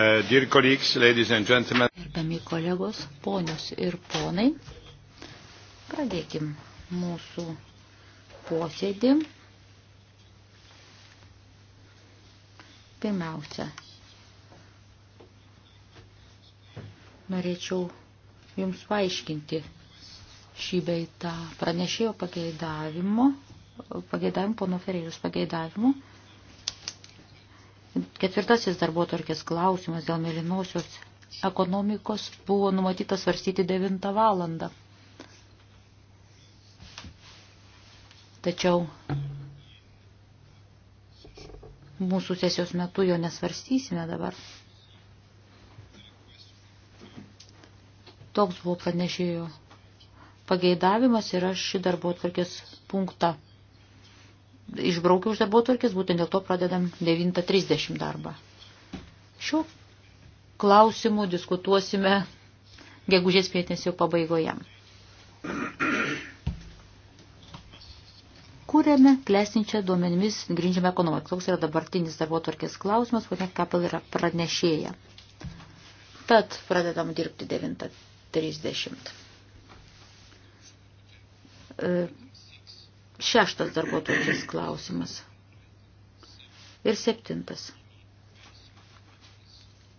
Uh, Gerbiami kolegos, ponios ir ponai, pradėkim mūsų posėdį. Pirmiausia, norėčiau Jums paaiškinti šį beitą pranešėjo pageidavimo, pageidavimo, pono Ferėjus pageidavimo. Ketvirtasis darbuotorkės klausimas dėl mėlynosios ekonomikos buvo numatytas svarstyti 9 valandą. Tačiau mūsų sesijos metu jo nesvarstysime dabar. Toks buvo pranešėjo pageidavimas ir aš šį darbo atvarkės punktą išbraukiu už darbo tvarkės, būtent dėl to pradedam 9.30 darbą. Šiuo klausimu diskutuosime gegužės mėnesio pabaigoje. Kūrėme klestinčią duomenimis grindžiamą ekonomiką. Toks yra dabartinis darbo tvarkės klausimas, ponia Kapel yra pranešėja. Tad pradedam dirbti 9.30. Šeštas darbo točias klausimas. Ir septintas,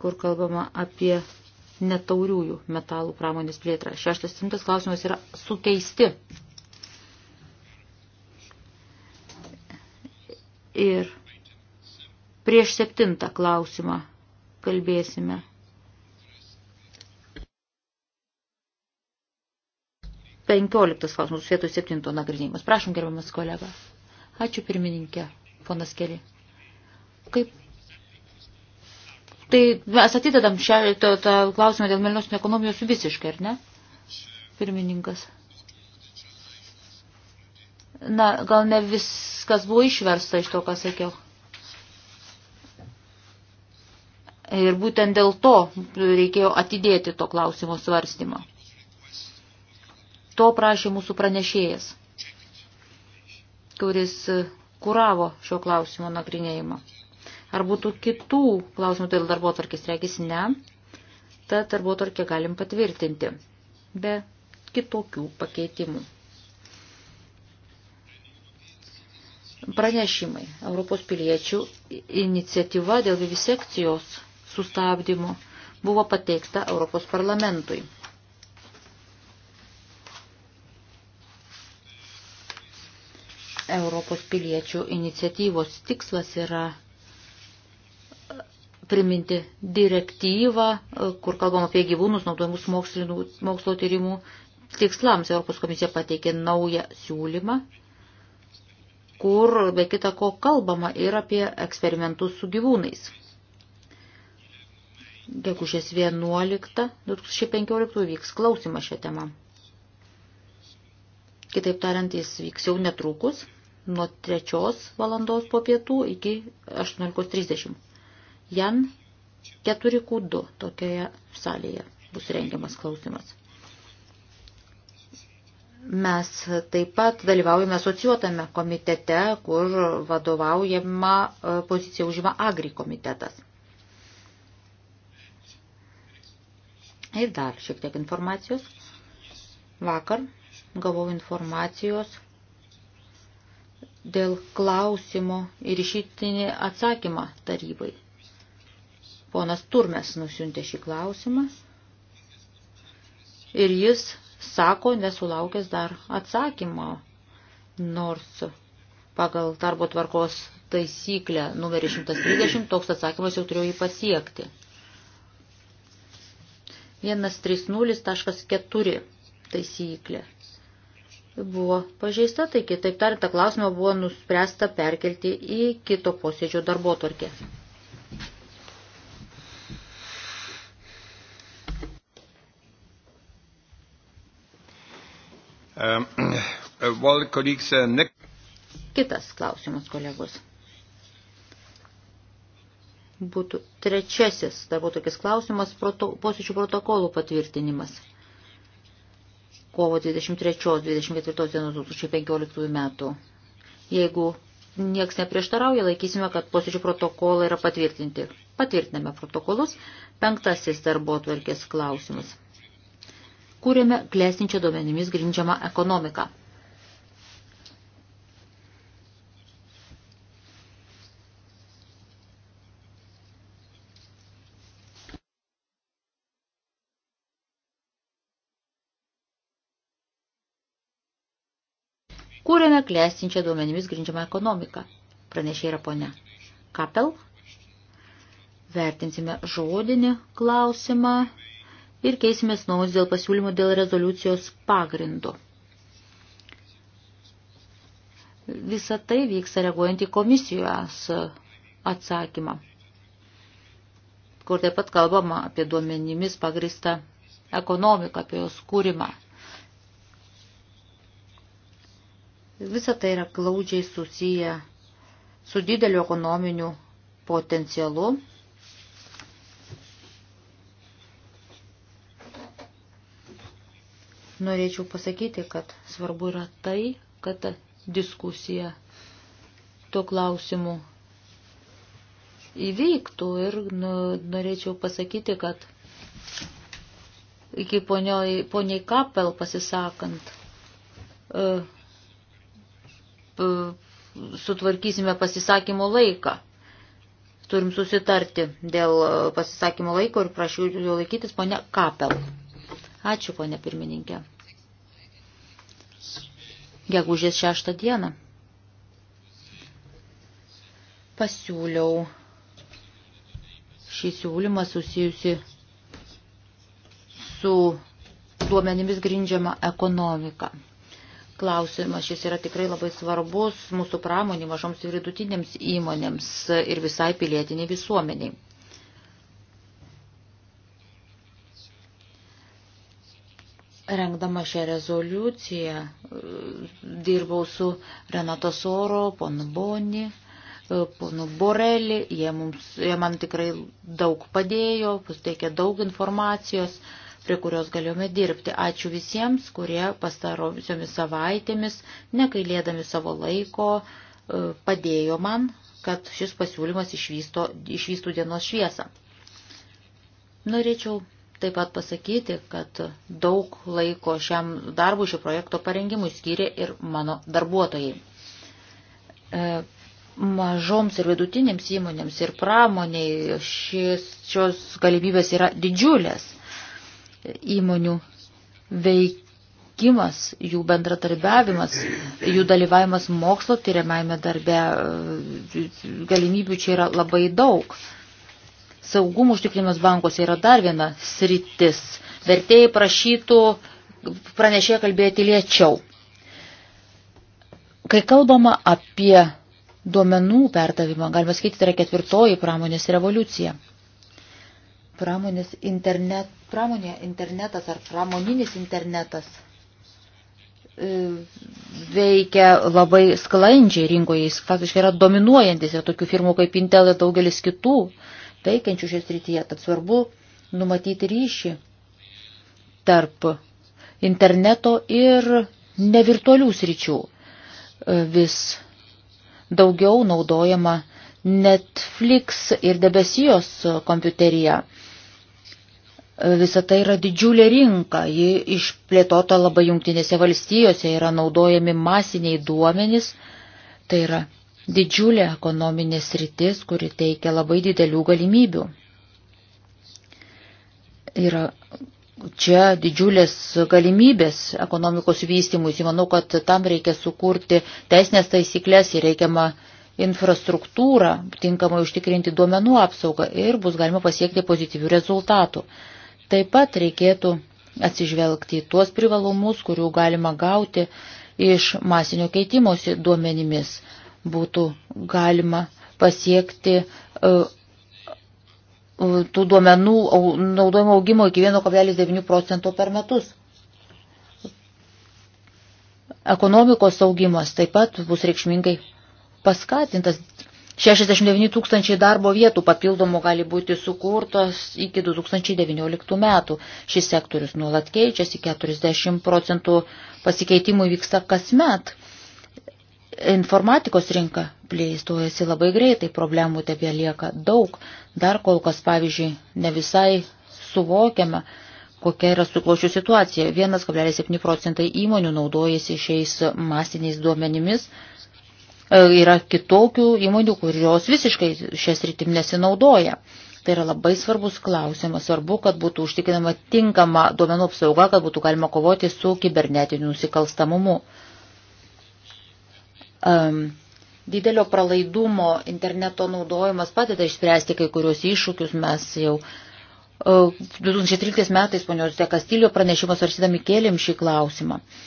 kur kalbama apie netauriųjų metalų pramonės plėtrą. Šeštas, septintas klausimas yra sukeisti. Ir prieš septintą klausimą kalbėsime. 15 klausimas, vietų 7 nagrinėjimas. Prašom, gerbiamas kolega. Ačiū pirmininkė, ponas Keli. Kaip? Tai mes atidedam šią tą, tą klausimą dėl melinos ekonomijos visiškai, ar ne? Pirmininkas. Na, gal ne viskas buvo išversta iš to, ką sakiau. Ir būtent dėl to reikėjo atidėti to klausimo svarstymą. To prašė mūsų pranešėjas, kuris kuravo šio klausimo nagrinėjimą. Ar būtų kitų klausimų dėl tai darbo tvarkės? Regis ne. Tad darbo tvarkę galim patvirtinti be kitokių pakeitimų. Pranešimai Europos piliečių iniciatyva dėl vivisekcijos sustabdymo buvo pateikta Europos parlamentui. Europos piliečių iniciatyvos tikslas yra priminti direktyvą, kur kalbam apie gyvūnus naudojimus mokslo tyrimų tikslams. Europos komisija pateikė naują siūlymą, kur be kita ko kalbama ir apie eksperimentus su gyvūnais. Gegužės 11.2015 vyks klausimas šią temą. Kitaip tariant, jis vyks jau netrukus nuo 3 valandos po pietų iki 18.30. Jan 4Q2 tokioje salėje bus rengiamas klausimas. Mes taip pat dalyvaujame asociuotame komitete, kur vadovaujama e, pozicija užima Agri komitetas. Ir dar šiek tiek informacijos. Vakar gavau informacijos dėl klausimo ir išytinį atsakymą tarybai. Ponas Turmes nusiuntė šį klausimą ir jis sako, nesulaukęs dar atsakymo, nors pagal darbo tvarkos taisyklę numerį 130 toks atsakymas jau turėjo jį pasiekti. 130.4 taisyklė buvo pažeista, tai kitaip tariant, tą klausimą buvo nuspręsta perkelti į kito posėdžio darbo tvarkę. Um, uh, Kitas klausimas, kolegos. Būtų trečiasis darbo tokis klausimas proto, posėdžių protokolų patvirtinimas kovo 23-24 dienos 2015 metų. Jeigu nieks neprieštarauja, laikysime, kad posėdžių protokolai yra patvirtinti. Patvirtiname protokolus. Penktasis darbo tvarkės klausimas. Kūrėme klestinčią duomenimis grindžiamą ekonomiką. būtiną klestinčią duomenimis grindžiamą ekonomiką, pranešė yra ponia. Kapel, vertinsime žodinį klausimą ir keisimės nuomonės dėl pasiūlymo dėl rezoliucijos pagrindo. Visa tai vyksta reaguojant į komisijos atsakymą, kur taip pat kalbama apie duomenimis pagristą ekonomiką, apie jos kūrimą. Visa tai yra glaudžiai susiję su dideliu ekonominiu potencialu. Norėčiau pasakyti, kad svarbu yra tai, kad diskusija tuo klausimu įvyktų ir nu, norėčiau pasakyti, kad iki ponioj, poniai Kapel pasisakant, uh, E, sutvarkysime pasisakymo laiką. Turim susitarti dėl e, pasisakymo laiko ir prašau jo laikytis, ponia Kapel. Ačiū, ponia pirmininkė. Gegužės šeštą dieną pasiūliau šį siūlymą susijusi su duomenimis grindžiama ekonomika. Klausimas šis yra tikrai labai svarbus mūsų pramonį mažoms ir vidutinėms įmonėms ir visai pilietiniai visuomeniai. Rengdama šią rezoliuciją dirbau su Renato Soro, ponu Boni, ponu Borelį, jie, mums, jie man tikrai daug padėjo, pasteikė daug informacijos. Uh, prie kurios galėjome dirbti. Ačiū visiems, kurie pastarosiomis savaitėmis, nekailėdami savo laiko, e, padėjo man, kad šis pasiūlymas išvysto, išvystų dienos šviesą. Norėčiau taip pat pasakyti, kad daug laiko šiam darbui, šio projekto parengimui skyrė ir mano darbuotojai. E, mažoms ir vidutinėms įmonėms ir pramoniai šis, šios galimybės yra didžiulės įmonių veikimas, jų bendratarbiavimas, jų dalyvavimas mokslo tyriamajame darbe, e, galimybių čia yra labai daug. Saugumo užtikrimas bankose yra dar viena sritis. Vertėjai prašytų pranešė kalbėti lėčiau. Kai kalbama apie duomenų perdavimą, galima sakyti, tai yra ketvirtoji pramonės revoliucija. Pramonės internet Pramonė internetas ar pramoninis internetas e, veikia labai sklandžiai rinkoje, jis faktiškai yra dominuojantis ir tokių firmų kaip Intel ir daugelis kitų veikiančių šios rytyje. Tad svarbu numatyti ryšį tarp interneto ir nevirtualių sričių. E, vis daugiau naudojama Netflix ir debesijos kompiuterija Visa tai yra didžiulė rinka, ji išplėtota labai jungtinėse valstijose, yra naudojami masiniai duomenys, tai yra didžiulė ekonominė sritis, kuri teikia labai didelių galimybių. Yra čia didžiulės galimybės ekonomikos vystimui, manau, kad tam reikia sukurti teisinės taisyklės ir reikiamą infrastruktūrą, tinkamai užtikrinti duomenų apsaugą ir bus galima pasiekti pozityvių rezultatų. Taip pat reikėtų atsižvelgti į tuos privalumus, kurių galima gauti iš masinio keitimosi duomenimis. Būtų galima pasiekti uh, tų duomenų naudojimo augimo iki 1,9 procento per metus. Ekonomikos augimas taip pat bus reikšmingai paskatintas 69 tūkstančiai darbo vietų papildomų gali būti sukurtos iki 2019 metų. Šis sektorius nuolat keičiasi, 40 procentų pasikeitimų vyksta kasmet. Informatikos rinka plėstojasi labai greitai, problemų tebe lieka daug. Dar kol kas, pavyzdžiui, ne visai suvokiame, kokia yra suklošių situacija. 1,7 procentai įmonių naudojasi šiais masiniais duomenimis E, yra kitokių įmonių, kurios visiškai šias rytim nesinaudoja. Tai yra labai svarbus klausimas. Svarbu, kad būtų užtikrinama tinkama duomenų apsauga, kad būtų galima kovoti su kibernetiniu nusikalstamumu. Um, didelio pralaidumo interneto naudojimas padeda išspręsti kai kurios iššūkius. Mes jau e, uh, 2013 metais ponios Dekastilio pranešimas varsydami kėlėm šį klausimą. Uh,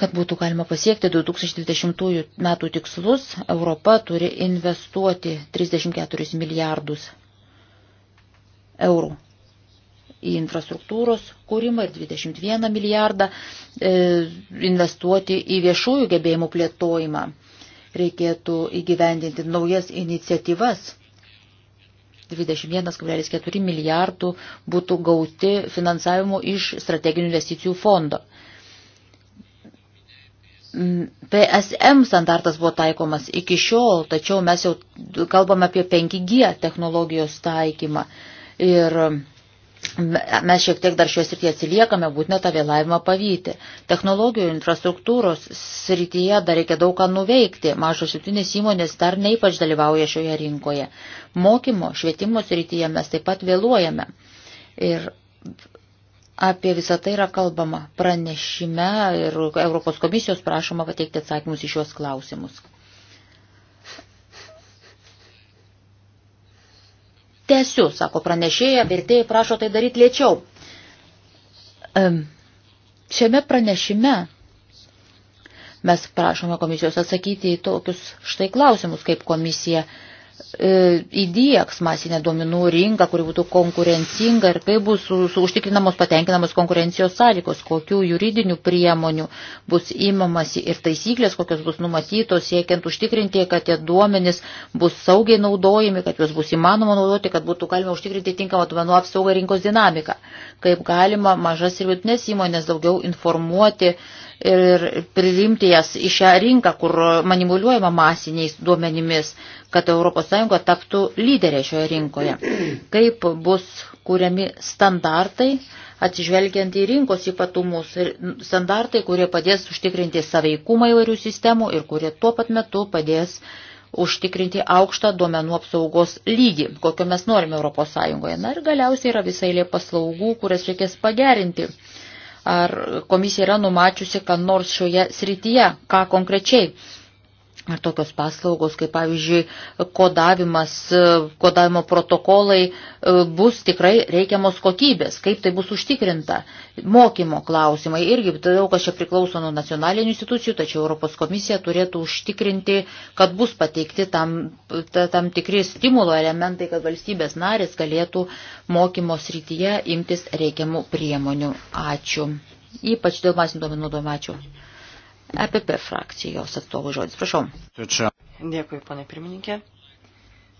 Kad būtų galima pasiekti 2020 metų tikslus, Europa turi investuoti 34 milijardus eurų į infrastruktūros kūrimą ir 21 milijardą e, investuoti į viešųjų gebėjimų plėtojimą. Reikėtų įgyvendinti naujas iniciatyvas. 21,4 milijardų būtų gauti finansavimu iš strateginių investicijų fondo. PSM mm, standartas buvo taikomas iki šiol, tačiau mes jau kalbame apie 5G technologijos taikymą. Ir mes šiek tiek dar šios srityje atsiliekame, būtina tą vėlavimą pavyti. Technologijų infrastruktūros srityje dar reikia daug ką nuveikti. Mažos jungtinės įmonės dar neipač dalyvauja šioje rinkoje. Mokymo, švietimo srityje mes taip pat vėluojame. Ir Apie visą tai yra kalbama pranešime ir Europos komisijos prašoma pateikti atsakymus į šios klausimus. Tesiu, sako pranešėja, vertėjai prašo tai daryti lėčiau. Šiame pranešime mes prašome komisijos atsakyti į tokius štai klausimus, kaip komisija E, įdėks masinę duomenų rinką, kuri būtų konkurencinga ir kaip bus su, su užtikrinamos patenkinamos konkurencijos sąlygos, kokių juridinių priemonių bus įmamasi ir taisyklės, kokios bus numatytos, siekiant užtikrinti, kad tie duomenys bus saugiai naudojami, kad juos bus įmanoma naudoti, kad būtų galima užtikrinti tinkamą duomenų apsaugą rinkos dinamiką, kaip galima mažas ir vidutinės įmonės daugiau informuoti ir priimti jas į šią rinką, kur manimuliuojama masiniais duomenimis, kad ES taptų lyderė šioje rinkoje. Kaip bus kūriami standartai, atsižvelgiant į rinkos ypatumus, standartai, kurie padės užtikrinti saveikumą įvairių sistemų ir kurie tuo pat metu padės užtikrinti aukštą duomenų apsaugos lygį, kokio mes norime Europos Sąjungoje. Na ir galiausiai yra visai lė paslaugų, kurias reikės pagerinti. Ar komisija yra numačiusi, kad nors šioje srityje, ką konkrečiai Ar tokios paslaugos, kaip pavyzdžiui, kodavimas, e, kodavimo protokolai e, bus tikrai reikiamos kokybės, kaip tai bus užtikrinta. Mokymo klausimai irgi tai daug kas čia priklauso nuo nacionalinių institucijų, tačiau Europos komisija turėtų užtikrinti, kad bus pateikti tam, tam tikri stimulo elementai, kad valstybės narės galėtų mokymo srityje imtis reikiamų priemonių. Ačiū. Ypač dėl masinio duomenų duomenų. Ačiū. EPP frakcijos atstovų žodis. Prašau. Dėkui, ponai pirmininkė.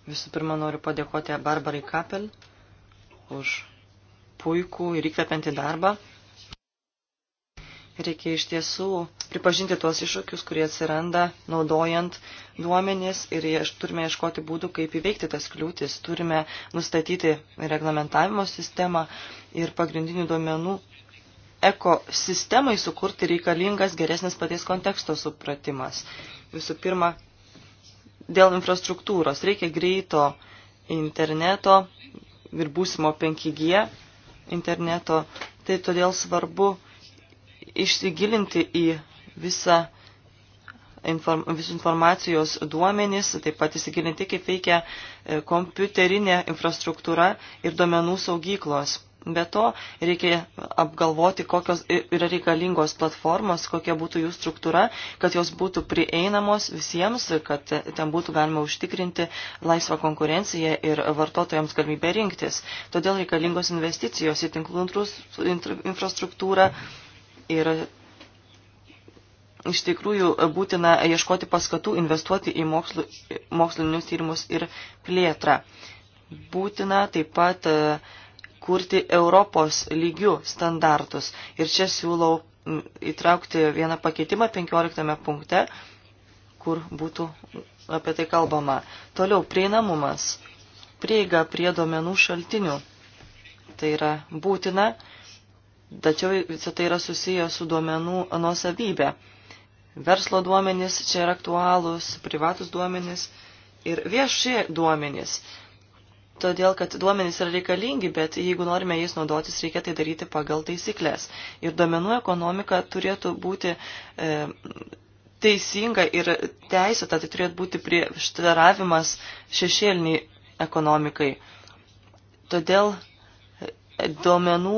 Visų pirma, noriu padėkoti Barbarai Kapel už puikų ir įkvepiantį darbą. Reikia iš tiesų pripažinti tuos iššūkius, kurie atsiranda naudojant duomenis ir turime ieškoti būdų, kaip įveikti tas kliūtis. Turime nustatyti reglamentavimo sistemą ir pagrindinių duomenų ekosistemai sukurti reikalingas geresnis paties konteksto supratimas. Visų pirma, dėl infrastruktūros reikia greito interneto ir būsimo 5G interneto, tai todėl svarbu išsigilinti į visą inform, visų informacijos duomenys, taip pat įsigilinti, kaip veikia e, kompiuterinė infrastruktūra ir duomenų saugyklos. Be to, reikia apgalvoti, kokios yra reikalingos platformos, kokia būtų jų struktūra, kad jos būtų prieinamos visiems, kad ten būtų galima užtikrinti laisvą konkurenciją ir vartotojams galimybę rinktis. Todėl reikalingos investicijos į tinklų infrastruktūrą ir iš tikrųjų būtina ieškoti paskatų investuoti į mokslu, mokslinius tyrimus ir plėtrą. Būtina taip pat uh, kurti Europos lygių standartus. Ir čia siūlau įtraukti vieną pakeitimą 15 punkte, kur būtų apie tai kalbama. Toliau prieinamumas, prieiga prie domenų šaltinių. Tai yra būtina, tačiau visą tai yra susiję su duomenų nuosavybė. Verslo duomenys čia yra aktualūs, privatus duomenys ir vieši duomenys todėl kad duomenys yra reikalingi, bet jeigu norime jais naudotis, reikia tai daryti pagal taisyklės. Ir duomenų ekonomika turėtų būti e, teisinga ir teisėta, tai turėtų būti prieštaravimas šešėliniai ekonomikai. Todėl e, duomenų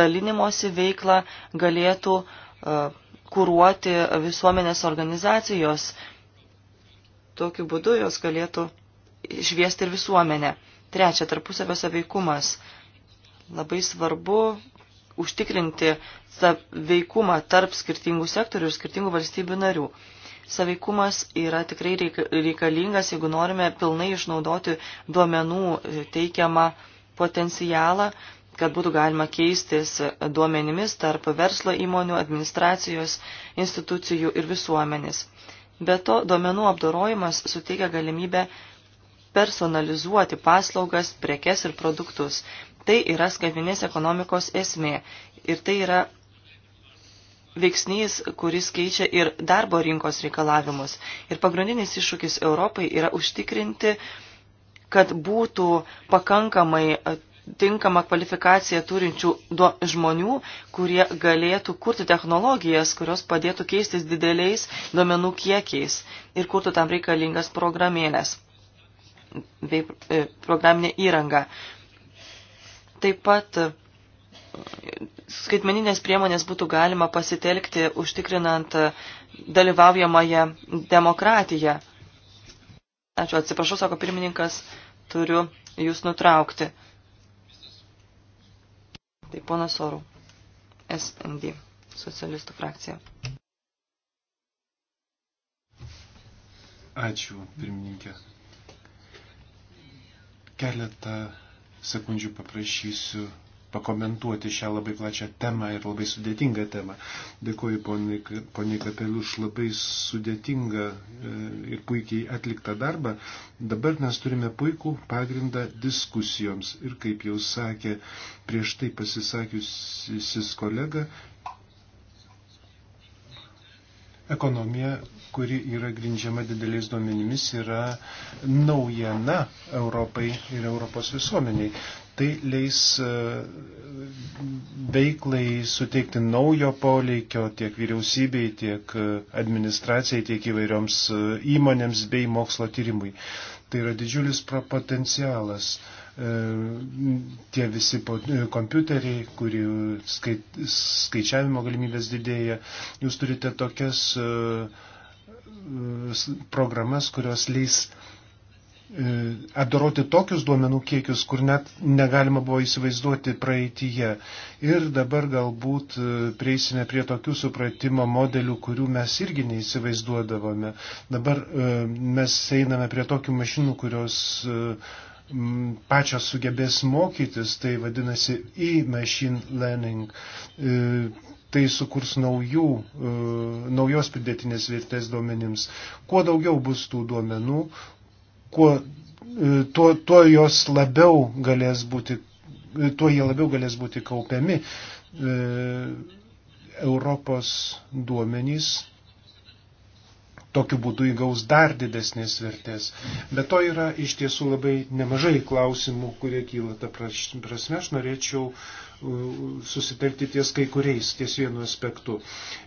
dalinimosi veiklą galėtų e, kūruoti visuomenės organizacijos. Tokiu būdu jos galėtų išviesti ir visuomenę. Trečia, tarpusavio saveikumas. Labai svarbu užtikrinti saveikumą tarp skirtingų sektorių ir skirtingų valstybių narių. Saveikumas yra tikrai reikalingas, jeigu norime pilnai išnaudoti duomenų teikiamą potencialą, kad būtų galima keistis duomenimis tarp verslo įmonių, administracijos, institucijų ir visuomenės. Be to, duomenų apdorojimas suteikia galimybę personalizuoti paslaugas, prekes ir produktus. Tai yra skaitminės ekonomikos esmė ir tai yra veiksnys, kuris keičia ir darbo rinkos reikalavimus. Ir pagrindinis iššūkis Europai yra užtikrinti, kad būtų pakankamai e, tinkamą kvalifikaciją turinčių žmonių, kurie galėtų kurti technologijas, kurios padėtų keistis dideliais duomenų kiekiais ir kurtų tam reikalingas programėlės bei e, programinė įranga. Taip pat e, skaitmeninės priemonės būtų galima pasitelkti užtikrinant e, dalyvaujamąją demokratiją. Ačiū, atsiprašau, sako pirmininkas, turiu jūs nutraukti. Tai ponas Sorų, SND, socialistų frakcija. Ačiū, pirmininkė. Keletą sekundžių paprašysiu pakomentuoti šią labai plačią temą ir labai sudėtingą temą. Dėkuoju poniai Kapeliu už labai sudėtingą e, ir puikiai atliktą darbą. Dabar mes turime puikų pagrindą diskusijoms ir, kaip jau sakė prieš tai pasisakiusis kolega, Ekonomija, kuri yra grindžiama dideliais duomenimis, yra naujiena Europai ir Europos visuomeniai. Tai leis e, veiklai suteikti naujo poleikio tiek vyriausybei, tiek e, administracijai, tiek įvairioms e, įmonėms bei mokslo tyrimui. Tai yra didžiulis potencialas E, tie visi e, kompiuteriai, kurių skaičiavimo galimybės didėja. Jūs turite tokias e, programas, kurios leis apdoroti tokius duomenų kiekius, kur net negalima buvo įsivaizduoti praeitįje. Ir dabar galbūt prieisime prie tokių supratimo modelių, kurių mes irgi neįsivaizduodavome. Dabar mes einame prie tokių mašinų, kurios uh, pačios sugebės mokytis, tai vadinasi e-machine learning. E, tai sukurs naujų, e, naujos pridėtinės vertės duomenims. Kuo daugiau bus tų duomenų, kuo, e, tuo, tuo jos labiau galės būti, tuo jie labiau galės būti kaupiami. Europos duomenys tokiu būdu įgaus dar didesnės vertės. Bet to yra iš tiesų labai nemažai klausimų, kurie kyla. Ta prasme, aš norėčiau susitelkti ties kai kuriais, ties vienu aspektu.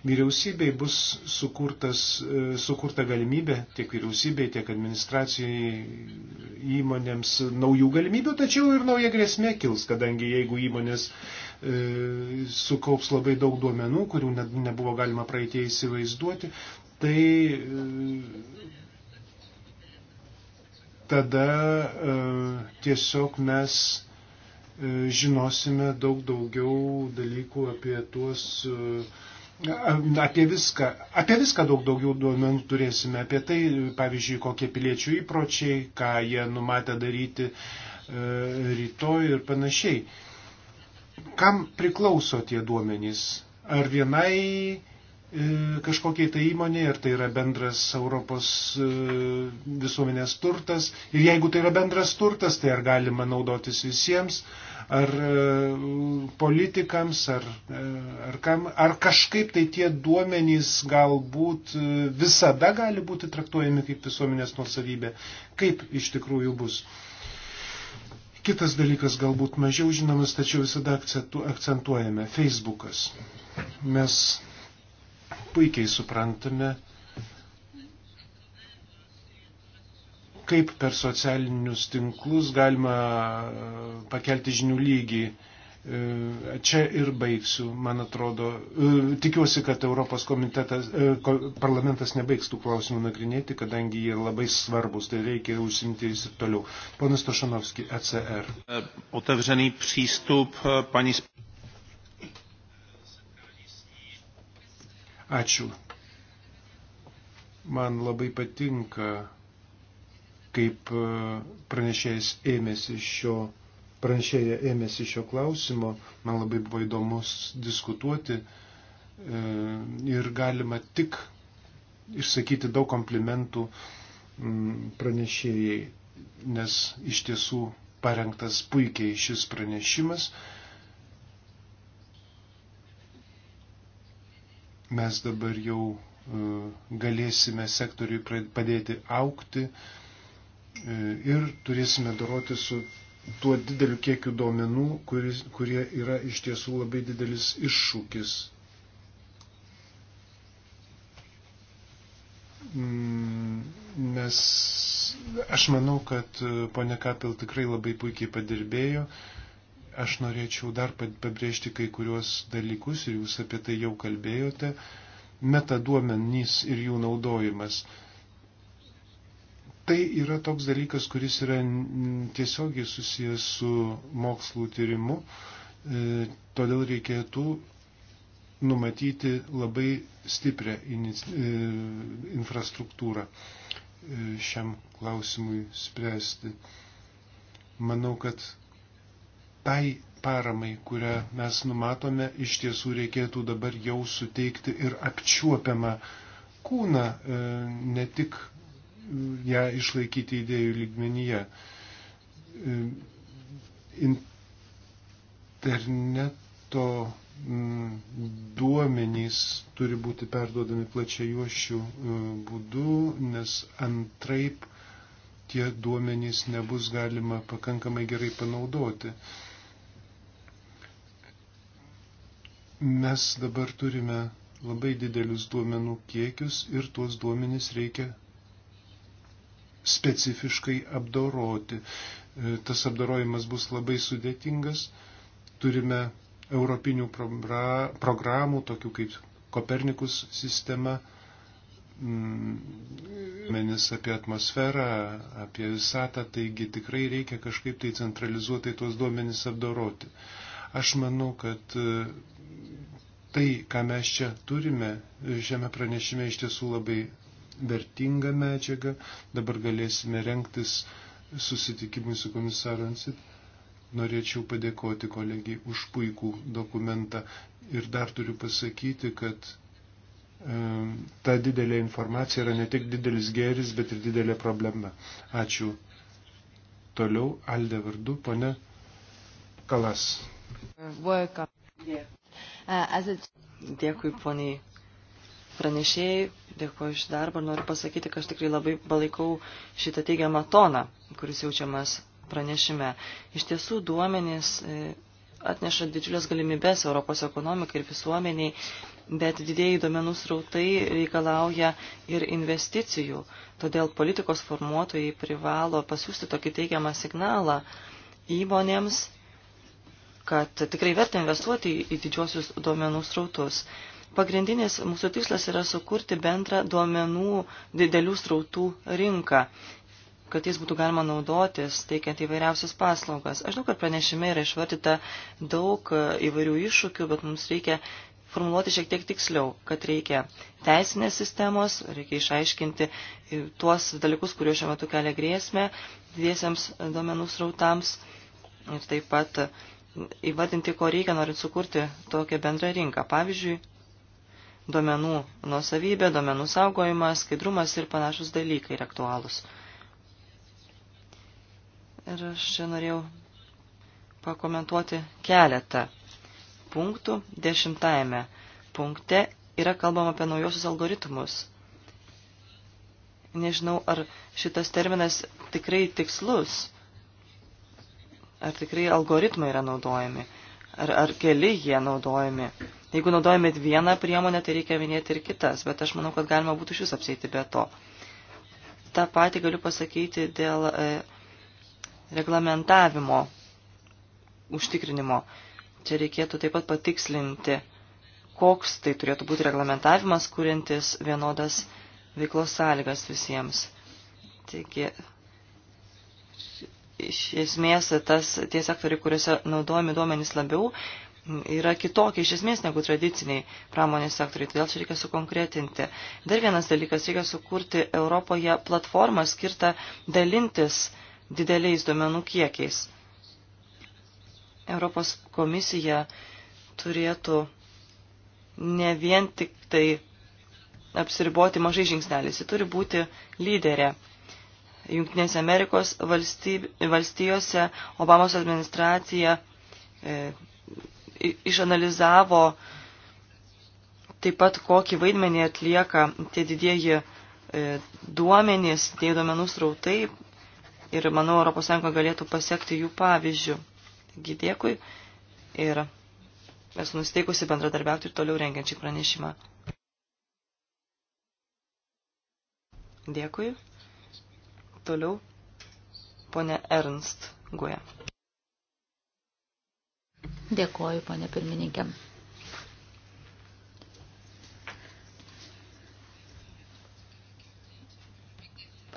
Vyriausybei bus sukurtas, e, sukurta galimybė, tiek vyriausybei, tiek administracijai įmonėms naujų galimybių, tačiau ir nauja grėsmė kils, kadangi jeigu įmonės e, sukaups labai daug duomenų, kurių net nebuvo galima praeitie įsivaizduoti, tai e, tada e, tiesiog mes e, žinosime daug daugiau dalykų apie tuos, apie viską, apie viską daug daugiau duomenų turėsime, apie tai, pavyzdžiui, kokie piliečių įpročiai, ką jie numatė daryti rytoj ir panašiai. Kam priklauso tie duomenys? Ar vienai E, kažkokiai tai įmonė ir tai yra bendras Europos e, visuomenės turtas. Ir jeigu tai yra bendras turtas, tai ar galima naudotis visiems, ar e, politikams, ar, ar, kam, ar kažkaip tai tie duomenys galbūt visada gali būti traktuojami kaip visuomenės nuosavybė. Kaip iš tikrųjų bus? Kitas dalykas galbūt mažiau žinomas, tačiau visada akcentuojame - Facebookas. Mes puikiai suprantame, kaip per socialinius tinklus galima e, pakelti žinių lygį. E, čia ir baigsiu, man atrodo. E, tikiuosi, kad Europos parlamentas nebaigs tų klausimų nagrinėti, kadangi jie labai svarbus, tai reikia užsimti ir toliau. Ponas Tošanovski, ECR. Otevřený přístup, paní. Ačiū. Man labai patinka, kaip e, pranešėjas ėmėsi šio, pranešėja ėmėsi šio klausimo. Man labai buvo įdomus diskutuoti e, ir galima tik išsakyti daug komplimentų pranešėjai, nes iš tiesų parengtas puikiai šis pranešimas Mes dabar jau e, galėsime sektoriui padėti aukti e, ir turėsime doroti su tuo dideliu kiekiu duomenų, kuris, kurie yra iš tiesų labai didelis iššūkis. Mes, mm, aš manau, kad e, ponia Kapil tikrai labai puikiai padirbėjo. Aš norėčiau dar pabrėžti kai kuriuos dalykus ir jūs apie tai jau kalbėjote. Metaduomenys ir jų naudojimas. Tai yra toks dalykas, kuris yra tiesiogiai susijęs su mokslų tyrimu, e, todėl reikėtų numatyti labai stiprią e, infrastruktūrą e, šiam klausimui spręsti. Manau, kad tai paramai, kurią mes numatome, iš tiesų reikėtų dabar jau suteikti ir apčiuopiamą kūną, e, ne tik ją išlaikyti idėjų lygmenyje. E, interneto mm, duomenys turi būti perduodami plačia juošių e, būdu, nes antraip tie duomenys nebus galima pakankamai gerai panaudoti. Mes dabar turime labai didelius duomenų kiekius ir tuos duomenys reikia specifiškai apdoroti. E, tas apdorojimas bus labai sudėtingas. Turime europinių programų, tokių kaip Kopernikus sistema, mm, menis apie atmosferą, apie visatą, taigi tikrai reikia kažkaip tai centralizuotai tuos duomenys apdoroti. Aš manau, kad Tai, ką mes čia turime šiame pranešime, iš tiesų labai vertinga medžiaga. Dabar galėsime renktis susitikimui su komisaru Ansit. Norėčiau padėkoti kolegijai už puikų dokumentą ir dar turiu pasakyti, kad e, ta didelė informacija yra ne tik didelis gėris, bet ir didelė problema. Ačiū. Toliau Alde vardu, pone Kalas. Work up. Yeah. Dėkui, poniai pranešėjai, dėkuoju iš darbą ir noriu pasakyti, kad aš tikrai labai palaikau šitą teigiamą toną, kuris jaučiamas pranešime. Iš tiesų duomenys e, atneša didžiulės galimybės Europos ekonomikai ir visuomeniai, bet didėjai duomenų srautai reikalauja ir investicijų. Todėl politikos formuotojai privalo pasiūsti tokį teigiamą signalą įmonėms kad tikrai verta investuoti į didžiosius duomenų srautus. Pagrindinis mūsų tikslas yra sukurti bendrą duomenų didelių srautų rinką kad jais būtų galima naudotis, teikiant įvairiausias paslaugas. Aš žinau, kad pranešime yra išvardyta daug įvairių iššūkių, bet mums reikia formuluoti šiek tiek tiksliau, kad reikia teisinės sistemos, reikia išaiškinti tuos dalykus, kuriuo šiuo metu kelia grėsmė dviesiams duomenų srautams ir taip pat įvadinti, ko reikia, norint sukurti tokią bendrą rinką. Pavyzdžiui, duomenų nuosavybė, duomenų saugojimas, skaidrumas ir panašus dalykai yra aktualūs. Ir aš čia norėjau pakomentuoti keletą punktų. Dešimtajame punkte yra kalbama apie naujosius algoritmus. Nežinau, ar šitas terminas tikrai tikslus, ar tikrai algoritmai yra naudojami, ar, ar keli jie naudojami. Jeigu naudojame vieną priemonę, tai reikia minėti ir kitas, bet aš manau, kad galima būtų šis apsėti be to. Ta pati galiu pasakyti dėl e, reglamentavimo užtikrinimo. Čia reikėtų taip pat patikslinti, koks tai turėtų būti reglamentavimas, kuriantis vienodas veiklos sąlygas visiems. Taigi, iš esmės tas, tie sektoriai, kuriuose naudojami duomenys labiau, yra kitokie iš esmės negu tradiciniai pramonės sektoriai, todėl čia reikia sukonkretinti. Dar vienas dalykas, reikia sukurti Europoje platformą skirtą dalintis dideliais duomenų kiekiais. Europos komisija turėtų ne vien tik tai apsiriboti mažai žingsnelis, ji turi būti lyderė Junktinėse Amerikos valstyb, valstijose Obamos administracija e, išanalizavo taip pat, kokį vaidmenį atlieka tie didieji e, duomenys, tie duomenų srautai ir, manau, ES galėtų pasiekti jų pavyzdžių. Taigi dėkui ir esu nusteikusi bendradarbiauti ir toliau rengiančiai pranešimą. Dėkui. Toliau ponė Ernst Guja. Dėkoju, ponė pirmininkė.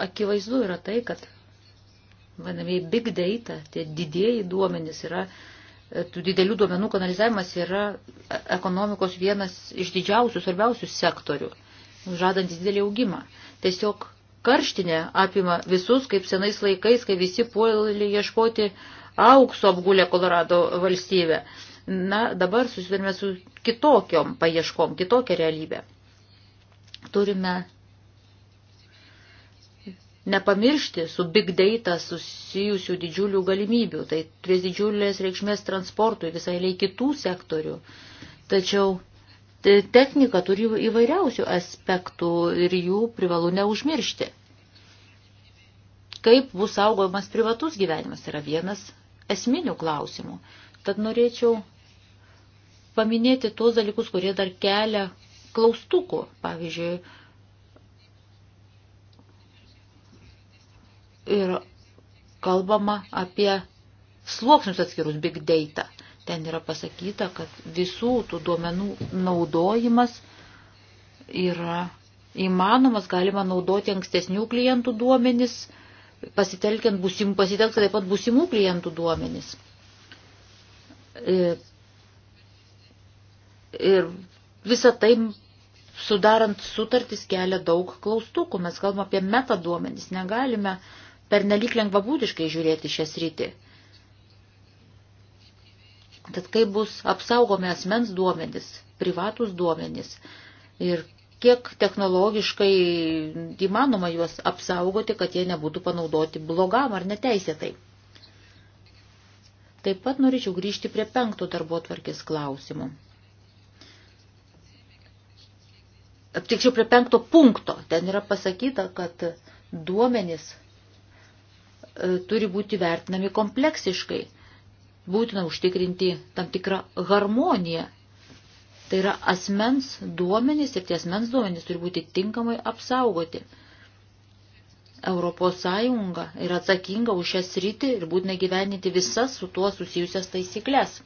Akivaizdu yra tai, kad vadinamieji big data, tie didėjai duomenys yra, e, tų didelių duomenų kanalizavimas yra e, ekonomikos vienas iš didžiausių, svarbiausių sektorių, žadantis didelį augimą. Tiesiog karštinė apima visus, kaip senais laikais, kai visi puolė ieškoti aukso apgulę Kolorado valstybę. Na, dabar susidurime su kitokiom paieškom, kitokią realybę. Turime nepamiršti su big data susijusių didžiulių galimybių, tai turės didžiulės reikšmės transportui, visai lei kitų sektorių. Tačiau technika turi įvairiausių aspektų ir jų privalu neužmiršti. Kaip bus saugojamas privatus gyvenimas yra vienas esminių klausimų. Tad norėčiau paminėti tuos dalykus, kurie dar kelia klaustukų. Pavyzdžiui, ir kalbama apie sluoksnius atskirus big data. Ten yra pasakyta, kad visų tų duomenų naudojimas yra įmanomas, galima naudoti ankstesnių klientų duomenis, pasitelkiant busim, pasitelkiant taip pat busimų klientų duomenis. E, ir, ir visą tai sudarant sutartis kelia daug klaustukų. Mes kalbame apie metaduomenis, negalime pernelyg lengvabūdiškai žiūrėti šią sritį. Tad kaip bus apsaugomi asmens duomenys, privatus duomenys ir kiek technologiškai įmanoma juos apsaugoti, kad jie nebūtų panaudoti blogam ar neteisėtai. Taip pat norėčiau grįžti prie penkto darbo tvarkės klausimų. Aptikčiau prie penkto punkto. Ten yra pasakyta, kad duomenys e, turi būti vertinami kompleksiškai būtina užtikrinti tam tikrą harmoniją. Tai yra asmens duomenys ir tie asmens duomenys turi būti tinkamai apsaugoti. Europos Sąjunga yra atsakinga už šią sritį ir būtina gyveninti visas su tuo susijusias taisyklės.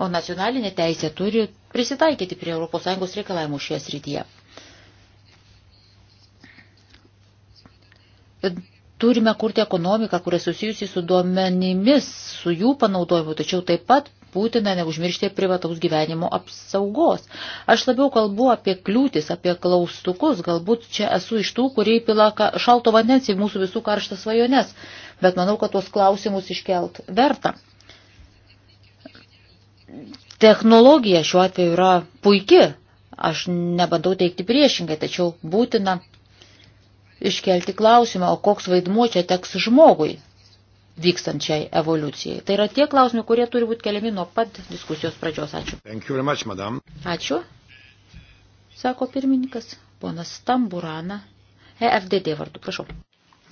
O nacionalinė teisė turi prisitaikyti prie Europos Sąjungos reikalavimų šioje srityje. Turime kurti ekonomiką, kuria susijusi su duomenimis, su jų panaudojimu, tačiau taip pat būtina neužmiršti privataus gyvenimo apsaugos. Aš labiau kalbu apie kliūtis, apie klaustukus, galbūt čia esu iš tų, kurie pila šalto vandens į mūsų visų karštas svajones, bet manau, kad tuos klausimus iškelt verta technologija šiuo atveju yra puiki, aš nebandau teikti priešingai, tačiau būtina iškelti klausimą, o koks vaidmuo čia teks žmogui vykstančiai evoliucijai. Tai yra tie klausimai, kurie turi būti keliami nuo pat diskusijos pradžios. Ačiū. Much, madam. Ačiū, sako pirmininkas, ponas Tamburana, EFDD vardu, prašau.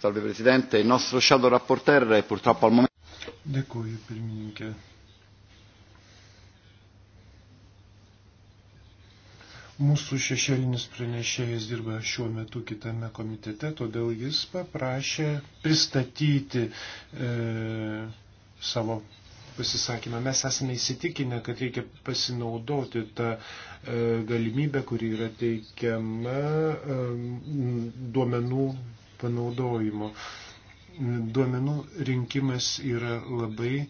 Salve, prezidente, il nostro shadow rapporteur purtroppo al momento. Dėkuoju, pirmininkė. Mūsų šešėlinis pranešėjas dirba šiuo metu kitame komitete, todėl jis paprašė pristatyti e, savo pasisakymą. Mes esame įsitikinę, kad reikia pasinaudoti tą e, galimybę, kuri yra teikiama e, duomenų panaudojimo. E, E, duomenų rinkimas yra labai e,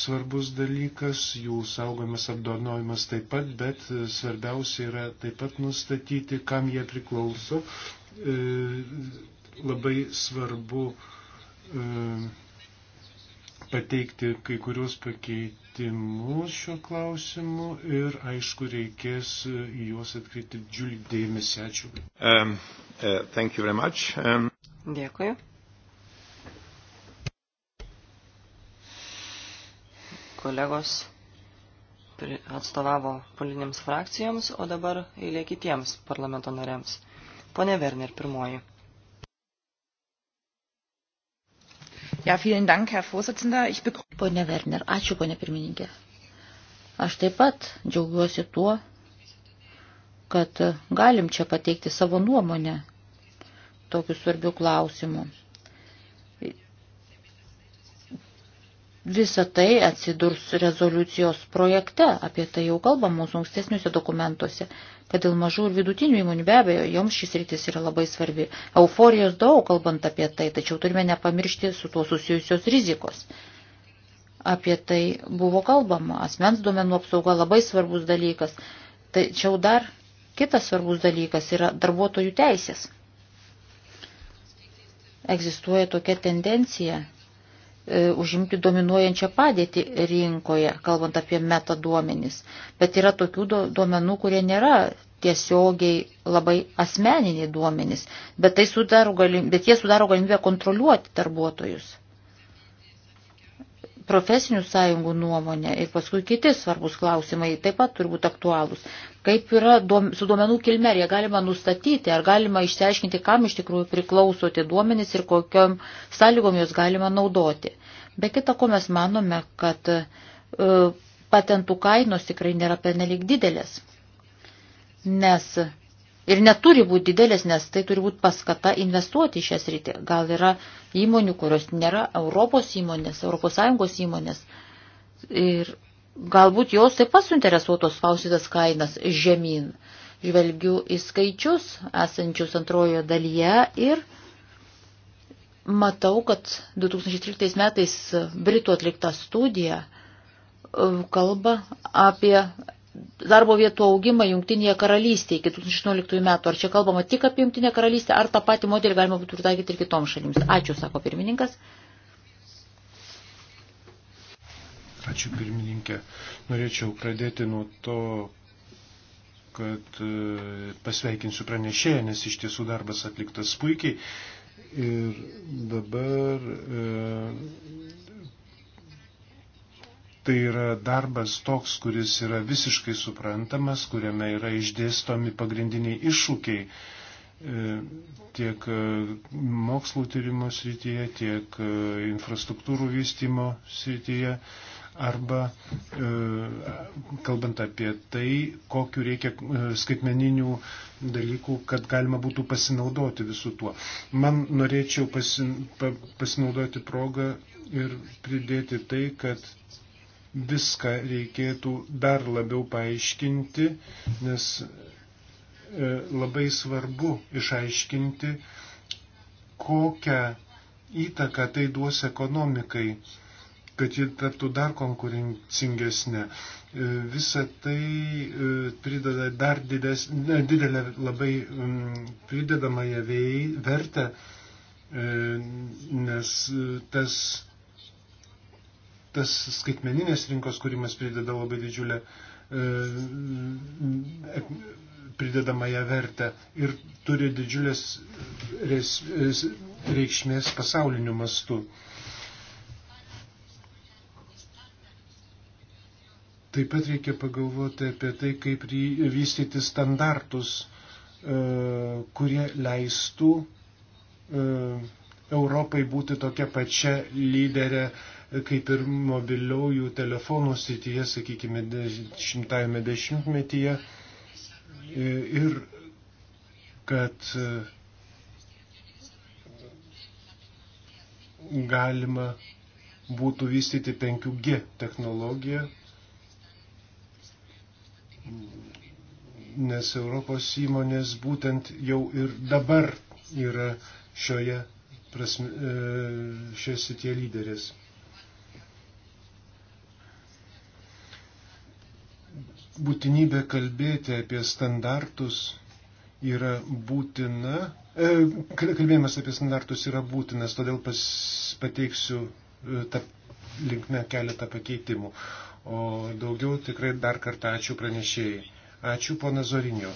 svarbus dalykas, jų saugomis apdovanojimas taip pat, bet e, svarbiausia yra taip pat nustatyti, kam jie priklauso. E, labai svarbu e, pateikti kai kurios pakeitimus šiuo klausimu ir aišku reikės e, į juos atkreipti didžiulį dėmesį. Ačiū. Um, uh, um... Dėkui. kolegos atstovavo politinėms frakcijoms, o dabar eilė kitiems parlamento nariams. Pone Werner, pirmoji. Ja, vielen Dank, Herr Vorsitzender. Ich Pone Werner, ačiū, pone pirmininkė. Aš taip pat džiaugiuosi tuo, kad galim čia pateikti savo nuomonę tokiu svarbiu klausimu. Visa tai atsidurs rezoliucijos projekte, apie tai jau kalbam mūsų ankstesniuose dokumentuose, kad dėl mažų ir vidutinių įmonių be abejo, joms šis rytis yra labai svarbi. Euforijos daug kalbant apie tai, tačiau turime nepamiršti su tuo susijusios rizikos. Apie tai buvo kalbama. Asmens duomenų apsauga labai svarbus dalykas. Tačiau dar kitas svarbus dalykas yra darbuotojų teisės. Egzistuoja tokia tendencija E, užimti dominuojančią padėtį rinkoje, kalbant apie metaduomenys. Bet yra tokių duomenų, kurie nėra tiesiogiai labai asmeniniai duomenys, bet, tai sudaro galim, bet jie sudaro galimybę kontroliuoti darbuotojus profesinių sąjungų nuomonė ir paskui kiti svarbus klausimai taip pat turbūt aktualūs. Kaip yra duom, su duomenų kilme, ar jie galima nustatyti, ar galima išsiaiškinti, kam iš tikrųjų priklauso tie duomenys ir kokiam sąlygom juos galima naudoti. Be kita ko mes manome, kad e, patentų kainos tikrai nėra penelik didelės, nes Ir neturi būti didelės, nes tai turi būti paskata investuoti į šią sritį. Gal yra įmonių, kurios nėra Europos įmonės, ES įmonės. Ir galbūt jos taip pat suinteresuotos spausytas kainas žemyn. Žvelgiu į skaičius esančius antrojo dalyje ir matau, kad 2013 metais Britų atlikta studija e, kalba apie darbo vietų augimą Jungtinėje karalystėje iki 2016 metų. Ar čia kalbama tik apie Jungtinę karalystę, ar tą patį modelį galima būtų pritaikyti ir kitoms šalims? Ačiū, sako pirmininkas. Ačiū pirmininkė. Norėčiau pradėti nuo to, kad e, pasveikinsiu pranešėją, nes iš tiesų darbas atliktas puikiai. Ir dabar e, Tai yra darbas toks, kuris yra visiškai suprantamas, kuriame yra išdėstomi pagrindiniai iššūkiai e, tiek e, mokslų tyrimo srityje, tiek e, infrastruktūrų vystimo srityje, arba kalbant apie tai, kokiu reikia skaitmeninių dalykų, kad galima būtų pasinaudoti visų tuo. Man norėčiau pasin, pa, pasinaudoti progą ir pridėti tai, kad viską reikėtų dar labiau paaiškinti, nes e, labai svarbu išaiškinti, kokią įtaką tai duos ekonomikai, kad ji taptų dar konkurencingesnė. E, visa tai e, prideda dar dides, ne, didelę labai pridedamąją vertę, nes tas tas skaitmeninės rinkos kūrimas prideda labai didžiulę e, e, pridedamąją vertę ir turi didžiulės e, reikšmės pasauliniu mastu. Taip pat reikia pagalvoti apie tai, kaip vystyti standartus, kurie leistų Europai būti tokia pačia lyderė kaip ir mobiliaujų telefonų sityje, sakykime, šimtajame dešimtmetyje. Ir kad e, galima būtų vystyti 5G technologiją, nes Europos įmonės būtent jau ir dabar yra šioje, prasme, e, šioje sitie lyderės. būtinybė kalbėti apie standartus yra būtina. E, kalbėjimas apie standartus yra būtinas, todėl pas, pateiksiu e, tą linkme keletą pakeitimų. O daugiau tikrai dar kartą ačiū pranešėjai. Ačiū pona Zorinio.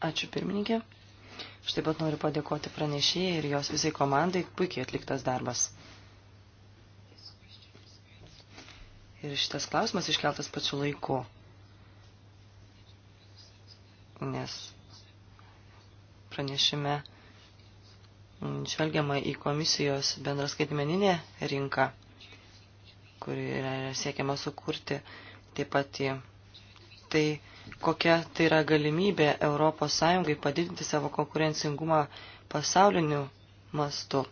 Ačiū pirmininkė. Aš taip pat noriu padėkoti pranešėjai ir jos visai komandai, puikiai atliktas darbas. Ir šitas klausimas iškeltas pačiu laiku. Nes pranešime žvelgiama į komisijos bendraskaitmeninę rinką, kuri yra siekiama sukurti taip pat į tai kokia tai yra galimybė ES padidinti savo konkurencingumą pasauliniu mastu,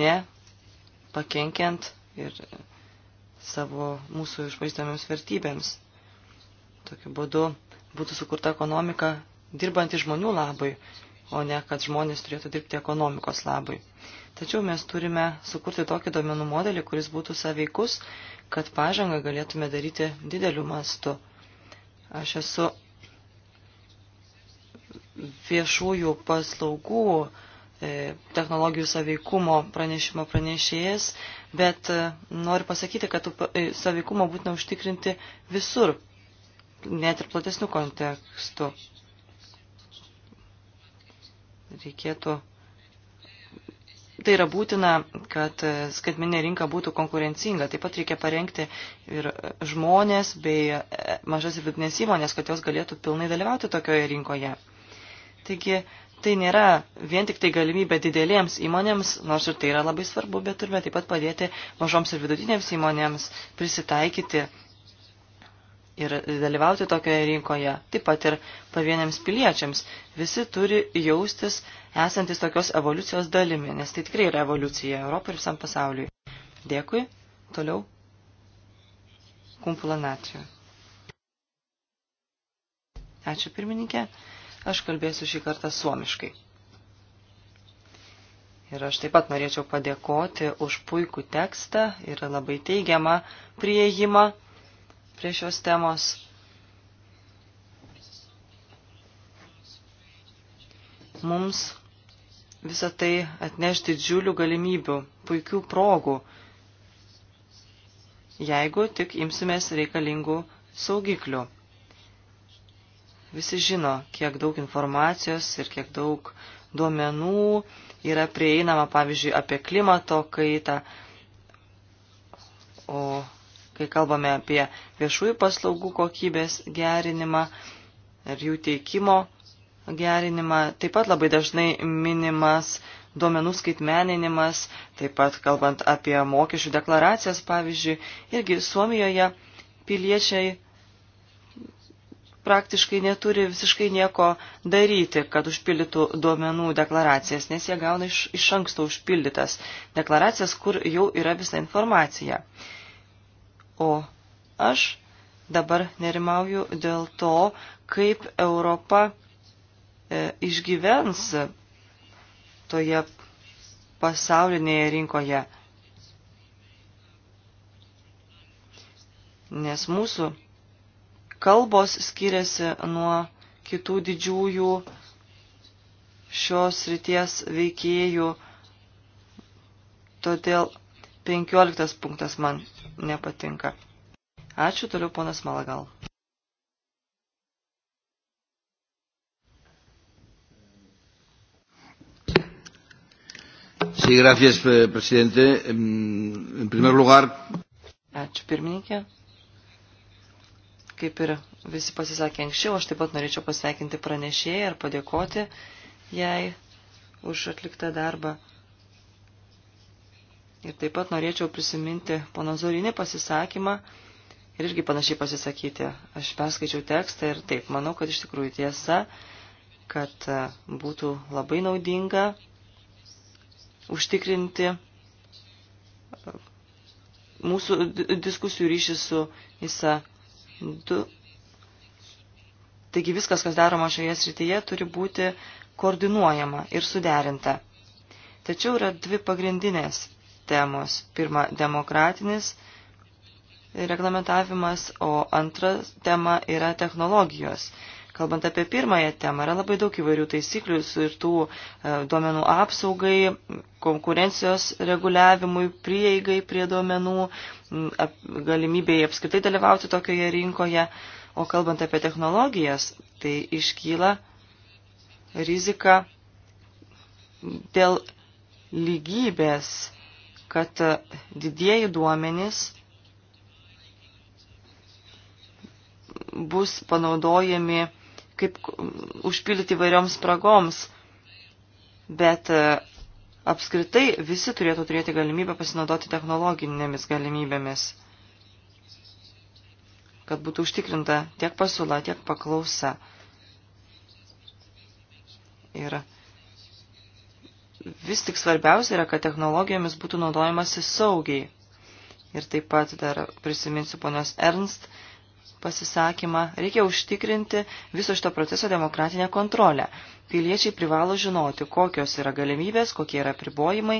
ne pakenkiant ir savo mūsų išvaizdomiams vertybėms. Tokiu būdu būtų sukurta ekonomika dirbanti žmonių labui, o ne kad žmonės turėtų dirbti ekonomikos labui. Tačiau mes turime sukurti tokį domenų modelį, kuris būtų saveikus, kad pažangą galėtume daryti dideliu mastu Aš esu viešųjų paslaugų e, technologijų saveikumo pranešimo pranešėjas, bet e, noriu pasakyti, kad e, saveikumo būtina užtikrinti visur, net ir platesnių kontekstų. Reikėtų Tai yra būtina, kad e, skaitminė rinka būtų konkurencinga. Taip pat reikia parengti ir e, žmonės bei e, mažas ir vidutinės įmonės, kad jos galėtų pilnai dalyvauti tokioje rinkoje. Taigi tai nėra vien tik tai galimybė didelėms įmonėms, nors ir tai yra labai svarbu, bet turime taip pat padėti mažoms ir vidutinėms įmonėms prisitaikyti ir dalyvauti tokioje rinkoje, taip pat ir pavieniams piliečiams. Visi turi jaustis esantis tokios evoliucijos dalimi, nes tai tikrai yra evoliucija Europai ir visam pasauliui. Dėkui. Toliau. Kumpulanatijų. Ačiū pirmininkė. Aš kalbėsiu šį kartą suomiškai. Ir aš taip pat norėčiau padėkoti už puikų tekstą ir labai teigiamą prieimą prie šios temos. Mums visą tai atneš didžiulių galimybių, puikių progų, jeigu tik imsimės reikalingų saugiklių. Visi žino, kiek daug informacijos ir kiek daug duomenų yra prieinama, pavyzdžiui, apie klimato kaitą, o kai kalbame apie viešųjų paslaugų kokybės gerinimą ir jų teikimo gerinimą. Taip pat labai dažnai minimas duomenų skaitmeninimas, taip pat kalbant apie mokesčių deklaracijas, pavyzdžiui, irgi Suomijoje piliečiai praktiškai neturi visiškai nieko daryti, kad užpildytų duomenų deklaracijas, nes jie gauna iš, iš anksto užpildytas deklaracijas, kur jau yra visa informacija. Uh, O aš dabar nerimauju dėl to, kaip Europa e, išgyvens toje pasaulinėje rinkoje. Nes mūsų kalbos skiriasi nuo kitų didžiųjų šios ryties veikėjų, todėl 15 punktas man nepatinka. Ačiū toliau, ponas Malagal. Sí, gracias, eh, presidente. En primer lugar. Ačiū, pirmininkė. Kaip ir visi pasisakė anksčiau, aš taip pat norėčiau pasveikinti pranešėją ir padėkoti jai už atliktą darbą. Ir taip pat norėčiau prisiminti pono Zorinį pasisakymą ir irgi panašiai pasisakyti. Aš perskaičiau tekstą ir taip, manau, kad iš tikrųjų tiesa, kad e, būtų labai naudinga užtikrinti e, mūsų diskusijų ryšį su ISA 2. Taigi viskas, kas daroma šioje srityje, turi būti koordinuojama ir suderinta. Tačiau yra dvi pagrindinės temos. Pirma, demokratinis reglamentavimas, o antra tema yra technologijos. Kalbant apie pirmąją temą, yra labai daug įvairių taisyklių ir tų e, duomenų apsaugai, konkurencijos reguliavimui, prieigai prie duomenų, galimybėjai apskritai dalyvauti tokioje rinkoje. O kalbant apie technologijas, tai iškyla rizika dėl lygybės kad didieji duomenys bus panaudojami kaip užpildyti vairioms spragoms, bet e, apskritai visi turėtų turėti galimybę pasinaudoti technologinėmis galimybėmis, kad būtų užtikrinta tiek pasiūla, tiek paklausa. Ir vis tik svarbiausia yra, kad technologijomis būtų naudojamasi saugiai. Ir taip pat dar prisiminsiu ponios Ernst pasisakymą, reikia užtikrinti viso šito proceso demokratinę kontrolę. Piliečiai privalo žinoti, kokios yra galimybės, kokie yra pribojimai,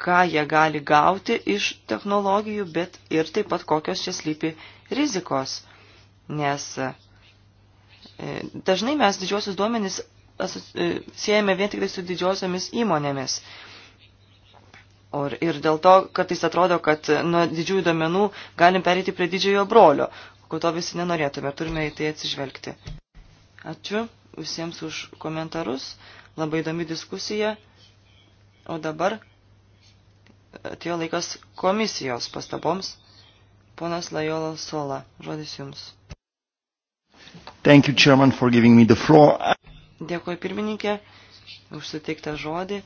ką jie gali gauti iš technologijų, bet ir taip pat kokios čia slypi rizikos. Nes e, dažnai mes didžiosius duomenys E, siejame vien tik tai su didžiosiomis įmonėmis. Or, ir dėl to, kad jis atrodo, kad nuo didžiųjų domenų galim perėti prie didžiojo brolio, ko to visi nenorėtume, turime į tai atsižvelgti. Ačiū visiems už komentarus, labai įdomi diskusija, o dabar atėjo laikas komisijos pastaboms. Ponas Lajola Sola, žodis jums. Thank you, Chairman, for giving me the floor. Dėkuoju pirmininkė už suteiktą žodį.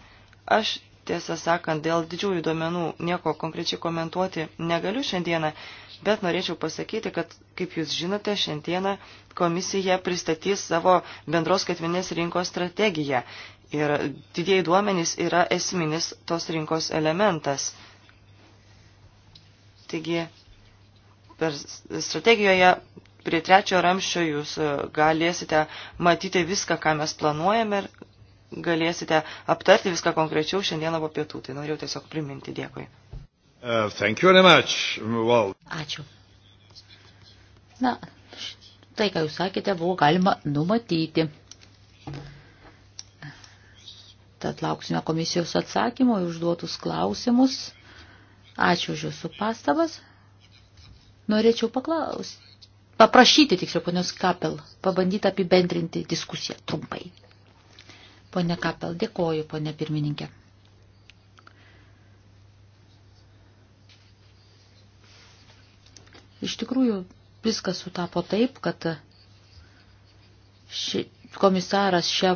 Aš, tiesą sakant, dėl didžiųjų duomenų nieko konkrečiai komentuoti negaliu šiandieną, bet norėčiau pasakyti, kad, kaip jūs žinote, šiandieną komisija pristatys savo bendros skaitminės rinkos strategiją. Ir didieji duomenys yra esminis tos rinkos elementas. Taigi, per strategijoje prie trečio ramščio jūs e, galėsite matyti viską, ką mes planuojame ir galėsite aptarti viską konkrečiau šiandieną po pietų. Tai norėjau tiesiog priminti. Dėkui. Uh, well. Ačiū. Na, tai, ką jūs sakėte, buvo galima numatyti. Tad lauksime komisijos atsakymo į užduotus klausimus. Ačiū už jūsų pastabas. Norėčiau paklausti paprašyti, tiksliau, ponios Kapel, pabandyti apibendrinti diskusiją trumpai. Pone Kapel, dėkoju, ponė pirmininkė. Iš tikrųjų, viskas sutapo taip, kad ši, komisaras šią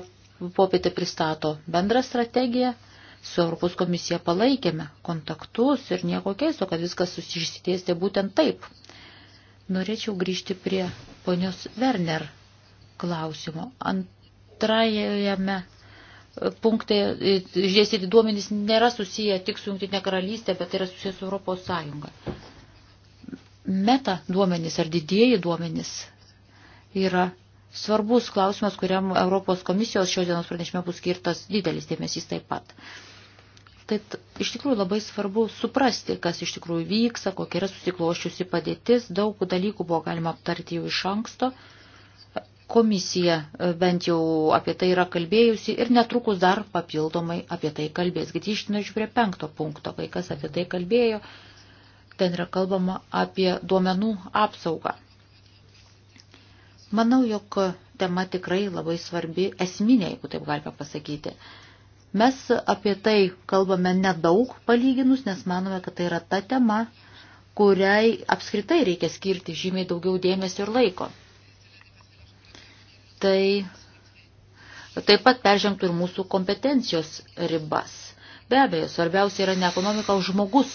popietę pristato bendrą strategiją, su Europos komisija palaikėme kontaktus ir nieko keisto, kad viskas susižistėstė būtent taip. Norėčiau grįžti prie ponios Werner klausimo. Antrajame punktai e, išdėstyti duomenys nėra susiję tik su Jungtinė karalystė, bet yra susiję su Europos Sąjunga. Meta duomenys ar didieji duomenys yra svarbus klausimas, kuriam Europos komisijos šios dienos pranešime bus skirtas didelis dėmesys taip pat. Uh, Tai iš tikrųjų labai svarbu suprasti, kas iš tikrųjų vyksta, kokia yra susikloščiusi padėtis. Daug dalykų buvo galima aptarti jau iš anksto. Komisija e, bent jau apie tai yra kalbėjusi ir netrukus dar papildomai apie tai kalbės. Grįžtinačiau prie penkto punkto, vaikas apie tai kalbėjo. Ten yra kalbama apie duomenų apsaugą. Manau, jog tema tikrai labai svarbi, esminė, jeigu taip galima pasakyti. Mes apie tai kalbame nedaug palyginus, nes manome, kad tai yra ta tema, kuriai apskritai reikia skirti žymiai daugiau dėmesio ir laiko. Tai taip pat peržengtų ir mūsų kompetencijos ribas. Be abejo, svarbiausia yra ne ekonomika, o žmogus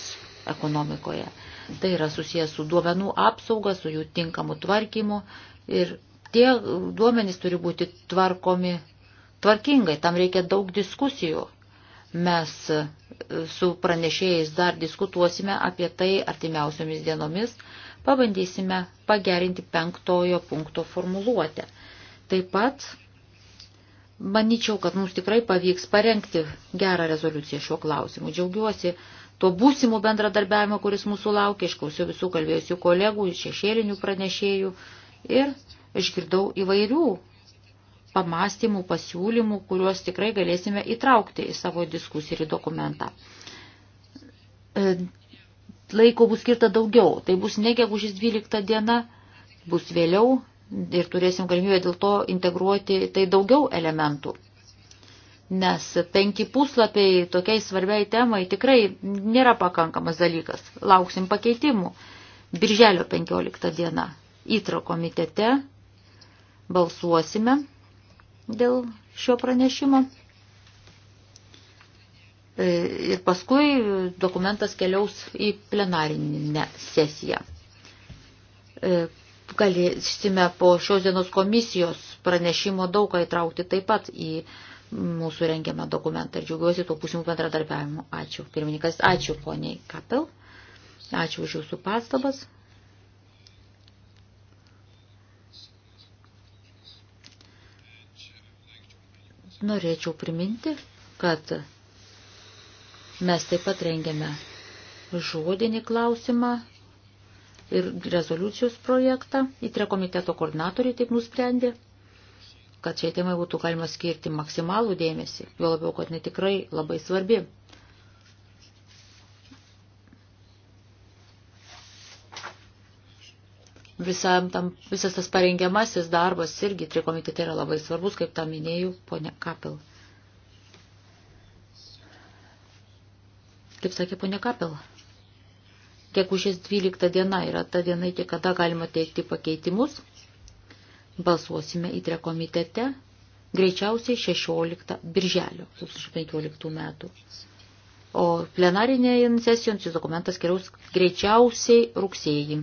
ekonomikoje. Tai yra susijęs su duomenų apsauga, su jų tinkamu tvarkymu ir tie duomenys turi būti tvarkomi tvarkingai, tam reikia daug diskusijų. Mes e, su pranešėjais dar diskutuosime apie tai artimiausiomis dienomis, pabandysime pagerinti penktojo punkto formuluotę. Taip pat manyčiau, kad mums tikrai pavyks parengti gerą rezoliuciją šiuo klausimu. Džiaugiuosi tuo būsimu bendradarbiavimu, kuris mūsų laukia, išklausiau visų kalbėjusių kolegų, šešėlinių pranešėjų ir išgirdau įvairių pamastymų, pasiūlymų, kuriuos tikrai galėsime įtraukti į savo diskusiją ir į dokumentą. E, laiko bus skirta daugiau, tai bus ne gegužės 12 diena, bus vėliau ir turėsim galimybę dėl to integruoti tai daugiau elementų. Nes penki puslapiai tokiai svarbiai temai tikrai nėra pakankamas dalykas. Lauksim pakeitimų. Birželio 15 diena įtro komitete balsuosime dėl šio pranešimo. E, ir paskui dokumentas keliaus į plenarinę sesiją. E, galėsime po šios dienos komisijos pranešimo daugą įtraukti taip pat į mūsų rengiamą dokumentą. Ir džiaugiuosi tuo pusimų bendradarbiavimu. Ačiū. Pirmininkas, ačiū poniai Kapel. Ačiū už jūsų pastabas. norėčiau priminti, kad mes taip pat rengiame žodinį klausimą ir rezoliucijos projektą. Įtre komiteto koordinatoriai taip nusprendė, kad šiai temai būtų galima skirti maksimalų dėmesį, jo labiau, kad netikrai labai svarbi. visam tam, visas tas parengiamasis darbas irgi trikomitete yra labai svarbus, kaip tą minėjau, ponia Kapel. Kaip sakė ponia Kapel, gegužės 12 diena yra ta diena, iki kada galima teikti pakeitimus. Balsuosime į trikomitete greičiausiai 16 birželio 2015 metų. O plenarinėje sesijoms šis dokumentas keliaus greičiausiai rugsėjį.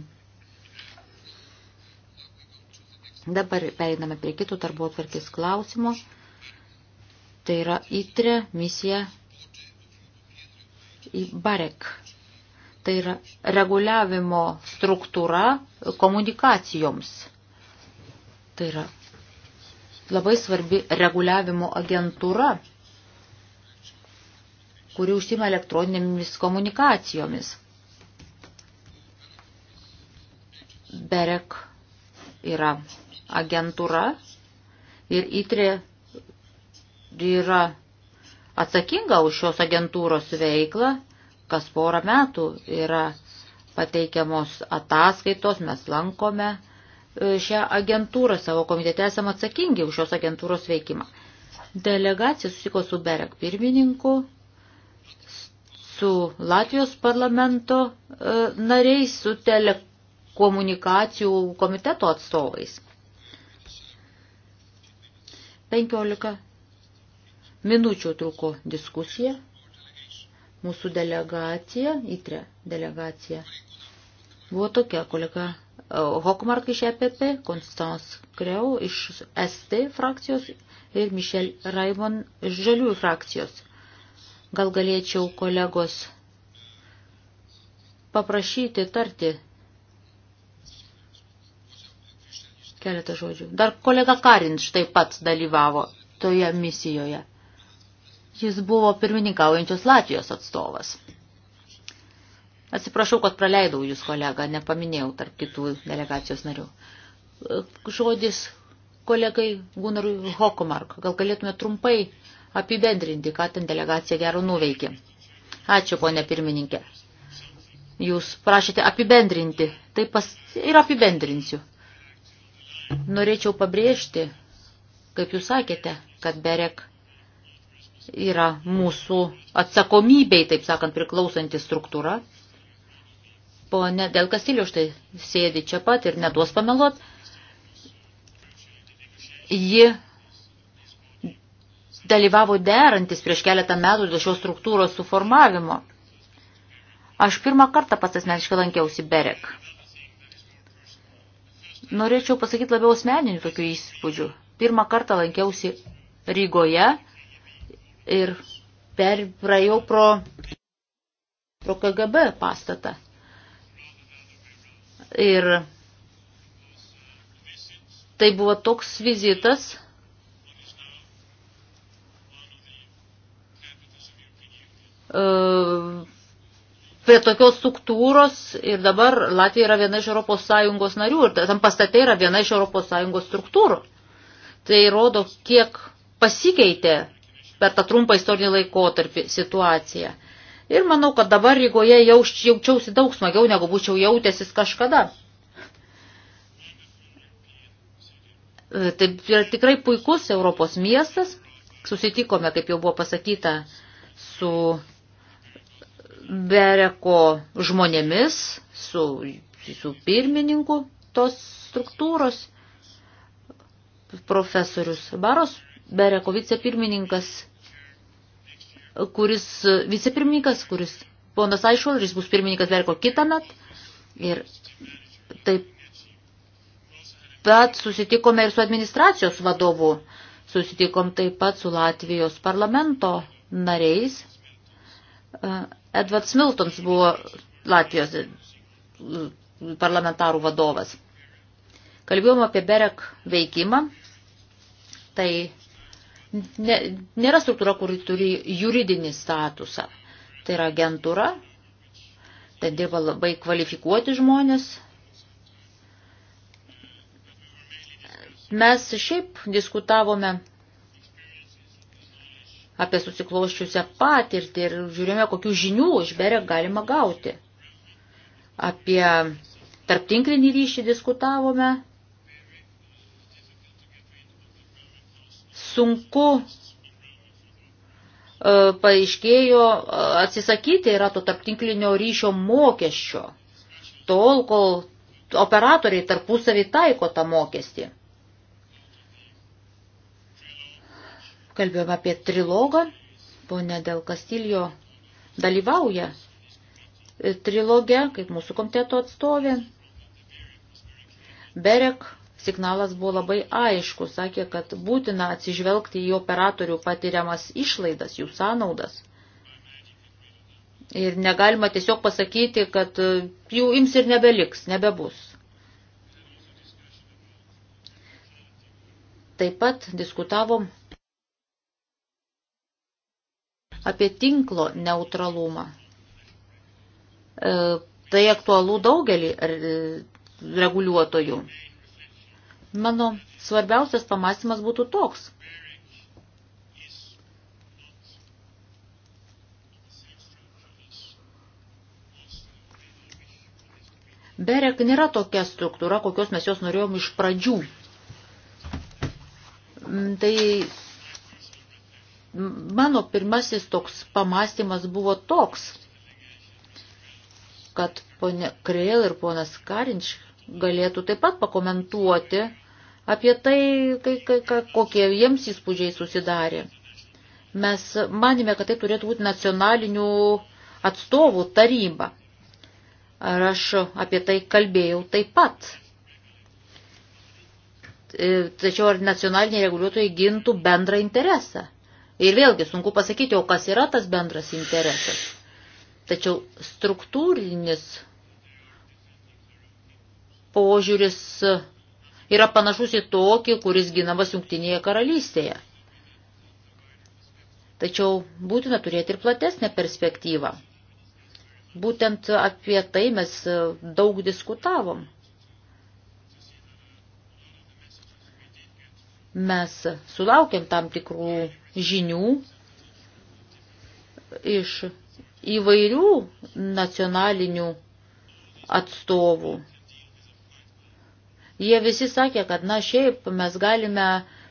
Dabar pereiname prie kito darbo atvarkės klausimo. Tai yra ITRE misija į BAREK. Tai yra reguliavimo struktūra komunikacijoms. Tai yra labai svarbi reguliavimo agentūra, kuri užsima elektroninėmis komunikacijomis. BEREK yra agentūra ir ITRE yra atsakinga už šios agentūros veiklą, kas porą metų yra pateikiamos ataskaitos, mes lankome e, šią agentūrą, savo komitete esame atsakingi už šios agentūros veikimą. Delegacija susiko su Berek pirmininku, su Latvijos parlamento e, nariais, su telekomunikacijų komiteto atstovais. 15 minučių truko diskusija. Mūsų delegacija, įtre delegacija, buvo tokia kolega e, Hokmark iš EPP, Konstans Kreu iš ST frakcijos ir Mišel Raimon iš Žaliųjų frakcijos. Gal galėčiau kolegos paprašyti tarti Keletą žodžių. Dar kolega Karin štai pat dalyvavo toje misijoje. Jis buvo pirmininkaujančios Latvijos atstovas. Atsiprašau, kad praleidau jūs kolegą, nepaminėjau tarp kitų delegacijos narių. Žodis kolegai Gunarui Hokumark. Gal galėtume trumpai apibendrinti, ką ten delegacija gero nuveikė. Ačiū, ponė pirmininkė. Jūs prašėte apibendrinti, tai pas... ir apibendrinsiu. Norėčiau pabrėžti, kaip jūs sakėte, kad BEREK yra mūsų atsakomybei, taip sakant, priklausanti struktūra. Pone Del Kastilio štai sėdi čia pat ir neduos pamelot. Ji dalyvavo derantis prieš keletą metų dėl šios struktūros suformavimo. Aš pirmą kartą pats asmeniškai lankiausi Berek Norėčiau pasakyti labiau asmeninių tokių įspūdžių. Pirmą kartą lankiausi Rygoje ir per, praėjau pro, pro KGB pastatą. Ir tai buvo toks vizitas, uh, prie tokios struktūros ir dabar Latvija yra viena iš ES narių ir tam pastate yra viena iš ES struktūrų. Tai rodo, kiek pasikeitė per tą trumpą istorinį laikotarpį situaciją. Ir manau, kad dabar Rygoje jauč, jaučiausi daug smagiau, negu būčiau jautęsis kažkada. Tai yra tikrai puikus Europos miestas. Susitikome, kaip jau buvo pasakyta, su Bereko žmonėmis, su, su pirmininku tos struktūros, profesorius Baros Bereko vicepirmininkas, kuris, vicepirmininkas, kuris ponas Aišvalris bus pirmininkas Bereko kitą met ir taip pat susitikome ir su administracijos vadovu, susitikom taip pat su Latvijos parlamento nariais Edvard Smiltoms buvo Latvijos e, parlamentarų vadovas. Kalbėjom apie Berek veikimą. Tai ne, nėra struktūra, kuri turi juridinį statusą. Tai yra agentūra. Ten dirba labai kvalifikuoti žmonės. Mes šiaip diskutavome apie susikloščiusią patirtį ir žiūrėjome, kokių žinių iš Berek galima gauti. Apie tarptinklinį ryšį diskutavome. Sunku e, paaiškėjo e, atsisakyti yra to tarptinklinio ryšio mokesčio, tol kol operatoriai tarpusavį taiko tą mokestį. Kalbėjome apie trilogą. Pone Del Kastiljo dalyvauja trilogė, kaip mūsų komiteto atstovė. Berek signalas buvo labai aiškus, sakė, kad būtina atsižvelgti į operatorių patiriamas išlaidas, jų sąnaudas. Ir negalima tiesiog pasakyti, kad e, jų ims ir nebeliks, nebebus. Taip pat diskutavom apie tinklo neutralumą. E, tai aktualu daugelį reguliuotojų. Mano svarbiausias pamastymas būtų toks. Berek nėra tokia struktūra, kokios mes jos norėjom iš pradžių. Mm, tai Mano pirmasis toks pamastymas buvo toks, kad ponė Kreil ir ponas Karinč galėtų taip pat pakomentuoti apie tai, kai, kai, kai, kokie jiems įspūdžiai susidarė. Mes manime, kad tai turėtų būti nacionalinių atstovų taryba. Ar aš apie tai kalbėjau taip pat. Tačiau ar nacionaliniai reguliuotojai gintų bendrą interesą? Ir vėlgi sunku pasakyti, o kas yra tas bendras interesas. Tačiau struktūrinis požiūris yra panašus į tokį, kuris ginamas jungtinėje karalystėje. Tačiau būtina turėti ir platesnę perspektyvą. Būtent apie tai mes daug diskutavom. Mes sulaukėm tam tikrų žinių iš įvairių nacionalinių atstovų. Jie visi sakė, kad na šiaip mes galime,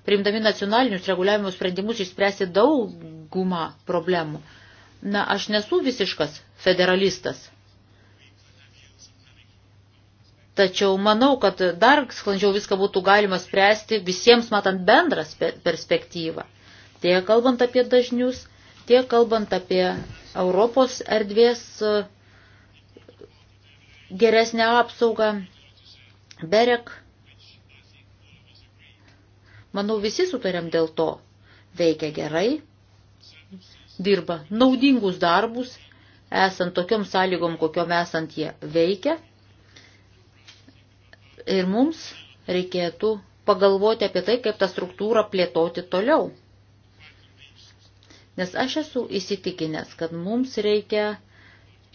priimdami nacionalinius reguliavimo sprendimus, išspręsti daugumą problemų. Na, aš nesu visiškas federalistas. Tačiau manau, kad dar sklandžiau viską būtų galima spręsti visiems matant bendrą perspektyvą tiek kalbant apie dažnius, tiek kalbant apie Europos erdvės e, geresnę apsaugą. Berek, manau, visi sutarėm dėl to, veikia gerai, dirba naudingus darbus, esant tokiom sąlygom, kokiom esant jie veikia. Ir mums reikėtų pagalvoti apie tai, kaip tą struktūrą plėtoti toliau. Nes aš esu įsitikinęs, kad mums reikia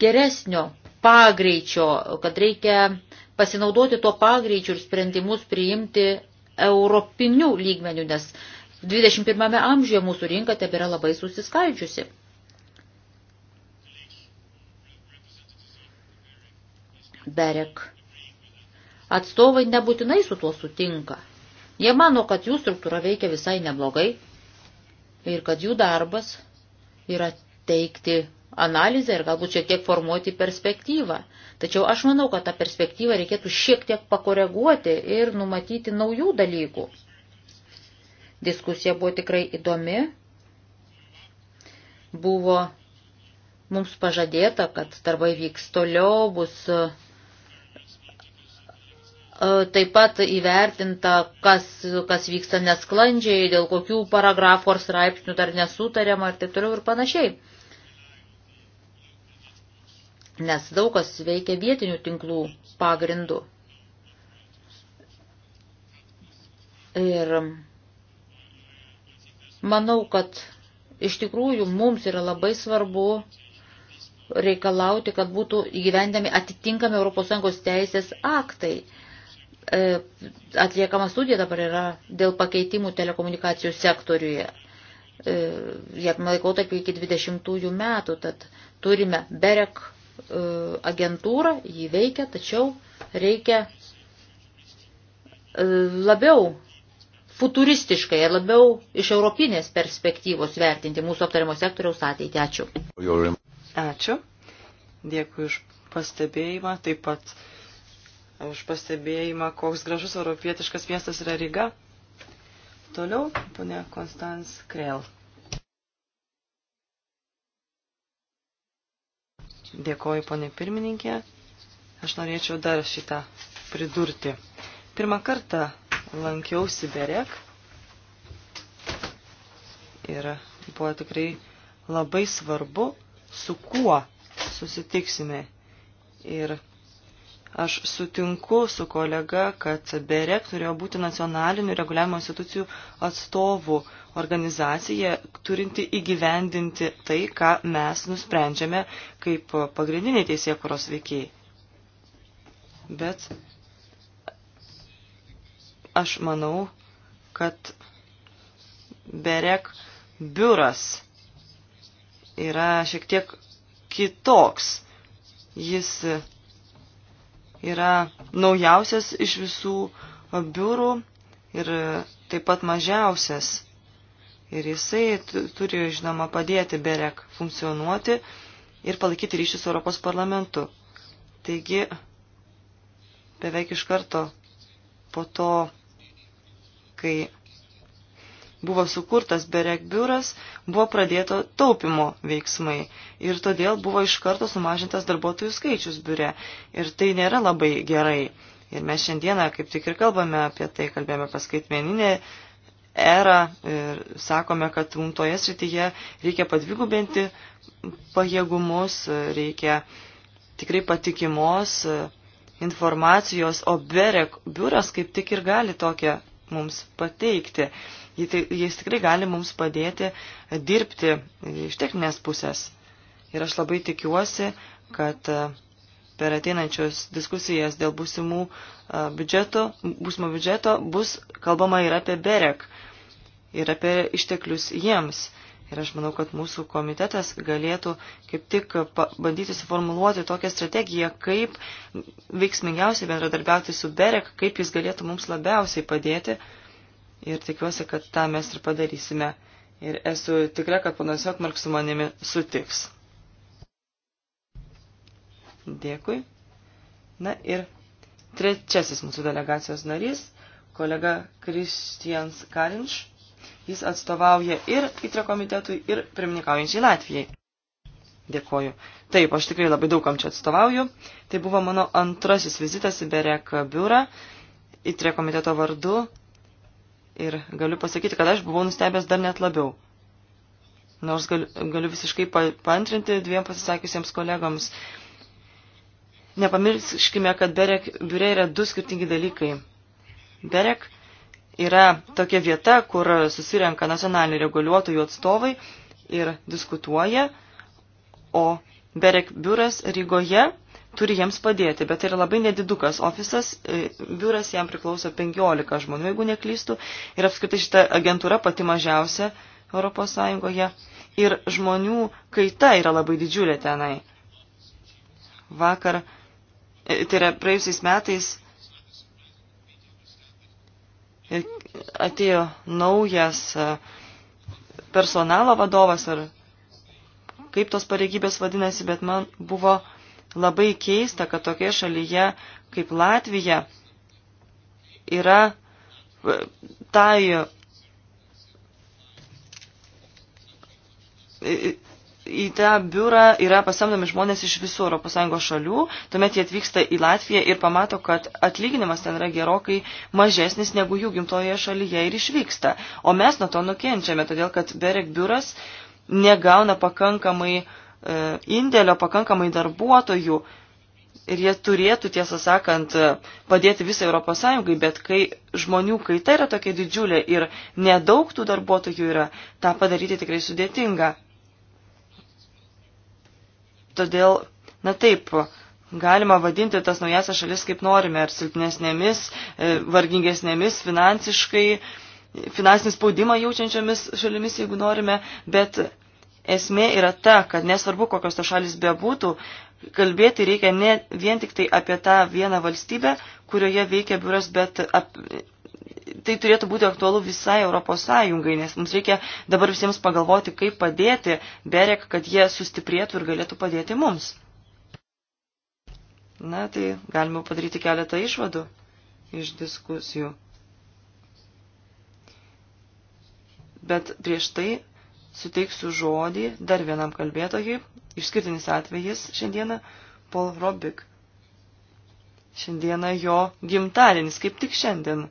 geresnio pagreičio, kad reikia pasinaudoti tuo pagreičiu ir sprendimus priimti europinių lygmenių, nes 21 amžiuje mūsų rinka tebėra labai susiskaldžiusi. Berek. Atstovai nebūtinai su tuo sutinka. Jie mano, kad jų struktūra veikia visai neblogai, ir kad jų darbas yra teikti analizę ir galbūt šiek tiek formuoti perspektyvą. Tačiau aš manau, kad tą perspektyvą reikėtų šiek tiek pakoreguoti ir numatyti naujų dalykų. Diskusija buvo tikrai įdomi. Buvo mums pažadėta, kad darbai vyks toliau, bus E, taip pat įvertinta, kas, kas vyksta nesklandžiai, dėl kokių paragrafų ar straipsnių dar nesutariama ir taip toliau ir panašiai. Nes daug kas veikia vietinių tinklų pagrindų. Ir manau, kad iš tikrųjų mums yra labai svarbu reikalauti, kad būtų įgyvendami atitinkami ES teisės aktai E, atliekama studija dabar yra dėl pakeitimų telekomunikacijų sektoriuje. E, Jėkma laikotarpį iki 20 metų, tad turime BEREK e, agentūrą, jį veikia, tačiau reikia labiau futuristiškai ir labiau iš europinės perspektyvos vertinti mūsų aptariamo sektoriaus ateitį. Ačiū. Ačiū. Dėkui už pastebėjimą. Taip pat už pastebėjimą, koks gražus europietiškas miestas yra Ryga. Toliau, ponė Konstans Krell. Dėkoju, ponė pirmininkė. Aš norėčiau dar šitą pridurti. Pirmą kartą lankiausi Berek ir buvo tikrai labai svarbu, su kuo susitiksime. Ir Aš sutinku su kolega, kad BEREK turėjo būti nacionalinių reguliavimo institucijų atstovų organizacija, turinti įgyvendinti tai, ką mes nusprendžiame kaip pagrindiniai teisėkuros veikiai. Bet aš manau, kad BEREK biuras yra šiek tiek kitoks. Jis yra naujausias iš visų biurų ir taip pat mažiausias. Ir jisai turi, žinoma, padėti Berek funkcionuoti ir palaikyti ryšį su Europos parlamentu. Taigi, beveik iš karto po to, kai buvo sukurtas berek biuras, buvo pradėto taupimo veiksmai ir todėl buvo iš karto sumažintas darbuotojų skaičius biure. Ir tai nėra labai gerai. Ir mes šiandieną kaip tik ir kalbame apie tai, kalbėjome apie skaitmeninę erą ir sakome, kad mums toje srityje reikia padvigubinti pajėgumus, reikia tikrai patikimos informacijos, o Berek biuras kaip tik ir gali tokią mums pateikti. Tai, jis tikrai gali mums padėti dirbti iš techninės pusės. Ir aš labai tikiuosi, kad e, per ateinančios diskusijas dėl būsimų e, biudžeto, būsimo biudžeto bus kalbama ir apie BEREK, ir apie išteklius jiems. Ir aš manau, kad mūsų komitetas galėtų kaip tik bandyti suformuluoti tokią strategiją, kaip veiksmingiausiai bendradarbiauti su BEREK, kaip jis galėtų mums labiausiai padėti, uh, ir tikiuosi, kad tą mes ir padarysime. Ir esu tikra, kad panas Jokmark su manimi sutiks. Dėkui. Na ir trečiasis mūsų delegacijos narys, kolega Kristijans Karinš. Jis atstovauja ir įtrio komitetui, ir pirmininkaujančiai Latvijai. Dėkoju. Taip, aš tikrai labai daugam čia atstovauju. Tai buvo mano antrasis vizitas į Berek biurą. Įtrio komiteto vardu Ir galiu pasakyti, kad aš buvau nustebęs dar net labiau. Nors galiu, galiu visiškai paantrinti dviem pasisakiusiems kolegoms. Nepamirškime, kad Berek biure yra du skirtingi dalykai. Berek yra tokia vieta, kur susirenka nacionalinių reguliuotojų atstovai ir diskutuoja, o Berek biuras Rygoje turi jiems padėti, bet tai yra labai nedidukas ofisas, e, biuras jam priklauso 15 žmonių, jeigu neklystų, ir apskritai šita agentūra pati mažiausia Europos Sąjungoje, ir žmonių kaita yra labai didžiulė tenai. Vakar, e, tai yra praėjusiais metais, e, atėjo naujas personalo vadovas, ar kaip tos pareigybės vadinasi, bet man buvo labai keista, kad tokia šalyje kaip Latvija yra e, tai e, e, į tą biurą yra pasamdomi žmonės iš visų ES šalių, tuomet jie atvyksta į Latviją ir pamato, kad atlyginimas ten yra gerokai mažesnis negu jų gimtoje šalyje ir išvyksta. O mes nuo to nukenčiame, todėl kad Berek biuras negauna pakankamai E, indėlio pakankamai darbuotojų ir jie turėtų, tiesą sakant, e, padėti visai Europos Sąjungai, bet kai žmonių kaita yra tokia didžiulė ir nedaug tų darbuotojų yra, tą padaryti tikrai sudėtinga. Todėl, na taip, galima vadinti tas naujasias šalis kaip norime, ar silpnesnėmis, e, vargingesnėmis finansiškai, finansinį spaudimą jaučiančiomis šalimis, jeigu norime, bet esmė yra ta, kad nesvarbu, kokios to šalis bebūtų, kalbėti reikia ne vien tik tai apie tą vieną valstybę, kurioje veikia biuras, bet ap, tai turėtų būti aktualu visai Europos Sąjungai, nes mums reikia dabar visiems pagalvoti, kaip padėti Berek, kad jie sustiprėtų ir galėtų padėti mums. Na, tai galime padaryti keletą išvadų iš diskusijų. Bet prieš tai suteiksiu žodį dar vienam kalbėtojui, išskirtinis atvejis šiandieną, Paul Robik. Šiandieną jo gimtadienis, kaip tik šiandien.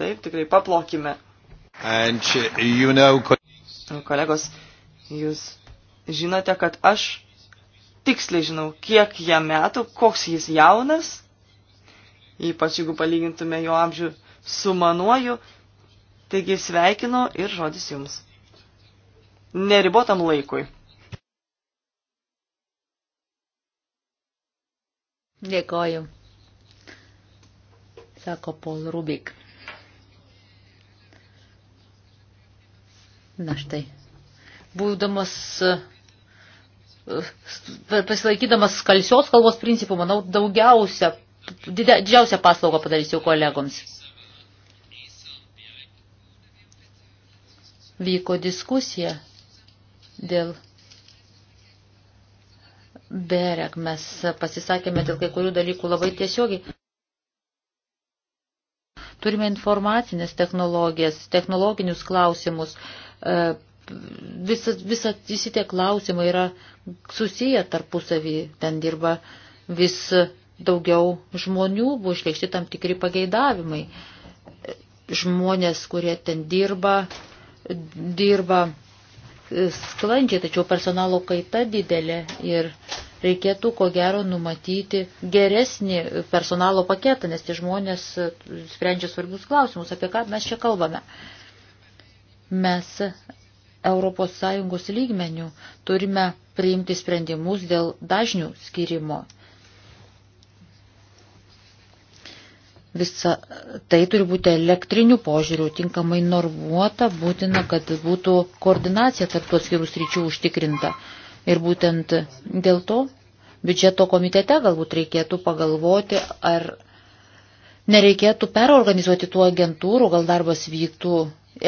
Taip, tikrai paplokime. And uh, you know... Kolegos, jūs žinote, kad aš tiksliai žinau, kiek jam metų, koks jis jaunas, ypač jeigu palygintume jo amžių su manuoju, Taigi sveikinu ir žodis jums. Neribotam laikui. Dėkoju, sako Paul Rubik. Na štai, būdamas, e, pasilaikydamas skalsios kalbos principų, manau, daugiausia, didžiausią paslaugą padarysiu kolegoms. vyko diskusija dėl Berek. Mes pasisakėme dėl kai kurių dalykų labai tiesiogiai. Turime informacinės technologijas, technologinius klausimus. E, visa, visa, visi tie klausimai yra susiję tarpusavį. Ten dirba vis daugiau žmonių, buvo išreikšti tam tikri pageidavimai. Žmonės, kurie ten dirba, dirba sklandžiai, tačiau personalo kaita didelė ir reikėtų ko gero numatyti geresnį personalo paketą, nes tie žmonės sprendžia svarbius klausimus, apie ką mes čia kalbame. Mes ES lygmenių turime priimti sprendimus dėl dažnių skirimo Visa tai turi būti elektrinių požiūrių tinkamai normuota, būtina, kad būtų koordinacija tarp tų atskirų sričių užtikrinta. Ir būtent dėl to biudžeto komitete galbūt reikėtų pagalvoti, ar nereikėtų perorganizuoti tų agentūrų, gal darbas vyktų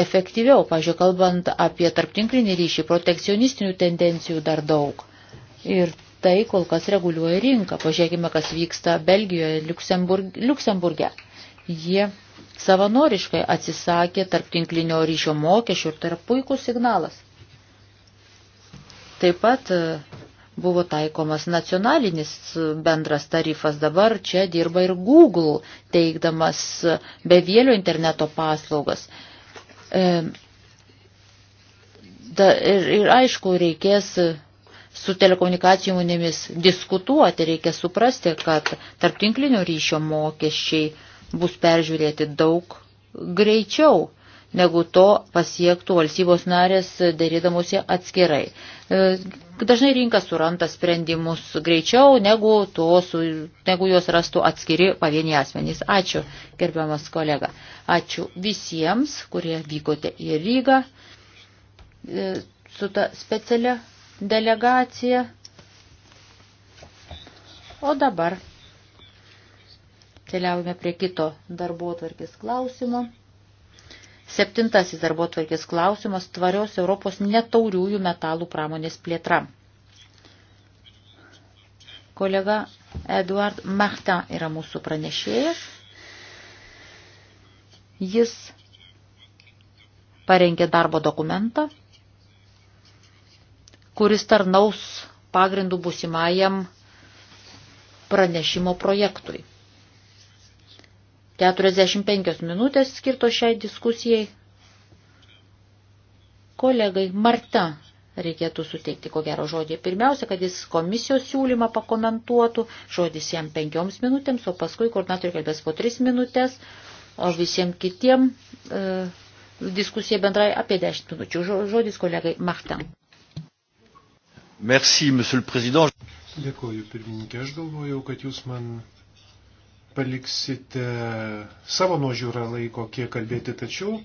efektyviau. Pavyzdžiui, kalbant apie tarptinklinį ryšį, protekcionistinių tendencijų dar daug. Ir tai kol kas reguliuoja rinką. Pažiūrėkime, kas vyksta Belgijoje, Luksemburg, Luksemburge. Jie savanoriškai atsisakė tarp tinklinio ryšio mokesčių ir tai yra puikus signalas. Taip pat e, buvo taikomas nacionalinis bendras tarifas, dabar čia dirba ir Google, teikdamas bevėlio interneto paslaugas. E, da, ir, ir aišku, reikės su telekomunikacijų įmonėmis diskutuoti, reikia suprasti, kad tarptinklinio ryšio mokesčiai bus peržiūrėti daug greičiau negu to pasiektų valstybos narės dėrėdamosi atskirai. E, dažnai rinka suranta sprendimus greičiau, negu, to, negu juos rastų atskiri pavieni asmenys. Ačiū, gerbiamas kolega. Ačiū visiems, kurie vykote į Rygą e, su ta specialia delegacija. O dabar keliaujame prie kito darbo tvarkės klausimo. Septintasis darbo tvarkės klausimas – tvarios Europos netauriųjų metalų pramonės plėtra. Kolega Eduard Martin yra mūsų pranešėjas. Jis parengė darbo dokumentą, kuris tarnaus pagrindų būsimajam pranešimo projektui. 45 minutės skirto šiai diskusijai. Kolegai Marta reikėtų suteikti ko gero žodį. Pirmiausia, kad jis komisijos siūlymą pakomentuotų, žodis jam penkioms minutėms, o paskui koordinatoriai kalbės po tris minutės, o visiems kitiem e, diskusija bendrai apie dešimt minučių. Žodis kolegai Marta. Merci, monsieur le président. Dėkuoju, pirmininkė. Aš galvojau, kad jūs man paliksite savo nuožiūrą laiko, kiek kalbėti, tačiau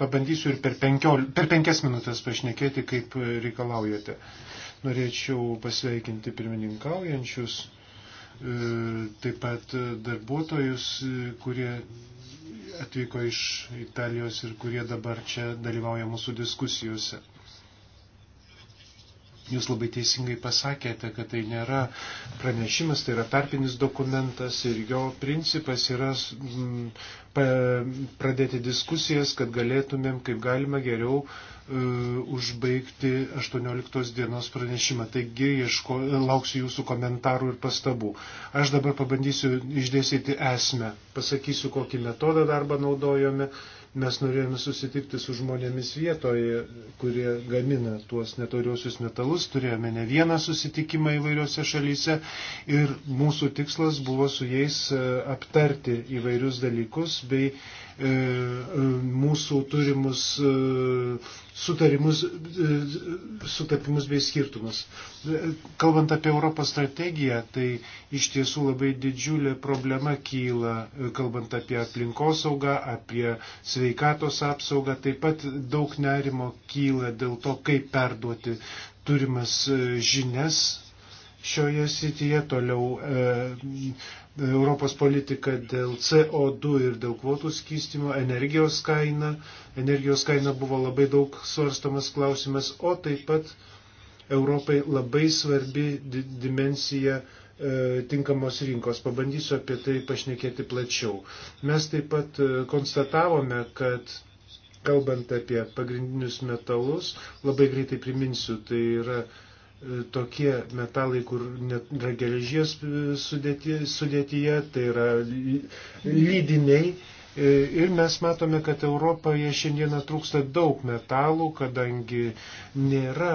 pabandysiu ir per, penkiol, per penkias minutės pašnekėti, kaip reikalaujate. Norėčiau pasveikinti pirmininkaujančius, e, taip pat darbuotojus, kurie atvyko iš Italijos ir kurie dabar čia dalyvauja mūsų diskusijose. Jūs labai teisingai pasakėte, kad tai nėra pranešimas, tai yra tarpinis dokumentas ir jo principas yra mm, pradėti diskusijas, kad galėtumėm kaip galima geriau e, užbaigti 18 dienos pranešimą. Taigi ieško, lauksiu jūsų komentarų ir pastabų. Aš dabar pabandysiu išdėsyti esmę, pasakysiu, kokį metodą darbą naudojome Mes norėjome susitikti su žmonėmis vietoje, kurie gamina tuos netoriosius metalus. Turėjome ne vieną susitikimą įvairiose šalyse ir mūsų tikslas buvo su jais e, aptarti įvairius dalykus bei E, e, mūsų turimus e, sutarimus, sutapimus bei skirtumus. Kalbant apie Europos strategiją, tai iš tiesų labai didžiulė problema kyla, kalbant apie aplinkosaugą, apie sveikatos apsaugą, taip pat daug nerimo kyla dėl to, kaip perduoti turimas žinias šioje srityje, toliau e, Europos politika dėl CO2 ir dėl kvotų skystimo, energijos kaina. Energijos kaina buvo labai daug svarstamas klausimas, o taip pat Europai labai svarbi dimensija e, tinkamos rinkos. Pabandysiu apie tai pašnekėti plačiau. Mes taip pat e, konstatavome, kad kalbant apie pagrindinius metalus, labai greitai priminsiu, tai yra E, tokie metalai, kur yra geležies e, sudėtyje, tai yra lydiniai. E, ir mes matome, kad Europoje šiandieną trūksta daug metalų, kadangi nėra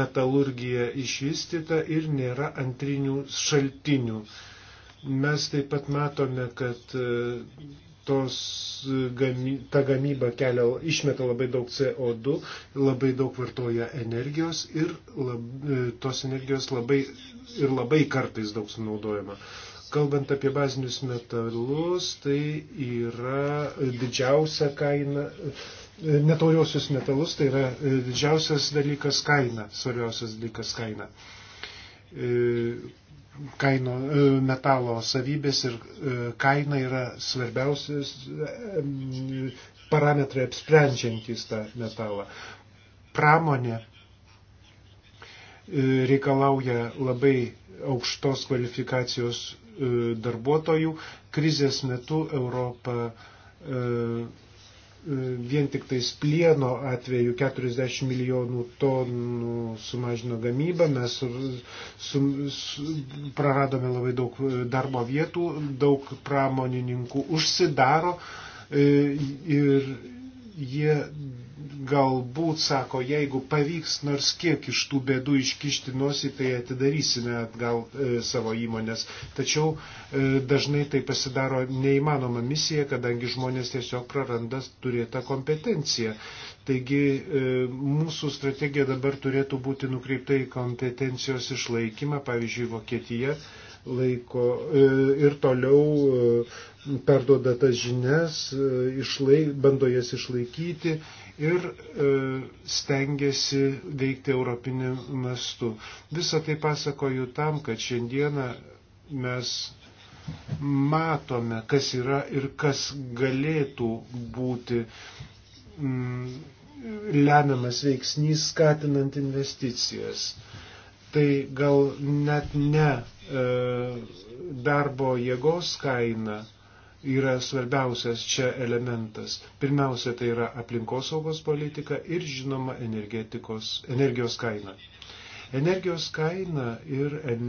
metalurgija išvystyta ir nėra antrinių šaltinių. Mes taip pat matome, kad tos, e, ta gamyba kelia, išmeta labai daug CO2, labai daug vartoja energijos ir lab, e, tos energijos labai ir labai kartais daug sunaudojama. Kalbant apie bazinius metalus, tai yra didžiausia kaina, e, netauriosius metalus, tai yra didžiausias dalykas kaina, svarbiausias dalykas kaina kaino, e, metalo savybės ir e, kaina yra svarbiausias e, parametrai apsprendžiantys tą metalą. Pramonė reikalauja labai aukštos kvalifikacijos darbuotojų. Krizės metu Europa E, vien tik tais plieno atveju 40 milijonų tonų sumažino gamybą, mes sum, su, praradome labai daug e, darbo vietų, daug pramonininkų užsidaro e, ir jie galbūt sako, jeigu pavyks nors kiek iš tų bėdų iškišti nosį, tai atidarysime atgal e, savo įmonės. Tačiau e, dažnai tai pasidaro neįmanoma misija, kadangi žmonės tiesiog praranda turėtą kompetenciją. Taigi e, mūsų strategija dabar turėtų būti nukreipta į kompetencijos išlaikymą, pavyzdžiui, Vokietija laiko e, ir toliau e, perduoda tas žinias, e, išlaik, bando jas išlaikyti ir e, stengiasi veikti europiniu mastu. Visą tai pasakoju tam, kad šiandieną mes matome, kas yra ir kas galėtų būti mm, lemiamas veiksnys skatinant investicijas. Tai gal net ne e, darbo jėgos kaina, e, yra svarbiausias čia elementas. Pirmiausia, tai yra aplinkosaugos politika ir žinoma energijos kaina. Energijos kaina ir en,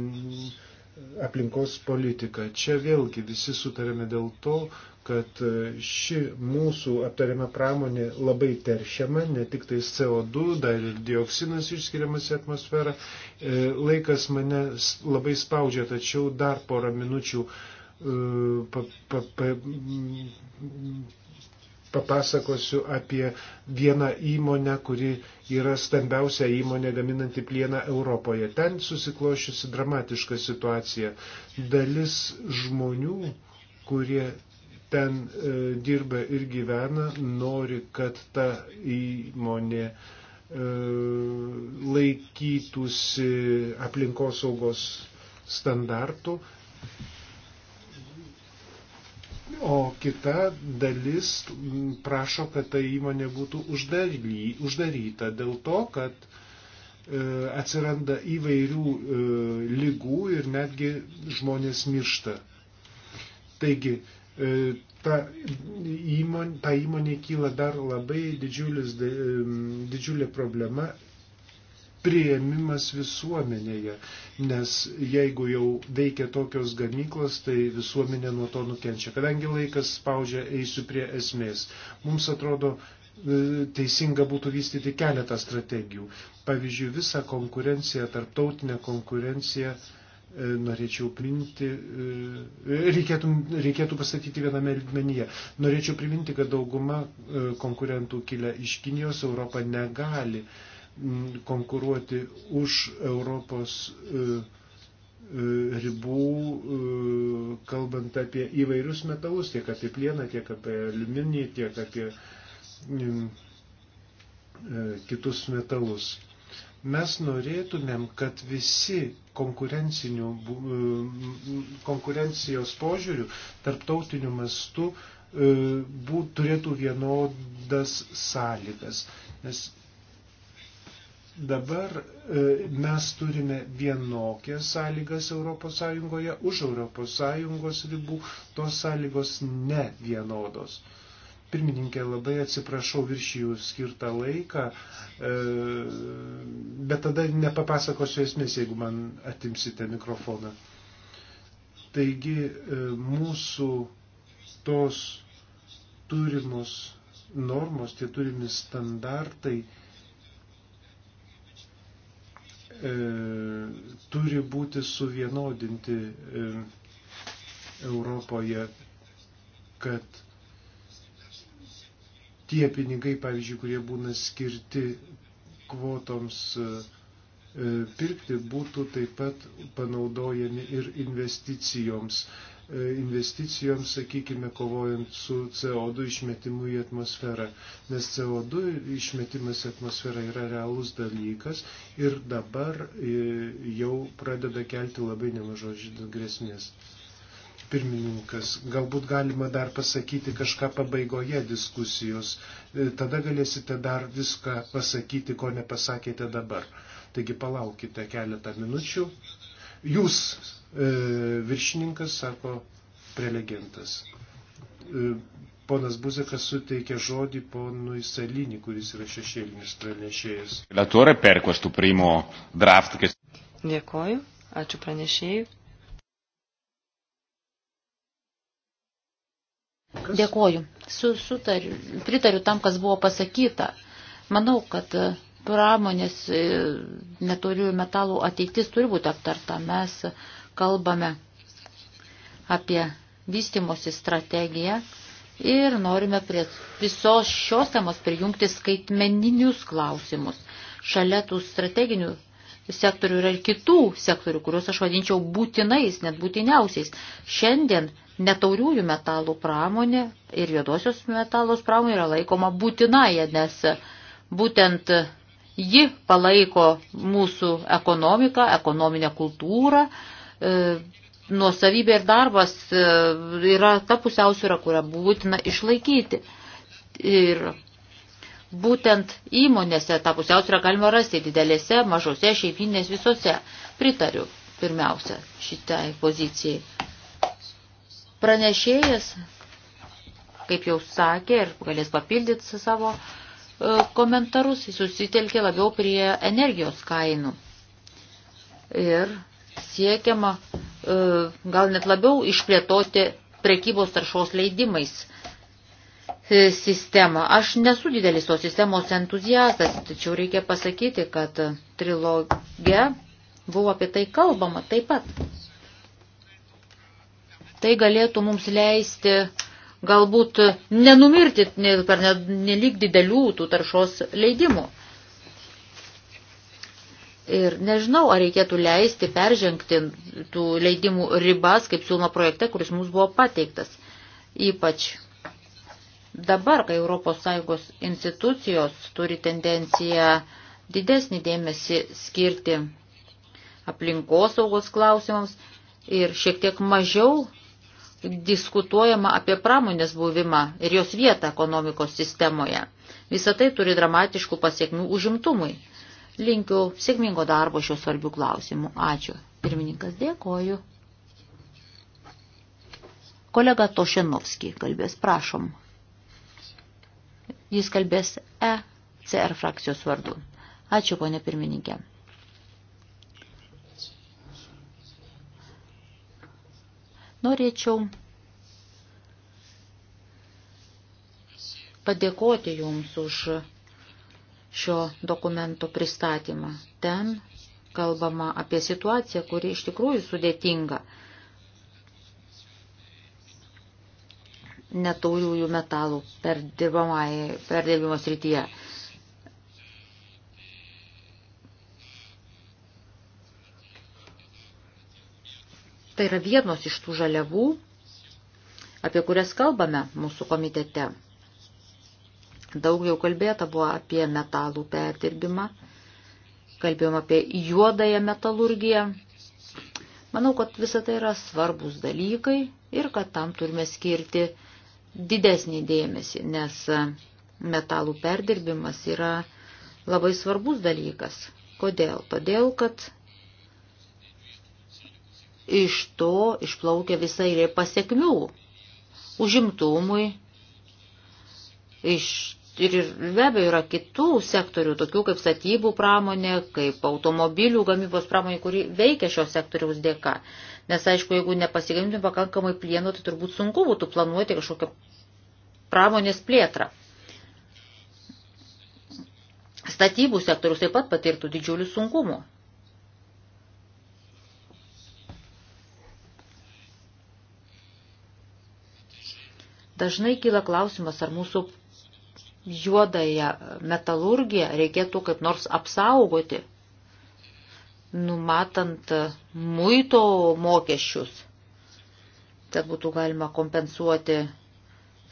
aplinkos politika. Čia vėlgi visi sutarėme dėl to, kad e, ši mūsų aptariama pramonė labai teršiama, ne tik tais CO2, dar ir dioksinas išskiriamas į atmosferą. E, laikas mane labai spaudžia, tačiau dar porą minučių uh, pa, pa, pa, papasakosiu apie vieną įmonę, kuri yra stambiausia įmonė gaminanti plieną Europoje. Ten susiklošiusi dramatiška situacija. Dalis žmonių, kurie ten e, dirba ir gyvena, nori, kad ta įmonė e, laikytųsi aplinkosaugos standartų o kita dalis prašo, kad ta įmonė būtų uždary, uždaryta dėl to, kad e, atsiranda įvairių e, lygų ir netgi žmonės miršta. Taigi, e, ta įmonė, ta įmonė kyla dar labai didžiulis, didžiulė problema prieimimas visuomenėje, nes jeigu jau veikia tokios gamyklos, tai visuomenė nuo to nukenčia. Kadangi laikas spaudžia, eisiu prie esmės. Mums atrodo, e, teisinga būtų vystyti keletą strategijų. Pavyzdžiui, visą konkurenciją, tarptautinę konkurenciją e, norėčiau priminti, e, reikėtų, reikėtų pasakyti viename lygmenyje. Norėčiau priminti, kad dauguma konkurentų kilę iš Kinijos Europą negali uh, konkuruoti už Europos e, e, ribų, e, kalbant apie įvairius metalus, tiek apie plieną, tiek apie aliuminį, tiek apie kitus metalus. Mes norėtumėm, kad visi konkurencijos požiūrių tarptautiniu mastu bū, turėtų vienodas sąlygas. Nes Dabar e, mes turime vienokias sąlygas ES, už ES ribų tos sąlygos ne vienodos. Pirmininkė, labai atsiprašau virš jų skirtą laiką, e, bet tada nepapasakosiu esmės, jeigu man atimsite mikrofoną. Taigi e, mūsų tos turimos normos, tie turimi standartai E, turi būti suvienodinti e, Europoje, kad tie pinigai, pavyzdžiui, kurie būna skirti kvotoms e, pirkti, būtų taip pat panaudojami ir investicijoms E, investicijoms, sakykime, kovojant su CO2 išmetimu į atmosferą. Nes CO2 išmetimas į atmosferą yra realus dalykas ir dabar e, jau pradeda kelti labai nemažos grėsmės. Pirmininkas, galbūt galima dar pasakyti kažką pabaigoje diskusijos, e, tada galėsite dar viską pasakyti, ko nepasakėte dabar. Taigi palaukite keletą minučių. Jūs E, viršininkas, sako prelegentas. E, ponas Buzekas suteikė žodį ponui Salinį, kuris yra šešėlinis pranešėjas. Latore per questo primo draft. Dėkoju, ačiū pranešėjai. Kas? Dėkoju, su, sutariu, pritariu tam, kas buvo pasakyta. Manau, kad e, pramonės neturių metalų ateitis turi būti aptarta. Mes kalbame apie vystimosi strategiją ir norime prie visos šios temos prijungti skaitmeninius klausimus. Šalia tų strateginių sektorių yra ir kitų sektorių, kuriuos aš vadinčiau būtinais, net būtiniausiais. Šiandien netauriųjų metalų pramonė ir juodosios metalos pramonė yra laikoma būtinaja, nes būtent ji palaiko mūsų ekonomiką, ekonominę kultūrą, E, nuosavybė ir darbas e, yra ta pusiausvyrą, kurią būtina išlaikyti. Ir būtent įmonėse tą pusiausvyrą galima rasti didelėse, mažose, šeiminės visose. Pritariu pirmiausia šitai pozicijai. Pranešėjas, kaip jau sakė, ir galės papildyti savo e, komentarus, susitelkė labiau prie energijos kainų. Ir siekiama e, gal net labiau išplėtoti prekybos taršos leidimais e, sistemą. Aš nesu didelis tos sistemos entuziastas, tačiau reikia pasakyti, kad trilogė buvo apie tai kalbama taip pat. Tai galėtų mums leisti galbūt nenumirti per nelik didelių tų taršos leidimų. Ir nežinau, ar reikėtų leisti peržengti tų leidimų ribas, kaip siūloma projekte, kuris mums buvo pateiktas. Ypač dabar, kai ES institucijos turi tendenciją didesnį dėmesį skirti aplinkosaugos klausimams ir šiek tiek mažiau diskutuojama apie pramonės buvimą ir jos vietą ekonomikos sistemoje. Visą tai turi dramatiškų pasiekmių užimtumui. Linkiu sėkmingo darbo šiuo svarbių klausimų. Ačiū. Pirmininkas dėkoju. Kolega Tošenovski kalbės, prašom. Jis kalbės ECR frakcijos vardu. Ačiū, ponė pirmininkė. Norėčiau padėkoti Jums už šio dokumento pristatymą. Ten kalbama apie situaciją, kuri iš tikrųjų sudėtinga. netauriųjų metalų perdirbimo srityje. Tai yra vienos iš tų žaliavų, apie kurias kalbame mūsų komitete. Daug jau kalbėta buvo apie metalų perdirbimą, kalbėjom apie juodąją metalurgiją. Manau, kad visa tai yra svarbus dalykai ir kad tam turime skirti didesnį dėmesį, nes metalų perdirbimas yra labai svarbus dalykas. Kodėl? Todėl, kad iš to išplaukia visai ir pasiekmių užimtumui, iš ir be abejo yra kitų sektorių, tokių kaip statybų pramonė, kaip automobilių gamybos pramonė, kuri veikia šio sektoriaus dėka. Nes aišku, jeigu nepasigamintum pakankamai plieno, tai turbūt sunku būtų planuoti kažkokią pramonės plėtrą. Statybų sektorius taip pat patirtų didžiulių sunkumų. Dažnai kyla klausimas, ar mūsų juodąją metalurgiją reikėtų kaip nors apsaugoti, numatant muito mokesčius. Tad būtų galima kompensuoti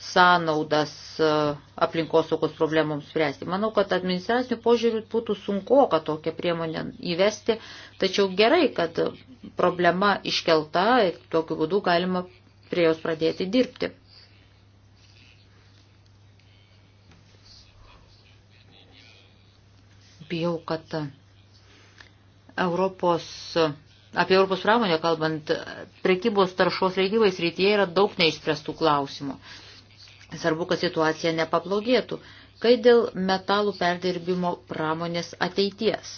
sąnaudas e, aplinkosaugos problemoms spręsti. Manau, kad administracinių požiūrių būtų sunku, kad tokią priemonę įvesti, tačiau gerai, kad problema iškelta ir tokiu būdu galima prie jos pradėti dirbti. bijau, kad Europos, apie Europos pramonę kalbant, prekybos taršos leidybais rytyje yra daug neišspręstų klausimų. Svarbu, kad situacija nepablogėtų, kai dėl metalų perdirbimo pramonės ateities.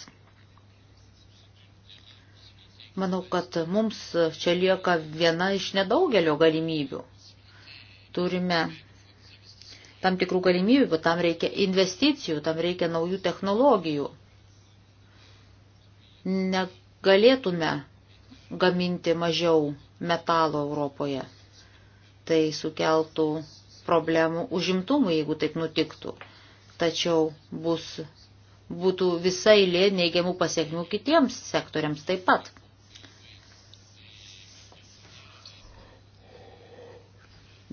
Manau, kad mums čia lieka viena iš nedaugelio galimybių. Turime tam tikrų galimybių, bet tam reikia investicijų, tam reikia naujų technologijų. Negalėtume gaminti mažiau metalo Europoje. Tai sukeltų problemų užimtumui, jeigu taip nutiktų. Tačiau bus, būtų visai lė neigiamų pasiekmių kitiems sektoriams taip pat.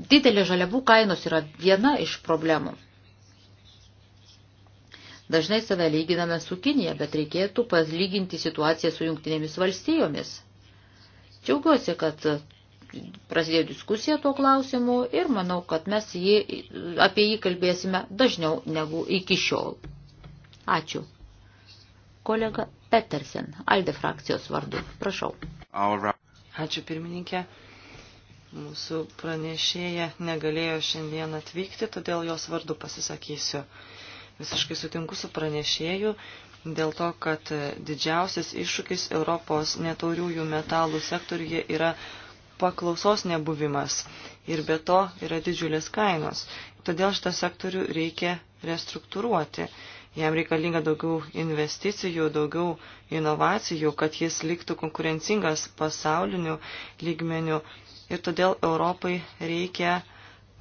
Didelė žaliavų kainos yra viena iš problemų. Dažnai save lyginame su Kinija, bet reikėtų palyginti situaciją su jungtinėmis valstijomis. Džiaugiuosi, kad prasidėjo diskusija tuo klausimu ir manau, kad mes jį, apie jį kalbėsime dažniau negu iki šiol. Ačiū. Kolega Petersen, Alde frakcijos vardu. Prašau. Ačiū pirmininkė. Mūsų pranešėja negalėjo šiandien atvykti, todėl jos vardu pasisakysiu. Visiškai sutinku su pranešėju dėl to, kad didžiausias iššūkis Europos netauriųjų metalų sektoriuje yra paklausos nebuvimas ir be to yra didžiulės kainos. Todėl šitą sektorių reikia restruktūruoti. Jam reikalinga daugiau investicijų, daugiau inovacijų, kad jis liktų konkurencingas pasauliniu lygmeniu ir todėl Europai reikia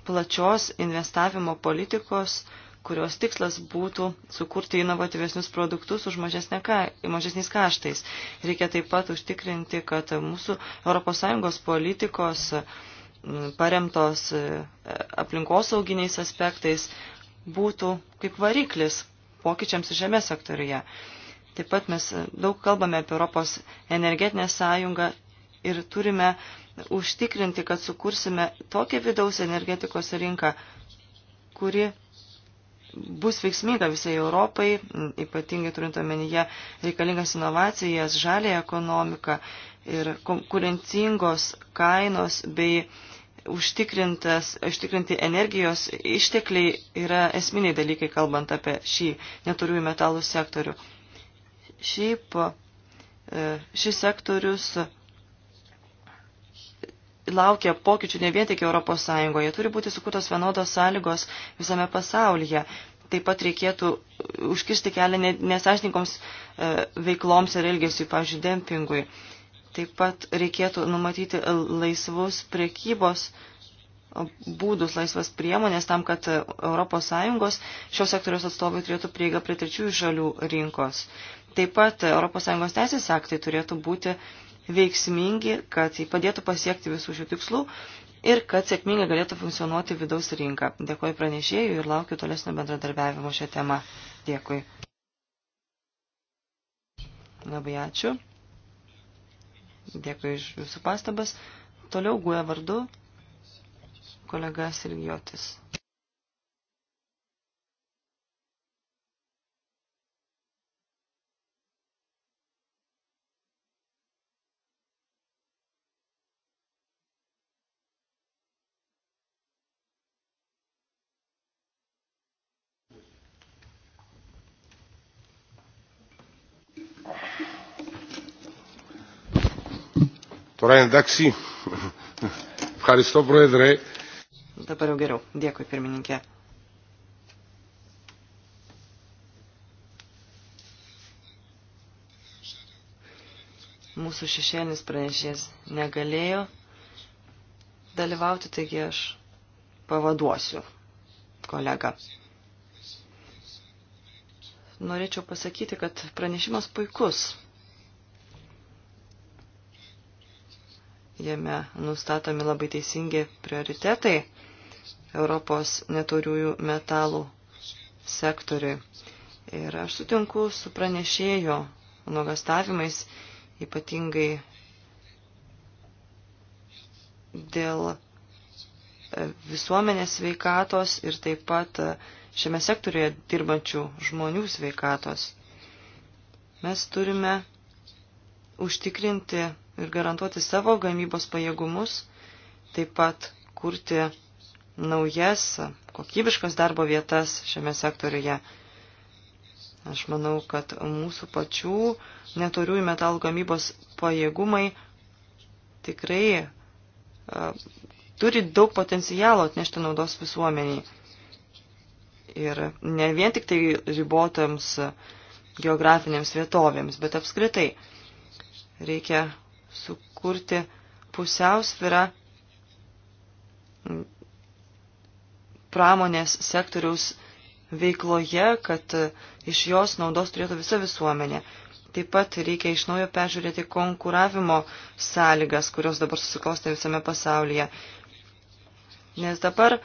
plačios investavimo politikos, kurios tikslas būtų sukurti inovatyvesnius produktus už ka, mažesniais kaštais. Reikia taip pat užtikrinti, kad mūsų ES politikos paremtos e, aplinkosauginiais aspektais būtų kaip variklis pokyčiams žemės sektoriuje. Taip pat mes daug kalbame apie Europos energetinę sąjungą ir turime užtikrinti, kad sukursime tokią vidaus energetikos rinką, kuri bus veiksminga visai Europai, ypatingai turint omenyje reikalingas inovacijas, žalę ekonomiką ir konkurencingos kainos bei užtikrintas, užtikrinti energijos ištekliai yra esminiai dalykai, kalbant apie šį neturiųjų metalų sektorių. Šiaip e, šis sektorius laukia pokyčių ne vien tik Europos Sąjungoje. Turi būti sukurtos vienodos sąlygos visame pasaulyje. Taip pat reikėtų užkirsti kelią nesažininkoms e, veikloms ir elgesiui, pavyzdžiui, dempingui. Taip pat reikėtų numatyti laisvus prekybos būdus, laisvas priemonės tam, kad ES šios sektoriaus atstovai turėtų prieigą prie trečiųjų šalių rinkos. Taip pat ES teisės aktai turėtų būti uh, veiksmingi, kad jį padėtų pasiekti visų šių tikslų ir kad sėkmingai galėtų funkcionuoti vidaus rinka. Dėkuoju pranešėjui ir laukiu tolesnio bendradarbiavimo šią temą. Dėkui. Labai ačiū. Dėkui iš jūsų pastabas. Toliau guoja e vardu kolega Silgiotis. Τώρα εντάξει. Ευχαριστώ, Πρόεδρε. Dabar jau geriau. Dėkui, pirmininkė. Mūsų šešėlis pranešės negalėjo dalyvauti, taigi aš pavaduosiu kolegą. Norėčiau pasakyti, kad pranešimas puikus. Jame nustatomi labai teisingi prioritetai Europos netauriųjų metalų sektoriui. Ir aš sutinku su pranešėjo nuogastavimais, ypatingai dėl e, visuomenės sveikatos ir taip pat e, šiame sektoriuje dirbančių žmonių sveikatos. Mes turime užtikrinti ir garantuoti savo gamybos pajėgumus, taip pat kurti naujas kokybiškas darbo vietas šiame sektoriuje. Aš manau, kad mūsų pačių netoriųjų metalų gamybos pajėgumai tikrai a, turi daug potencialo atnešti naudos visuomeniai. Ir ne vien tik tai ribotams geografinėms vietovėms, bet apskritai reikia sukurti pusiausvirą pramonės sektoriaus veikloje, kad iš jos naudos turėtų visa visuomenė. Taip pat reikia iš naujo peržiūrėti konkuravimo sąlygas, kurios dabar susiklostė visame pasaulyje. Nes dabar e,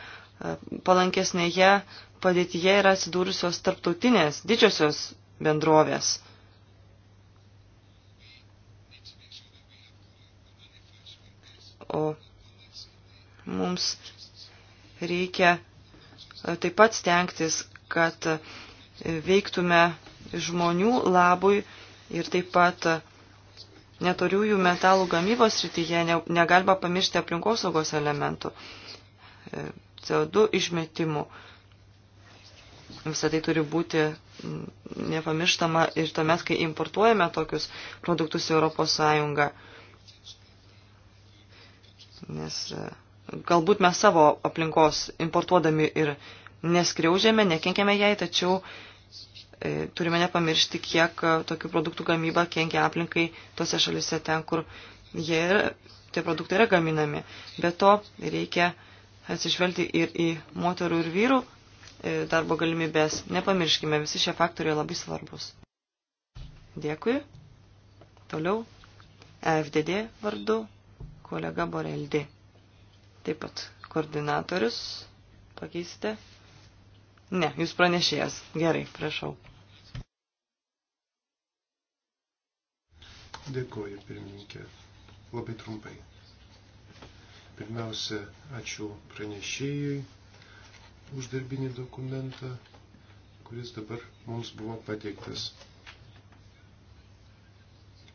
palankesnėje padėtyje yra atsidūrusios tarptautinės didžiosios bendrovės. o mums reikia e, taip pat stengtis, kad veiktume žmonių labui ir taip pat e, netoriųjų metalų gamybos srityje negalima pamiršti aplinkosaugos elementų, e, CO2 išmetimų. Visą tai turi būti nepamirštama ir tuomet, kai importuojame tokius produktus į Europos Sąjungą. Nes e, galbūt mes savo aplinkos importuodami ir neskriaužėme, nekenkiame jai, tačiau e, turime nepamiršti, kiek e, tokių produktų gamyba kenkia aplinkai tose šalise ten, kur jie yra, tie produktai yra gaminami. Be to reikia atsižvelgti ir į moterų ir vyrų darbo galimybės. Nepamirškime, visi šie faktoriai labai svarbus. Dėkui. Toliau. FDD vardu kolega Boreldi. Taip pat koordinatorius pakeisite. Ne, jūs pranešėjas. Gerai, prašau. Dėkuoju, pirmininkė. Labai trumpai. Pirmiausia, ačiū pranešėjui už darbinį dokumentą, kuris dabar mums buvo pateiktas.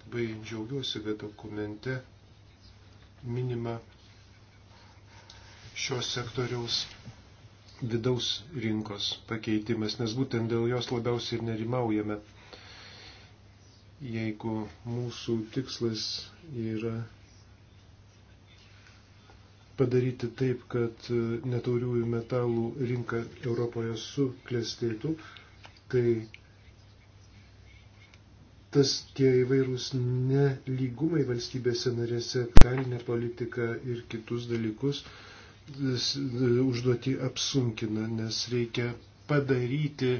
Labai džiaugiuosi, kad dokumente minima šios sektoriaus vidaus rinkos pakeitimas, nes būtent dėl jos labiausiai ir nerimaujame. Jeigu mūsų tikslas yra padaryti taip, kad netauriųjų metalų rinka Europoje suklestėtų, tai tas tie įvairūs neligumai valstybėse narėse, kalinė politika ir kitus dalykus užduoti apsunkina, nes reikia padaryti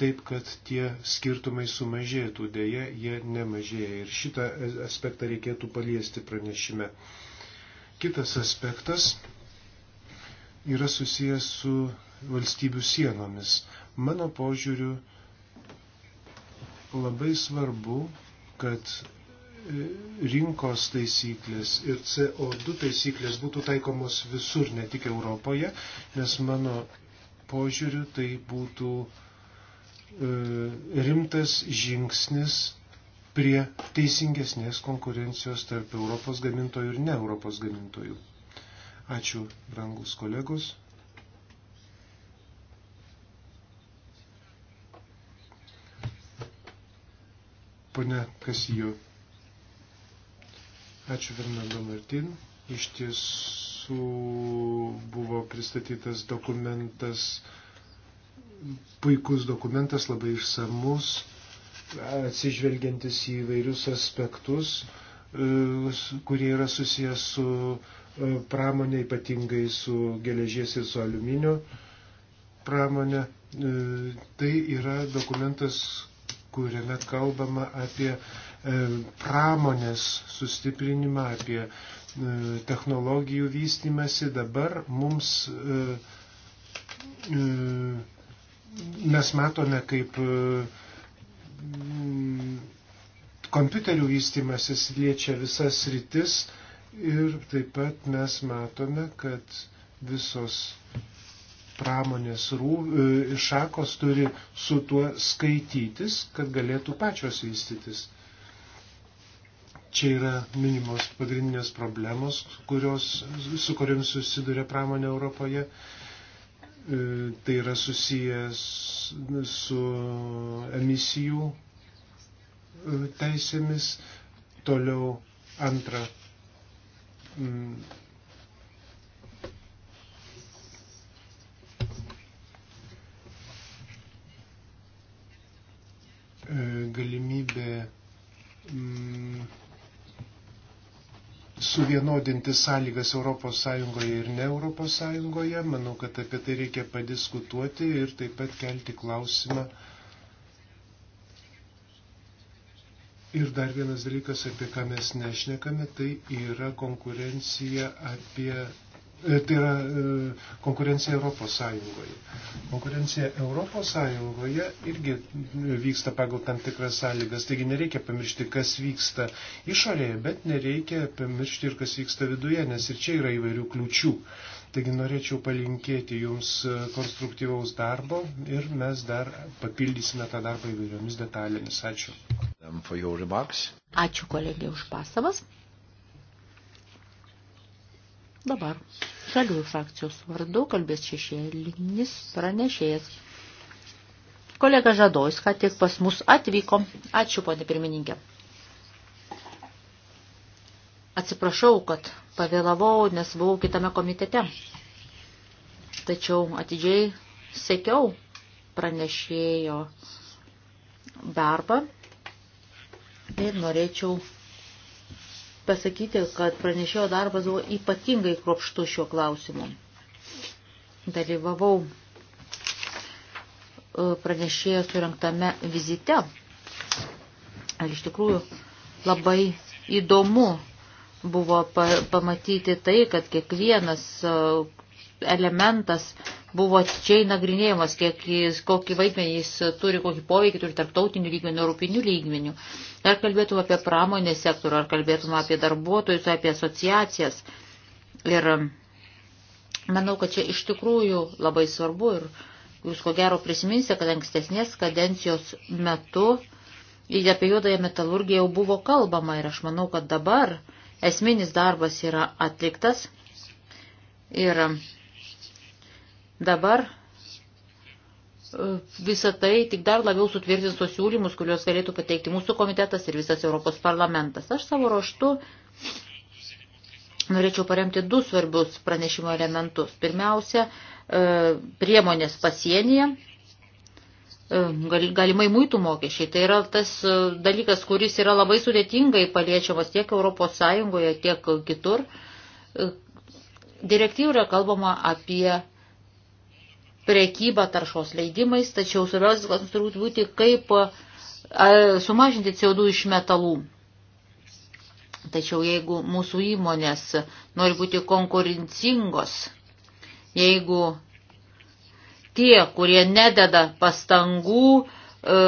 taip, kad tie skirtumai sumažėtų, dėja jie nemažėja. Ir šitą aspektą reikėtų paliesti pranešime. Kitas aspektas yra susijęs su valstybių sienomis. Mano požiūriu, Labai svarbu, kad e, rinkos taisyklės ir CO2 taisyklės būtų taikomos visur, ne tik Europoje, nes mano požiūriu tai būtų e, rimtas žingsnis prie teisingesnės konkurencijos tarp Europos gamintojų ir ne Europos gamintojų. Ačiū, brangus kolegos. Pone Kasijo. Ačiū Fernando Martin. Iš tiesų buvo pristatytas dokumentas, puikus dokumentas, labai išsamus, atsižvelgiantis į vairius aspektus, e, kurie yra susijęs su e, pramonė, ypatingai su geležies ir su aliuminio pramonė. E, tai yra dokumentas, kuriame kalbama apie e, pramonės sustiprinimą, apie e, technologijų vystimasi. Dabar mums e, mes matome, kaip kompiuterių vystimasis liečia visas rytis ir taip pat mes matome, kad visos pramonės rūv, e, šakos turi su tuo skaitytis, kad galėtų pačios vystytis. Čia yra minimos pagrindinės problemos, kurios, su kuriams susiduria pramonė Europoje. E, tai yra susijęs su emisijų e, teisėmis. Toliau antra E, galimybė mm, suvienodinti sąlygas ES ir ne ES. Manau, kad apie tai reikia padiskutuoti ir taip pat kelti klausimą. Ir dar vienas dalykas, apie ką mes nešnekame, tai yra konkurencija apie E, tai yra e, konkurencija Europos Sąjungoje. Konkurencija Europos Sąjungoje irgi e, vyksta pagal tam tikras sąlygas. Taigi nereikia pamiršti, kas vyksta išorėje, bet nereikia pamiršti ir kas vyksta viduje, nes ir čia yra įvairių kliučių. Taigi norėčiau palinkėti Jums konstruktyvaus darbo ir mes dar papildysime tą darbą įvairiomis detalėmis. Ačiū. Ačiū kolegė už pasavas. Dabar žaliųjų frakcijos vardu kalbės šešėlinis pranešėjas. Kolega Žadojs, ką tik pas mus atvyko. Ačiū, ponė pirmininkė. Atsiprašau, kad pavėlavau, nes buvau kitame komitete. Tačiau atidžiai sekiau pranešėjo darbą ir norėčiau pasakyti, kad pranešėjo darbas buvo ypatingai kruopštu šiuo klausimu. Dalyvavau e, pranešėjo surinktame vizite. Ir iš tikrųjų labai įdomu buvo pamatyti tai, kad kiekvienas e, elementas buvo atidžiai nagrinėjamas, kiek jis, kokį vaidmenį jis turi, kokį poveikį turi tarptautinių lygmenių, europinių lygmenių. Ar kalbėtum apie pramonės sektorių, ar kalbėtum apie darbuotojus, apie asociacijas. Ir um, manau, kad čia iš tikrųjų labai svarbu ir jūs ko gero prisiminsite, kad ankstesnės kadencijos metu apie juodąją metalurgiją jau buvo kalbama ir aš manau, kad dabar esminis darbas yra atliktas. Ir um, Dabar e, visą tai tik dar labiau sutvirtins tos siūlymus, kuriuos galėtų pateikti mūsų komitetas ir visas Europos parlamentas. Aš savo ruoštu norėčiau paremti du svarbius pranešimo elementus. Pirmiausia, e, priemonės pasienyje, e, galimai muitų mokesčiai. Tai yra tas dalykas, kuris yra labai sudėtingai paliečiamas tiek Europos Sąjungoje, tiek kitur. Direktyvoje kalbama apie priekybą taršos leidimais, tačiau svarbiausias klausimas turbūt būti, kaip sumažinti CO2 iš metalų. Tačiau jeigu mūsų įmonės nori būti konkurencingos, jeigu tie, kurie nededa pastangų, e,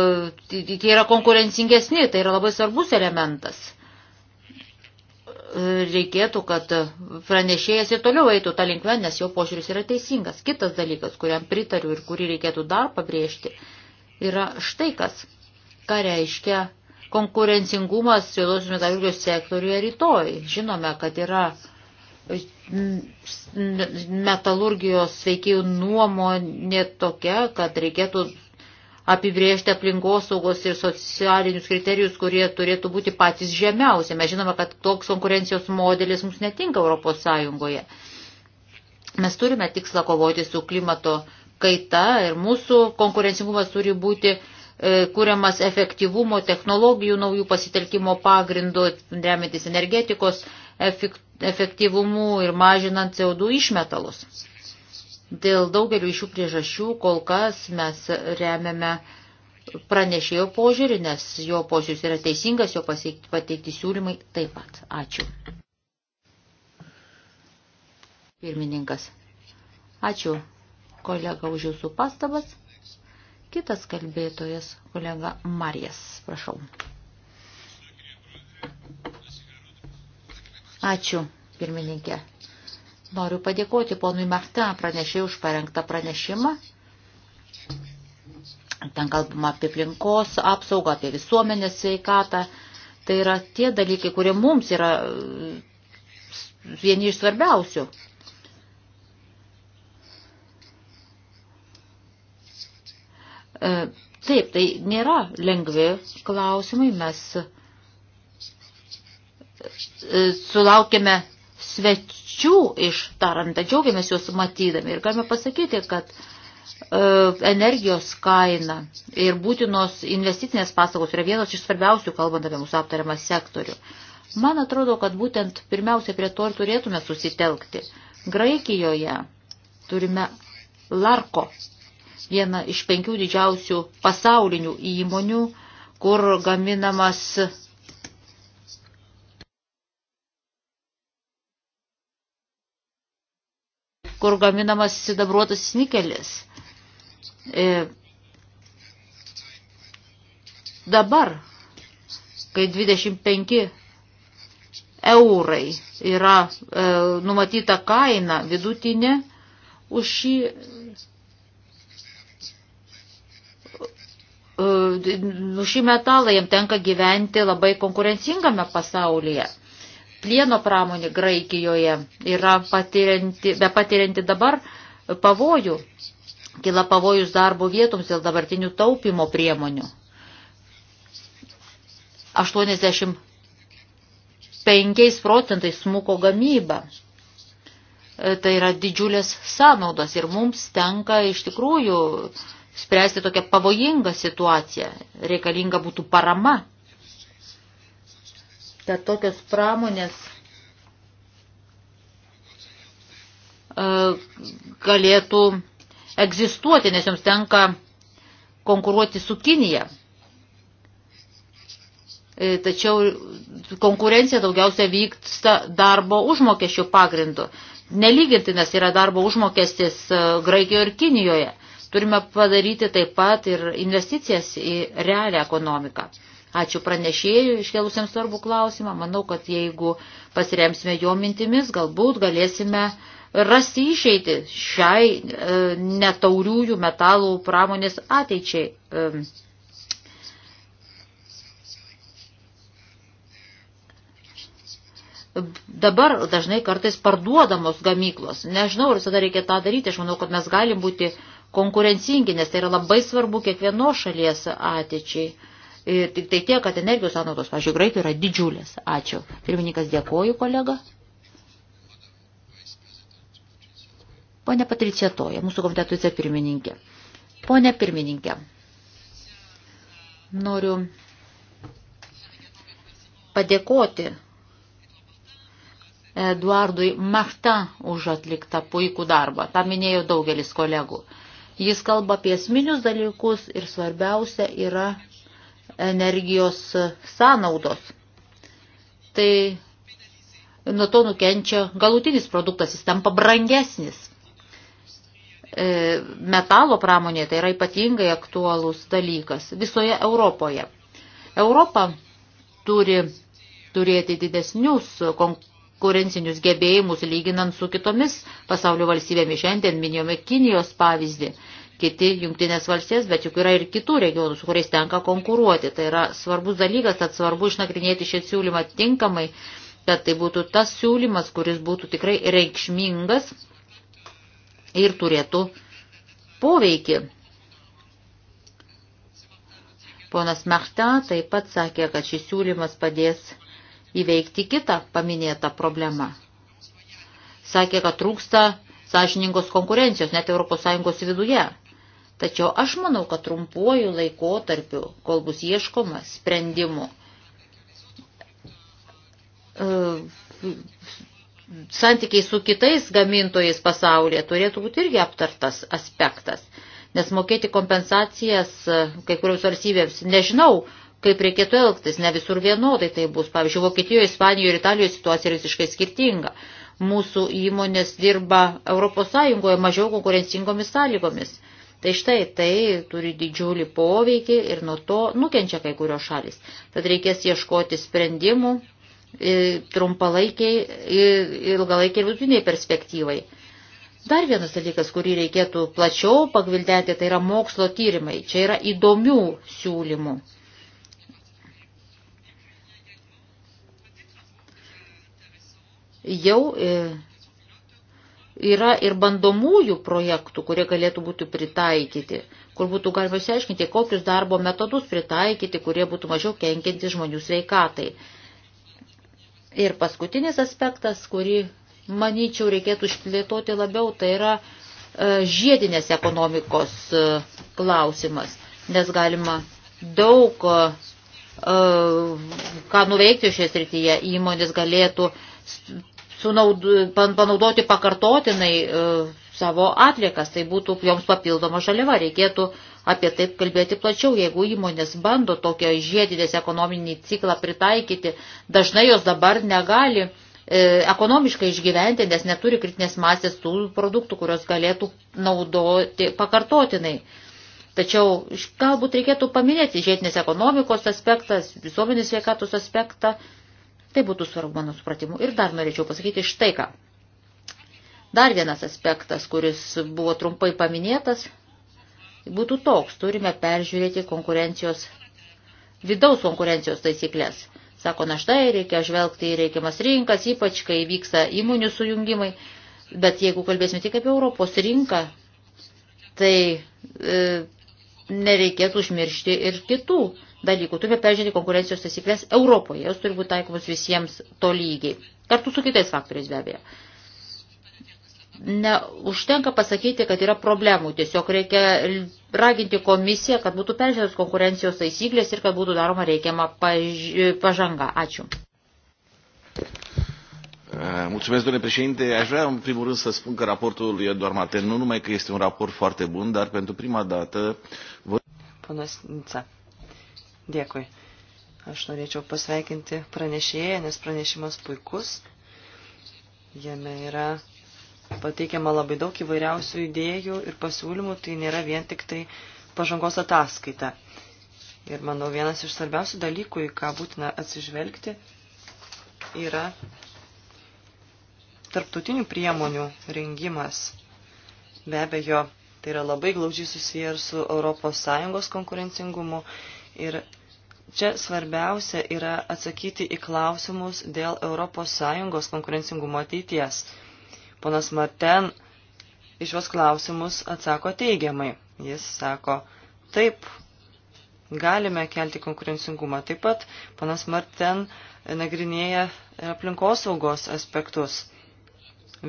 tie yra konkurencingesni, tai yra labai svarbus elementas reikėtų, kad pranešėjas ir toliau eitų tą linkmę, nes jo požiūris yra teisingas. Kitas dalykas, kuriam pritariu ir kurį reikėtų dar pabrėžti, yra štai kas, ką reiškia konkurencingumas juodosios metalurgijos sektoriuje rytoj. Žinome, kad yra mm, metalurgijos veikėjų nuomonė tokia, kad reikėtų apibriežti aplinkosaugos ir socialinius kriterijus, kurie turėtų būti patys žemiausi. Mes žinome, kad toks konkurencijos modelis mums netinka Europos Sąjungoje. Mes turime tikslą kovoti su klimato kaita ir mūsų konkurencingumas turi būti e, kuriamas efektyvumo technologijų naujų pasitelkimo pagrindų, remiantis energetikos efektyvumu ir mažinant CO2 išmetalus. Dėl daugelių iš šių priežasčių kol kas mes remiame pranešėjo požiūrį, nes jo požiūris yra teisingas, jo pateikti siūlymai taip pat. Ačiū. Pirmininkas. Ačiū, kolega, už jūsų pastabas. Kitas kalbėtojas, kolega Marijas, prašau. Ačiū, pirmininkė. Noriu padėkoti ponui Martin pranešėjui už parengtą pranešimą. Ten kalbama apie aplinkos apsaugą, apie visuomenės sveikatą. Tai yra tie dalykai, kurie mums yra e, vieni iš svarbiausių. E, taip, tai nėra lengvi klausimai. Mes e, sulaukėme svečių pavyzdžių iš Tarantą, džiaugiamės juos matydami ir galime pasakyti, kad e, energijos kaina ir būtinos investicinės paslaugos yra vienos iš svarbiausių, kalbant apie mūsų aptariamą sektorių. Man atrodo, kad būtent pirmiausia prie to ir turėtume susitelkti. Graikijoje turime Larko, vieną iš penkių didžiausių pasaulinių įmonių, kur gaminamas kur gaminamas sidabruotas nikelis. E, dabar, kai 25 eurai yra e, numatyta kaina vidutinė už šį e, už šį metalą jam tenka gyventi labai konkurencingame pasaulyje plieno pramonė Graikijoje yra patirianti, be patirianti dabar pavojų. Kila pavojus darbo vietoms dėl dabartinių taupimo priemonių. 85 procentais smuko gamyba. E, tai yra didžiulės sąnaudos ir mums tenka iš tikrųjų spręsti tokią pavojingą situaciją. Reikalinga būtų parama kad tokios pramonės e, galėtų egzistuoti, nes joms tenka konkuruoti su Kinija. E, tačiau konkurencija daugiausia vyksta darbo užmokesčių pagrindu. Nelygintinas yra darbo užmokestis e, Graikijoje ir Kinijoje. Turime padaryti taip pat ir investicijas į realią ekonomiką. Ačiū pranešėjui iškėlusiam svarbų klausimą. Manau, kad jeigu pasiremsime jo mintimis, galbūt galėsime rasti išeitį šiai e, netauriųjų metalų pramonės ateičiai. E, Dabar dažnai kartais parduodamos gamyklos. Nežinau, ar visada reikia tą daryti. Aš manau, kad mes galim būti konkurencingi, nes tai yra labai svarbu kiekvienos šalies ateičiai. Ir tik tai tiek, kad energijos sąnaudos, pažiūrėjau, graikiai yra didžiulės. Ačiū. Pirmininkas dėkoju, kolega. Pone Patricija Toja, mūsų komiteto vicepirmininkė. Pone pirmininkė, noriu padėkoti Eduardui Machta už atliktą puikų darbą. Ta minėjo daugelis kolegų. Jis kalba apie esminius dalykus ir svarbiausia yra energijos sąnaudos. Tai nuo to nukenčia galutinis produktas, jis tampa brangesnis. E, metalo pramonė tai yra ypatingai aktualus dalykas visoje Europoje. Europa turi turėti didesnius konkurencinius gebėjimus lyginant su kitomis pasaulio valstybėmis. Šiandien minėjome Kinijos pavyzdį kiti jungtinės valstijas, bet juk yra ir kitų regionų, su kuriais tenka konkuruoti. Tai yra svarbus dalykas, tad svarbu išnagrinėti šią siūlymą tinkamai, kad tai būtų tas siūlymas, kuris būtų tikrai reikšmingas ir turėtų poveikį. Ponas Mechta taip pat sakė, kad šis siūlymas padės įveikti kitą paminėtą problemą. Sakė, kad trūksta sąžiningos konkurencijos net ES viduje. Tačiau aš manau, kad trumpuoju laikotarpiu, kol bus ieškoma sprendimų, e, santykiai su kitais gamintojais pasaulyje turėtų būti irgi aptartas aspektas. Nes mokėti kompensacijas e, kai kurios valstybėms, nežinau, kaip reikėtų elgtis, ne visur vienodai tai bus. Pavyzdžiui, Vokietijoje, Ispanijoje ir Italijoje situacija yra visiškai skirtinga. Mūsų įmonės dirba ES mažiau konkurencingomis sąlygomis. Tai štai tai turi didžiulį poveikį ir nuo to nukenčia kai kurios šalis. Tad reikės ieškoti sprendimų e, trumpalaikiai, e, ilgalaikiai ir vidutiniai perspektyvai. Dar vienas dalykas, kurį reikėtų plačiau pagvildenti, tai yra mokslo tyrimai. Čia yra įdomių siūlymų. Jau e, yra ir bandomųjų projektų, kurie galėtų būti pritaikyti, kur būtų galima išsiaiškinti, kokius darbo metodus pritaikyti, kurie būtų mažiau kenkinti žmonių sveikatai. Ir paskutinis aspektas, kurį, manyčiau, reikėtų išplėtoti labiau, tai yra e, žiedinės ekonomikos e, klausimas, nes galima daug e, ką nuveikti šioje srityje. Įmonės galėtų sunaudu, panaudoti pakartotinai e, savo atliekas, tai būtų joms papildoma žaliava. Reikėtų apie tai kalbėti plačiau, jeigu įmonės bando tokią žiedinės ekonominį ciklą pritaikyti, dažnai jos dabar negali e, ekonomiškai išgyventi, nes neturi kritinės masės tų produktų, kurios galėtų naudoti pakartotinai. Tačiau galbūt reikėtų paminėti žiedinės ekonomikos aspektas, visuomenės sveikatos aspektą. aspektą Tai būtų svarbu mano supratimu. Ir dar norėčiau pasakyti štai ką. Dar vienas aspektas, kuris buvo trumpai paminėtas, būtų toks. Turime peržiūrėti konkurencijos, vidaus konkurencijos taisyklės. Sako, na štai reikia žvelgti į reikiamas rinkas, ypač kai vyksta įmonių sujungimai. Bet jeigu kalbėsime tik apie Europos rinką, tai e, nereikėtų užmiršti ir kitų dalykų. Turime peržiūrėti konkurencijos taisyklės Europoje, jos turi būti taikomos visiems to lygiai, kartu su kitais faktoriais be abejo. Neužtenka pasakyti, kad yra problemų, tiesiog reikia raginti komisiją, kad būtų peržiūrėtos konkurencijos taisyklės ir kad būtų daroma reikiama pažanga. Ačiū. Uh, mulțumesc, domnule președinte. Aș vrea, în primul rând, să spun că raportul e doar mater. Nu numai că este un raport foarte bun, dar pentru prima dată... Vă... Bună, Dėkui. Aš norėčiau pasveikinti pranešėją, nes pranešimas puikus. Jame yra pateikiama labai daug įvairiausių idėjų ir pasiūlymų, tai nėra vien tik tai pažangos ataskaita. Ir manau, vienas iš svarbiausių dalykų, į ką būtina atsižvelgti, yra tarptautinių priemonių rengimas. Be abejo, tai yra labai glaudžiai susiję ir su ES konkurencingumu ir Čia svarbiausia yra atsakyti į klausimus dėl ES konkurencingumo ateities. Ponas Marten iš juos klausimus atsako teigiamai. Jis sako, taip, galime kelti konkurencingumą. Taip pat panas Marten nagrinėja aplinkosaugos aspektus.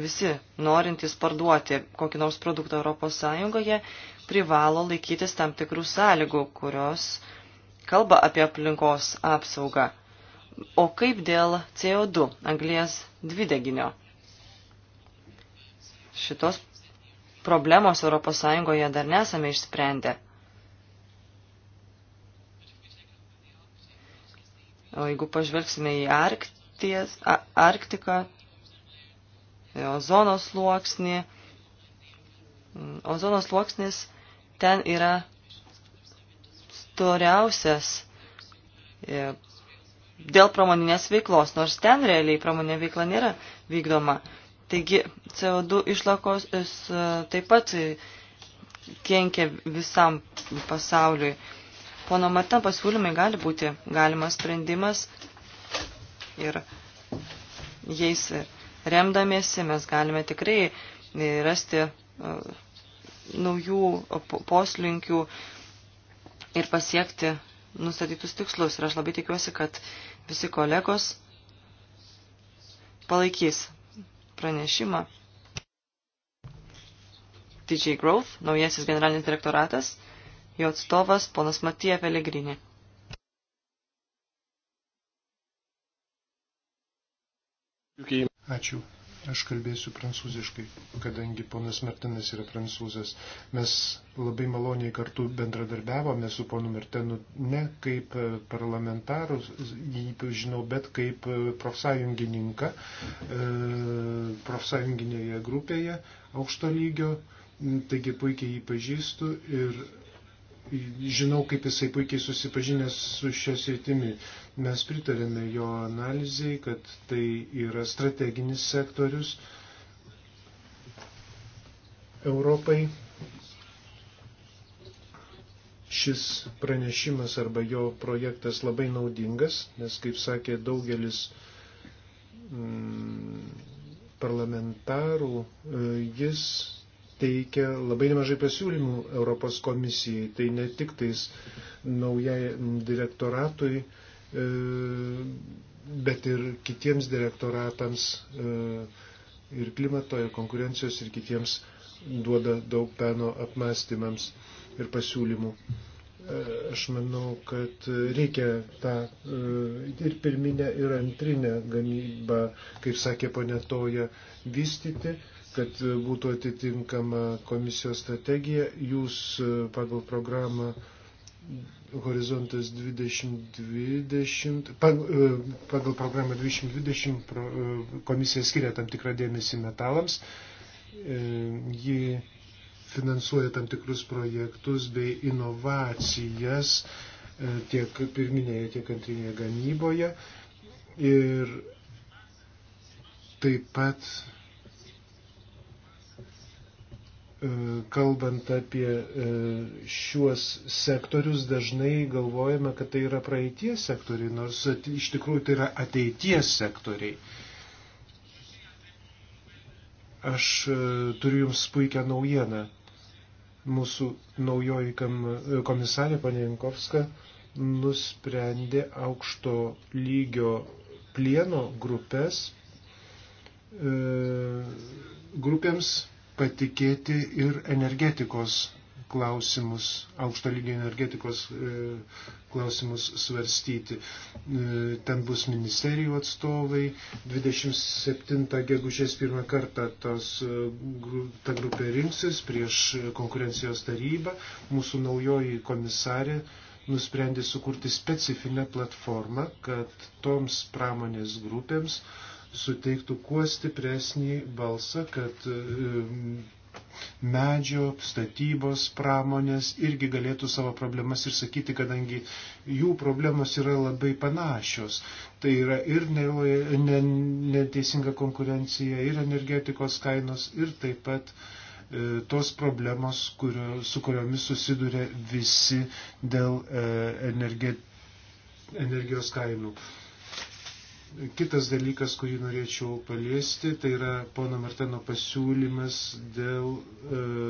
Visi norintys parduoti kokį nors produktą Europos Sąjungoje privalo laikytis tam tikrų sąlygų, kurios kalba apie aplinkos apsaugą. O kaip dėl CO2, anglijas dvideginio? Šitos problemos ES dar nesame išsprendę. O jeigu pažvelgsime į Arkties, A, Arktiką, ozonos sluoksnį, ozonos sluoksnis ten yra storiausias e, dėl pramoninės veiklos, nors ten realiai pramoninė veikla nėra vykdoma. Taigi CO2 išlakos e, e, taip pat kenkia visam pasauliui. Pono Marta pasiūlymai gali būti galimas sprendimas ir jais remdamiesi mes galime tikrai rasti naujų poslinkių ir pasiekti nustatytus tikslus. Ir aš labai tikiuosi, kad visi kolegos palaikys pranešimą. DJ Growth, naujasis generalinis direktoratas, jo atstovas ponas Matija Pelegrinė. Ačiū. Aš kalbėsiu prancūziškai, kadangi ponas Mertenas yra prancūzas. Mes labai maloniai kartu bendradarbiavome su ponu Mertenu ne kaip e, parlamentarus, jį žinau, bet kaip e, profsąjungininką e, profsąjunginėje grupėje aukšto lygio, taigi puikiai jį pažįstu ir žinau, kaip jisai puikiai susipažinęs su šia sritimi. Mes pritarėme jo analizai, kad tai yra strateginis sektorius Europai. Šis pranešimas arba jo projektas labai naudingas, nes, kaip sakė daugelis mm, parlamentarų, e, jis teikia labai nemažai pasiūlymų Europos komisijai. Tai ne tik tais naujai direktoratui, e, bet ir kitiems direktoratams e, ir klimato, ir konkurencijos, ir kitiems duoda daug peno apmastymams ir pasiūlymų. E, aš manau, kad reikia tą ir pirminę, ir antrinę gamybą, kaip sakė ponė Toja, vystyti kad būtų atitinkama komisijos strategija. Jūs e, pagal programą Horizontas 2020, e, pagal programą 2020 e, komisija skiria tam tikrą dėmesį metalams. Ji finansuoja tam tikrus projektus bei inovacijas tiek pirminėje, tiek antrinėje gamyboje. Ir taip pat E, kalbant apie e, šiuos sektorius, dažnai galvojame, kad tai yra praeities sektoriai, nors iš tikrųjų tai yra ateities sektoriai. Aš e, turiu Jums puikią naujieną. Mūsų naujoji komisarė, ponė Jankovska, nusprendė aukšto lygio plieno grupės, grupėms patikėti ir energetikos klausimus, aukšto lygio energetikos e, klausimus svarstyti. E, ten bus ministerijų atstovai. 27 gegužės pirmą kartą tos, e, ta grupė rinksis prieš konkurencijos tarybą. Mūsų naujoji komisarė nusprendė sukurti specifinę platformą, kad toms pramonės grupėms suteiktų kuo stipresnį balsą, kad e, medžio, statybos, pramonės irgi galėtų savo problemas ir sakyti, kadangi jų problemos yra labai panašios. Tai yra ir neteisinga konkurencija, ir energetikos kainos, ir taip pat e, tos problemos, kurio, su kuriomis susiduria visi dėl e, energe, energijos kainų. E, Kitas dalykas, kurį norėčiau paliesti, tai yra pono Marteno pasiūlymas dėl e,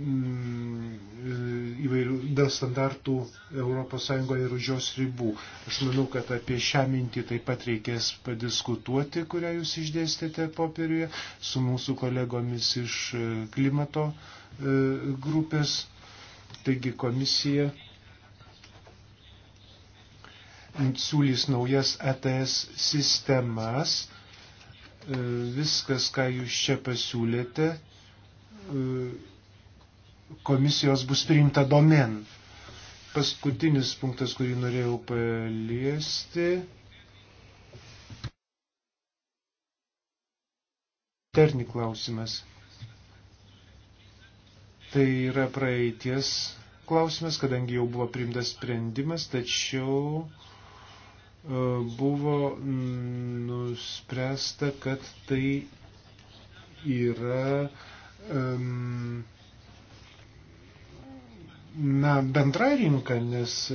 mm, įvairių, dėl standartų ES ir už jos ribų. Aš manau, kad apie šią mintį taip pat reikės padiskutuoti, kurią jūs išdėstėte popieriuje, su mūsų kolegomis iš e, klimato e, grupės. Taigi komisija siūlys naujas ATS e sistemas. E, viskas, ką jūs čia pasiūlėte, e, komisijos bus priimta domen. Paskutinis punktas, kurį norėjau paliesti. Terni klausimas. Tai yra praeities klausimas, kadangi jau buvo priimtas sprendimas, tačiau uh, E, buvo nuspręsta, kad tai yra um, na, bendra rinka, nes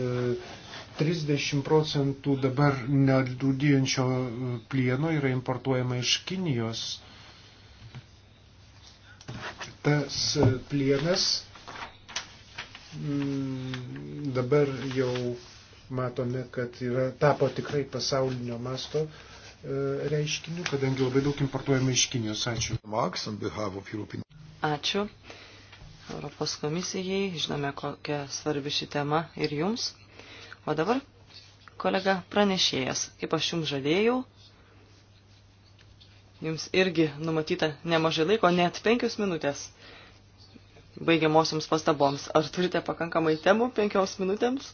30 e, procentų dabar nerūdyjančio e, plieno yra importuojama iš Kinijos. Tas plienas dabar jau matome, kad yra, tapo tikrai pasaulinio masto e, reiškiniu, kadangi labai daug importuojame iš Kinijos. Ačiū. Ačiū. Europos komisijai, žinome, kokia svarbi ši tema ir jums. O dabar, kolega pranešėjas, kaip aš jums žadėjau, jums irgi numatyta nemažai laiko, net penkios minutės baigiamosioms pastaboms. Ar turite pakankamai temų penkioms minutėms?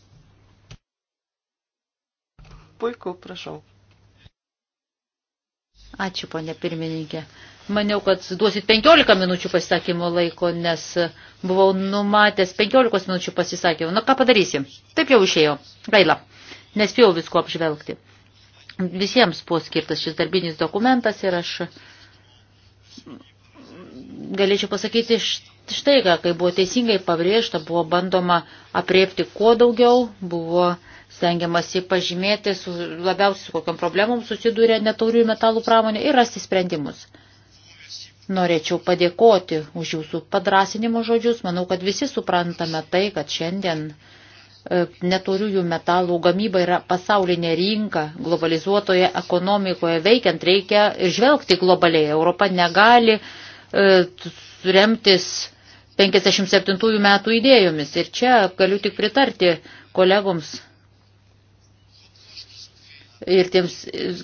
Puiku, prašau. Ačiū, ponė pirmininkė. Maniau, kad duosit 15 minučių pasisakymo laiko, nes buvau numatęs 15 minučių pasisakymą. Na, ką padarysim? Taip jau išėjo. Gaila. Nespėjau visko apžvelgti. Visiems buvo skirtas šis darbinis dokumentas ir aš galėčiau pasakyti štai ką, kai buvo teisingai pabrėžta, buvo bandoma apriepti kuo daugiau, buvo uh, stengiamasi pažymėti su, labiausiai su kokiam problemom susidūrė netaurių metalų pramonė ir rasti sprendimus. Norėčiau padėkoti už jūsų padrasinimo žodžius. Manau, kad visi suprantame tai, kad šiandien e, neturiųjų metalų gamyba yra pasaulinė rinka, globalizuotoje ekonomikoje veikiant reikia ir žvelgti globaliai. Europa negali e, remtis 57 metų idėjomis. Ir čia galiu tik pritarti kolegoms ir tiems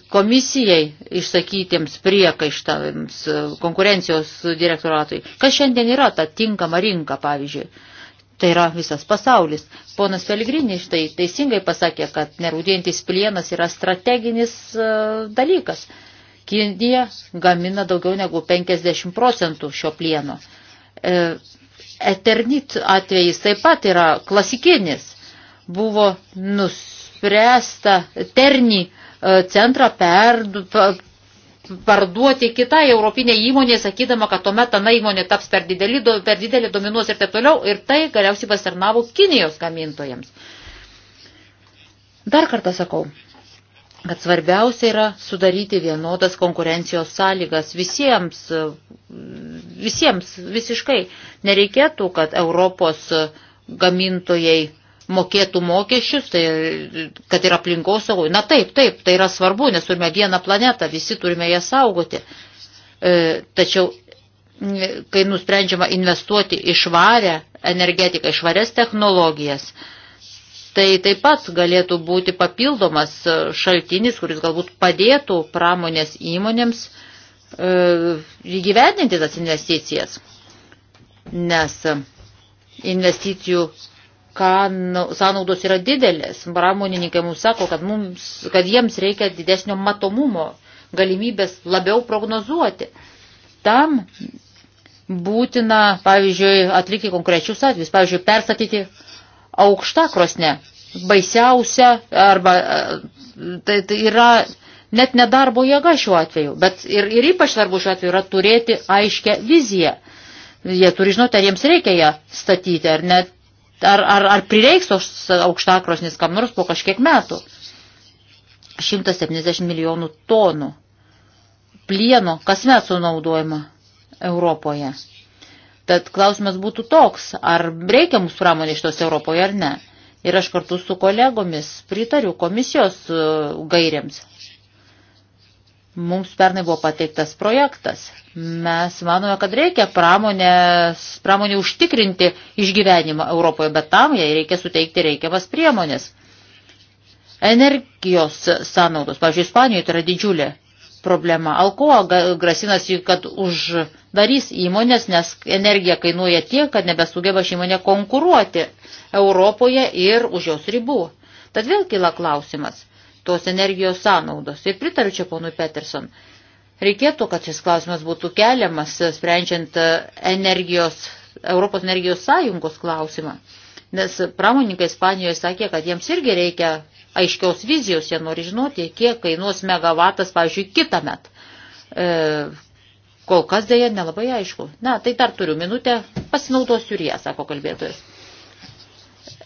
komisijai išsakytiems priekaištavimams e, konkurencijos direktoratui. Kas šiandien yra ta tinkama rinka, pavyzdžiui? Tai yra visas pasaulis. Ponas Peligrinis štai teisingai pasakė, kad nerūdėjantis plienas yra strateginis e, dalykas. Kinija gamina daugiau negu 50 procentų šio plieno. E, Eternit atvejis taip pat yra klasikinis. Buvo nus nuspręsta Terni e, centrą per, parduoti kitai europinė įmonė, sakydama, kad tuomet tana įmonė taps per didelį, per didelį dominuos ir taip toliau, ir tai galiausiai pastarnavo Kinijos gamintojams. Dar kartą sakau, kad svarbiausia yra sudaryti vienodas konkurencijos sąlygas visiems, e, visiems visiškai. Nereikėtų, kad Europos e, gamintojai mokėtų mokesčius, tai, kad ir aplinkos saugoj. Na taip, taip, tai yra svarbu, nes turime vieną planetą, visi turime ją saugoti. E, tačiau, kai nusprendžiama investuoti į švarę energetiką, į švarias technologijas, tai taip pat galėtų būti papildomas šaltinis, kuris galbūt padėtų pramonės įmonėms e, įgyvendinti tas investicijas. Nes investicijų kanų, nu, sąnaudos yra didelės. Pramonininkai mums sako, kad, mums, kad jiems reikia didesnio matomumo, galimybės labiau prognozuoti. Tam būtina, pavyzdžiui, atlikti konkrečius atvejus, pavyzdžiui, perstatyti aukštą krosnę. Baisiausia arba tai, tai yra net nedarbo jėga šiuo atveju, bet ir, ir ypač svarbu šiuo atveju yra turėti aiškę viziją. Jie turi žinoti, ar jiems reikia ją statyti ar net ar, ar, ar prireiks aukštakrosnis kam nors po kažkiek metų. 170 milijonų tonų plieno kasmet sunaudojama Europoje. Tad klausimas būtų toks, ar reikia mūsų pramonė šitos Europoje ar ne. Ir aš kartu su kolegomis pritariu komisijos e, gairiams Mums pernai buvo pateiktas projektas. Mes manome, kad reikia pramonės, pramonį užtikrinti išgyvenimą Europoje, bet tam jai reikia suteikti reikiamas priemonės. Energijos sąnaudos, pavyzdžiui, Ispanijoje tai yra didžiulė problema. Alkoa grasinasi, kad uždarys įmonės, nes energija kainuoja tiek, kad nebesugeba ši įmonė konkuruoti Europoje ir už jos ribų. Tad vėl kyla klausimas tos energijos sąnaudos. Ir pritariu čia ponui Peterson. Reikėtų, kad šis klausimas būtų keliamas, sprendžiant e, energijos, Europos energijos sąjungos klausimą. Nes pramoninkai Ispanijoje sakė, kad jiems irgi reikia aiškiaus vizijos, jie nori žinoti, kiek kainuos megavatas, pavyzdžiui, kitą met. E, kol kas dėja nelabai aišku. Na, tai dar turiu minutę, pasinaudosiu ir ją, sako kalbėtojas.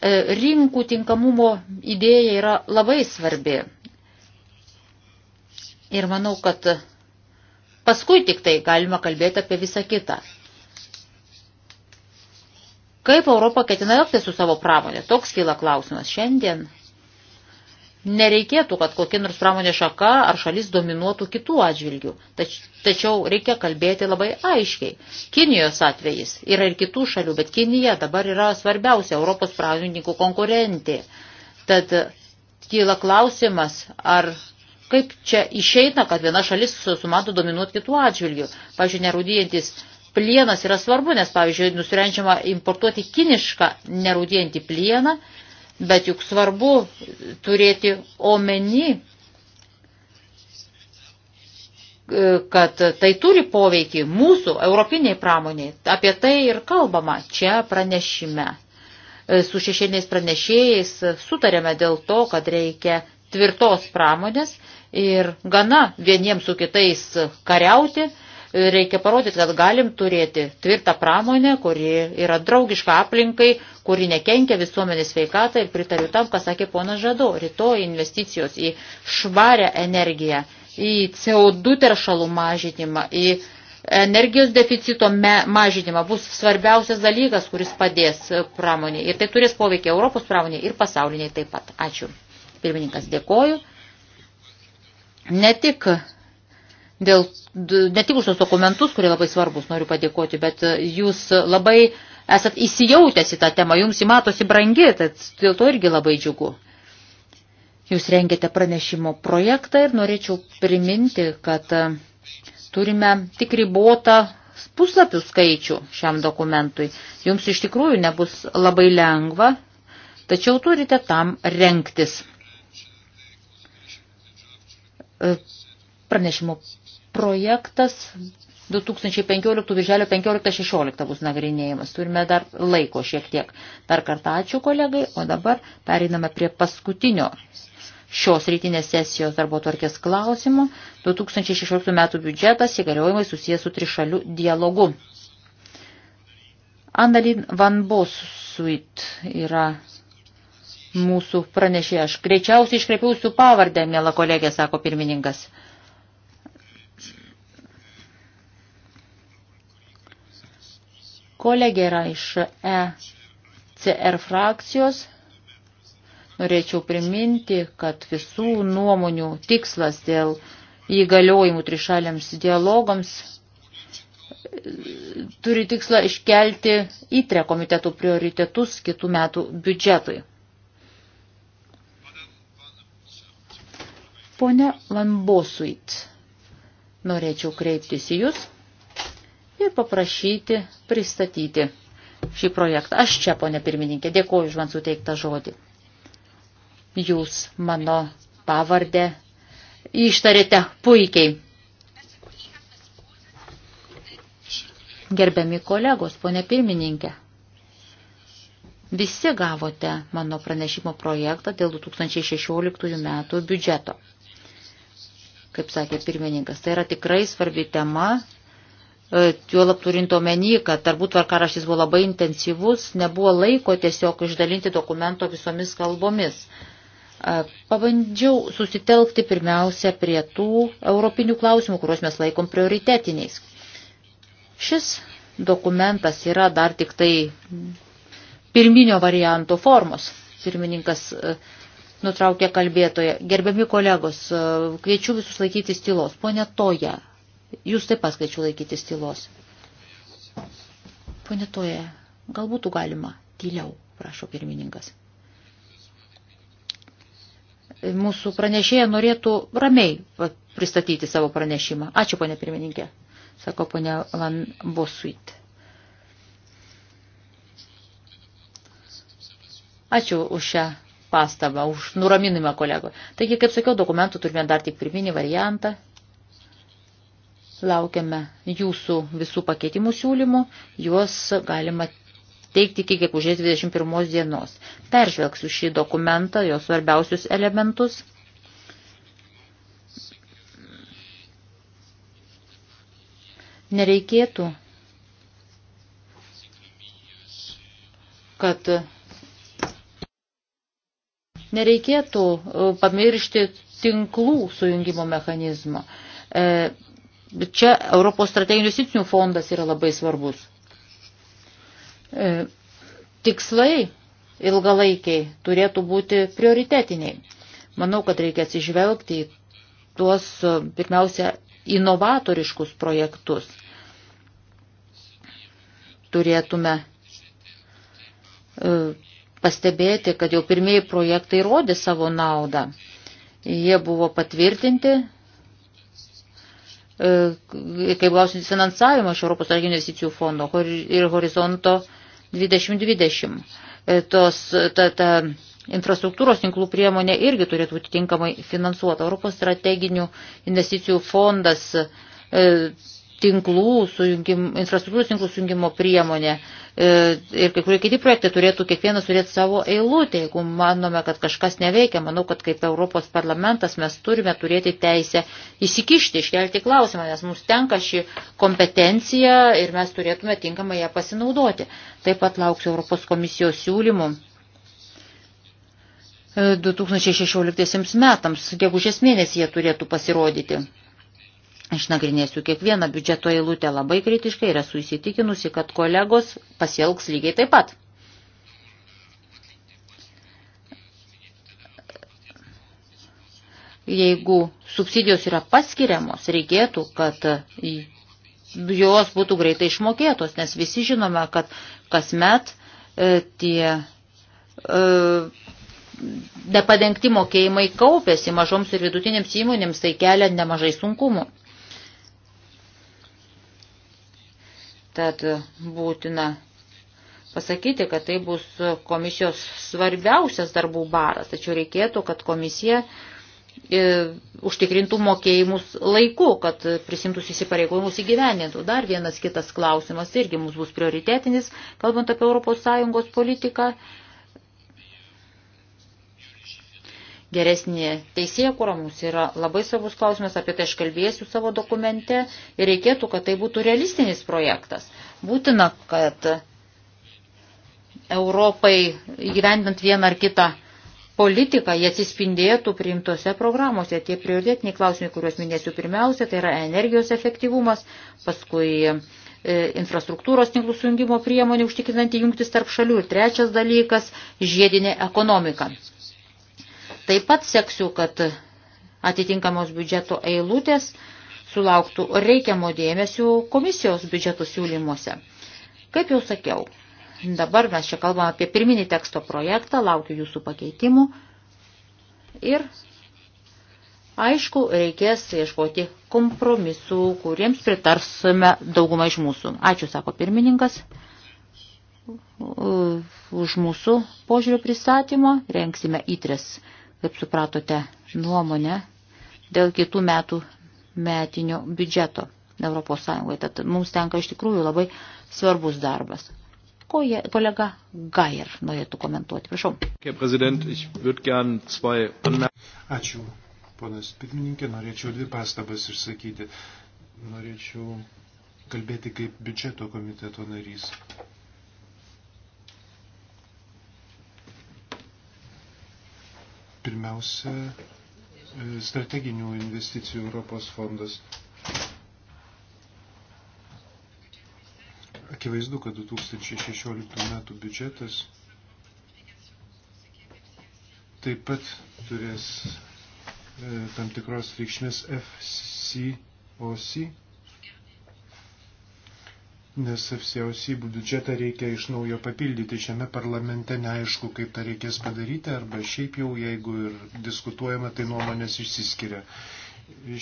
E, rinkų tinkamumo idėja yra labai svarbi. Ir manau, kad paskui tik tai galima kalbėti apie visą kitą. Kaip Europa ketina elgti su savo pramonė? Toks kyla klausimas šiandien. Nereikėtų, kad kokia nors pramonė šaka ar šalis dominuotų kitų atžvilgių. Tač, tačiau reikia kalbėti labai aiškiai. Kinijos atvejis yra ir kitų šalių, bet Kinija dabar yra svarbiausia Europos pramonininkų konkurentė. Tad kyla klausimas, ar kaip čia išeina, kad viena šalis sumato dominuoti kitų atžvilgių. Pavyzdžiui, nerūdyjantis plienas yra svarbu, nes, pavyzdžiui, nusprendžiama importuoti kinišką nerūdėjantį plieną Bet juk svarbu turėti omeny, kad tai turi poveikį mūsų europiniai pramoniai. Apie tai ir kalbama čia pranešime. Su šešėniais pranešėjais sutarėme dėl to, kad reikia tvirtos pramonės ir gana vieniems su kitais kariauti, reikia parodyti, kad galim turėti tvirtą pramonę, kuri yra draugiška aplinkai, kuri nekenkia visuomenės sveikatą ir pritariu tam, ką sakė ponas Žado, rytoj investicijos į švarę energiją, į CO2 teršalų mažinimą, į energijos deficito mažinimą bus svarbiausias dalykas, kuris padės pramonė. Ir tai turės poveikį Europos pramonė ir pasauliniai taip pat. Ačiū. Pirmininkas, dėkoju. Ne tik dėl, ne tik už tos dokumentus, kurie labai svarbus, noriu padėkoti, bet e, jūs labai esat įsijautęs į tą temą, jums įmatosi brangi, tad dėl to irgi labai džiugu. Jūs rengiate pranešimo projektą ir norėčiau priminti, kad e, turime tik ribotą puslapių skaičių šiam dokumentui. Jums iš tikrųjų nebus labai lengva, tačiau turite tam renktis e, pranešimo projektas 2015 virželio 15-16 bus nagrinėjimas. Turime dar laiko šiek tiek. Dar kartą ačiū kolegai, o dabar periname prie paskutinio šios rytinės sesijos darbo tvarkės klausimų. 2016 metų biudžetas įgaliojimai susijęs su trišaliu dialogu. Annalin Van Bosuit yra mūsų pranešė. Aš greičiausiai iškreipiausiu pavardę, mėla kolegė, sako pirmininkas. Kolegė yra iš ECR frakcijos. Norėčiau priminti, kad visų nuomonių tikslas dėl įgaliojimų trišaliams dialogams e, turi tikslą iškelti įtre komitetų prioritetus kitų metų biudžetui. Pone Lambosuit, norėčiau kreiptis į Jūs ir paprašyti pristatyti šį projektą. Aš čia, ponė pirmininkė, dėkoju už man suteiktą žodį. Jūs mano pavardę ištarėte puikiai. Gerbiami kolegos, ponė pirmininkė, visi gavote mano pranešimo projektą dėl 2016 metų biudžeto. Kaip sakė pirmininkas, tai yra tikrai svarbi tema E, juolap turint omeny, kad darbų tvarkaraštis buvo labai intensyvus, nebuvo laiko tiesiog išdalinti dokumento visomis kalbomis. E, pabandžiau susitelkti pirmiausia prie tų europinių klausimų, kuriuos mes laikom prioritetiniais. Šis dokumentas yra dar tik tai pirminio varianto formos. Pirmininkas e, nutraukė kalbėtoje. Gerbiami kolegos, kviečiu visus laikytis tylos. Pone Toja, Jūs taip paskaičiu laikytis tylos. Pone Toje, gal būtų galima tyliau, prašo pirmininkas. Mūsų pranešėja norėtų ramiai pristatyti savo pranešimą. Ačiū, ponė pirmininkė, sako ponė Van Bosuit. Ačiū už šią pastabą, už nuraminimą kolego. Taigi, kaip sakiau, dokumentų turime dar tik pirminį variantą. Laukiame jūsų visų pakeitimų siūlymų, juos galima teikti iki gegužės 21 dienos. Peržvelgsiu šį dokumentą, jo svarbiausius elementus. Nereikėtų, kad nereikėtų uh, pamiršti tinklų sujungimo mechanizmo. E, Bet čia Europos strateginių sitinių fondas yra labai svarbus. E, tikslai ilgalaikiai turėtų būti prioritetiniai. Manau, kad reikia atsižvelgti į tuos e, pirmiausia inovatoriškus projektus. Turėtume e, pastebėti, kad jau pirmieji projektai rodė savo naudą. Jie buvo patvirtinti E, kaip gausinti finansavimą iš Europos investicijų fondo ir horizonto 2020. E, tos, ta, ta infrastruktūros tinklų priemonė irgi turėtų būti tinkamai finansuota. Europos strateginių investicijų fondas e, tinklų sujungim, infrastruktūros tinklų sujungimo priemonė e, ir kai kurie kiti projektai turėtų kiekvienas turėti savo eilutę. Jeigu manome, kad kažkas neveikia, manau, kad kaip Europos parlamentas mes turime turėti teisę įsikišti, iškelti klausimą, nes mums tenka ši kompetencija ir mes turėtume tinkamai ją pasinaudoti. Taip pat lauksiu Europos komisijos siūlymų. 2016 e, metams, gegužės mėnesį jie turėtų pasirodyti. Išnagrinėsiu kiekvieną biudžeto eilutę labai kritiškai ir esu įsitikinusi, kad kolegos pasielgs lygiai taip pat. Jeigu subsidijos yra paskiriamos, reikėtų, kad jos būtų greitai išmokėtos, nes visi žinome, kad kasmet e, tie e, nepadengti mokėjimai kaupėsi mažoms ir vidutinėms įmonėms, tai kelia nemažai sunkumų. Tad būtina pasakyti, kad tai bus komisijos svarbiausias darbų baras, tačiau reikėtų, kad komisija e, užtikrintų mokėjimus laiku, kad prisimtus įsipareigojimus įgyvenintų. Dar vienas kitas klausimas tai irgi mums bus prioritetinis, kalbant apie ES politiką, geresnė teisėkūra mums yra labai svarbus klausimas, apie tai aš kalbėsiu savo dokumente ir reikėtų, kad tai būtų realistinis projektas. Būtina, kad Europai gyvendant vieną ar kitą politiką, jie atsispindėtų priimtose programuose. Tie prioritetiniai klausimai, kuriuos minėsiu pirmiausia, tai yra energijos efektyvumas, paskui e, infrastruktūros tinklų sujungimo priemonė užtikrinanti jungtis tarp šalių ir trečias dalykas – žiedinė ekonomika. Taip pat seksiu, kad atitinkamos biudžeto eilutės sulauktų reikiamo dėmesio komisijos biudžeto siūlymuose. Kaip jau sakiau, dabar mes čia kalbame apie pirminį teksto projektą, laukiu jūsų pakeitimų ir aišku, reikės ieškoti kompromisų, kuriems pritarsime daugumą iš mūsų. Ačiū, sako pirmininkas, už mūsų požiūrio pristatymą, rengsime įtres kaip supratote, nuomonę dėl kitų metų metinio biudžeto ES. Tad mums tenka iš tikrųjų labai svarbus darbas. Ko jie, kolega Gair norėtų komentuoti. Prašau. Ačiū, ponas pirmininkė. Norėčiau dvi pastabas išsakyti. Norėčiau kalbėti kaip biudžeto komiteto narys. Pirmiausia, e, strateginių investicijų Europos fondas. Akivaizdu, kad 2016 metų biudžetas taip pat turės e, tam tikros reikšmės FCOC nes FCOC biudžetą reikia iš naujo papildyti. Šiame parlamente neaišku, kaip tą reikės padaryti, arba šiaip jau, jeigu ir diskutuojama, tai nuomonės išsiskiria.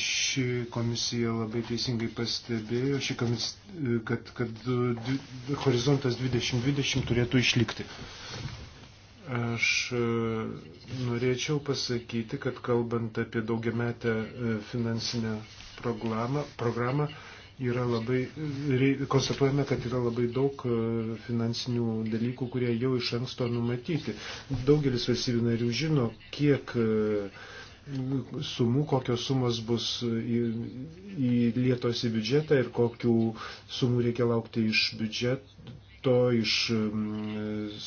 Ši komisija labai teisingai pastebėjo, komis, kad, kad di, horizontas 2020 turėtų išlikti. Aš e, norėčiau pasakyti, kad kalbant apie daugiametę e, finansinę programą, programą yra labai, konstatuojame, kad yra labai daug e, finansinių dalykų, kurie jau iš anksto numatyti. Daugelis valstybių narių žino, kiek e, sumų, kokios sumos bus įlietos į, į biudžetą ir kokių sumų reikia laukti iš biudžeto, iš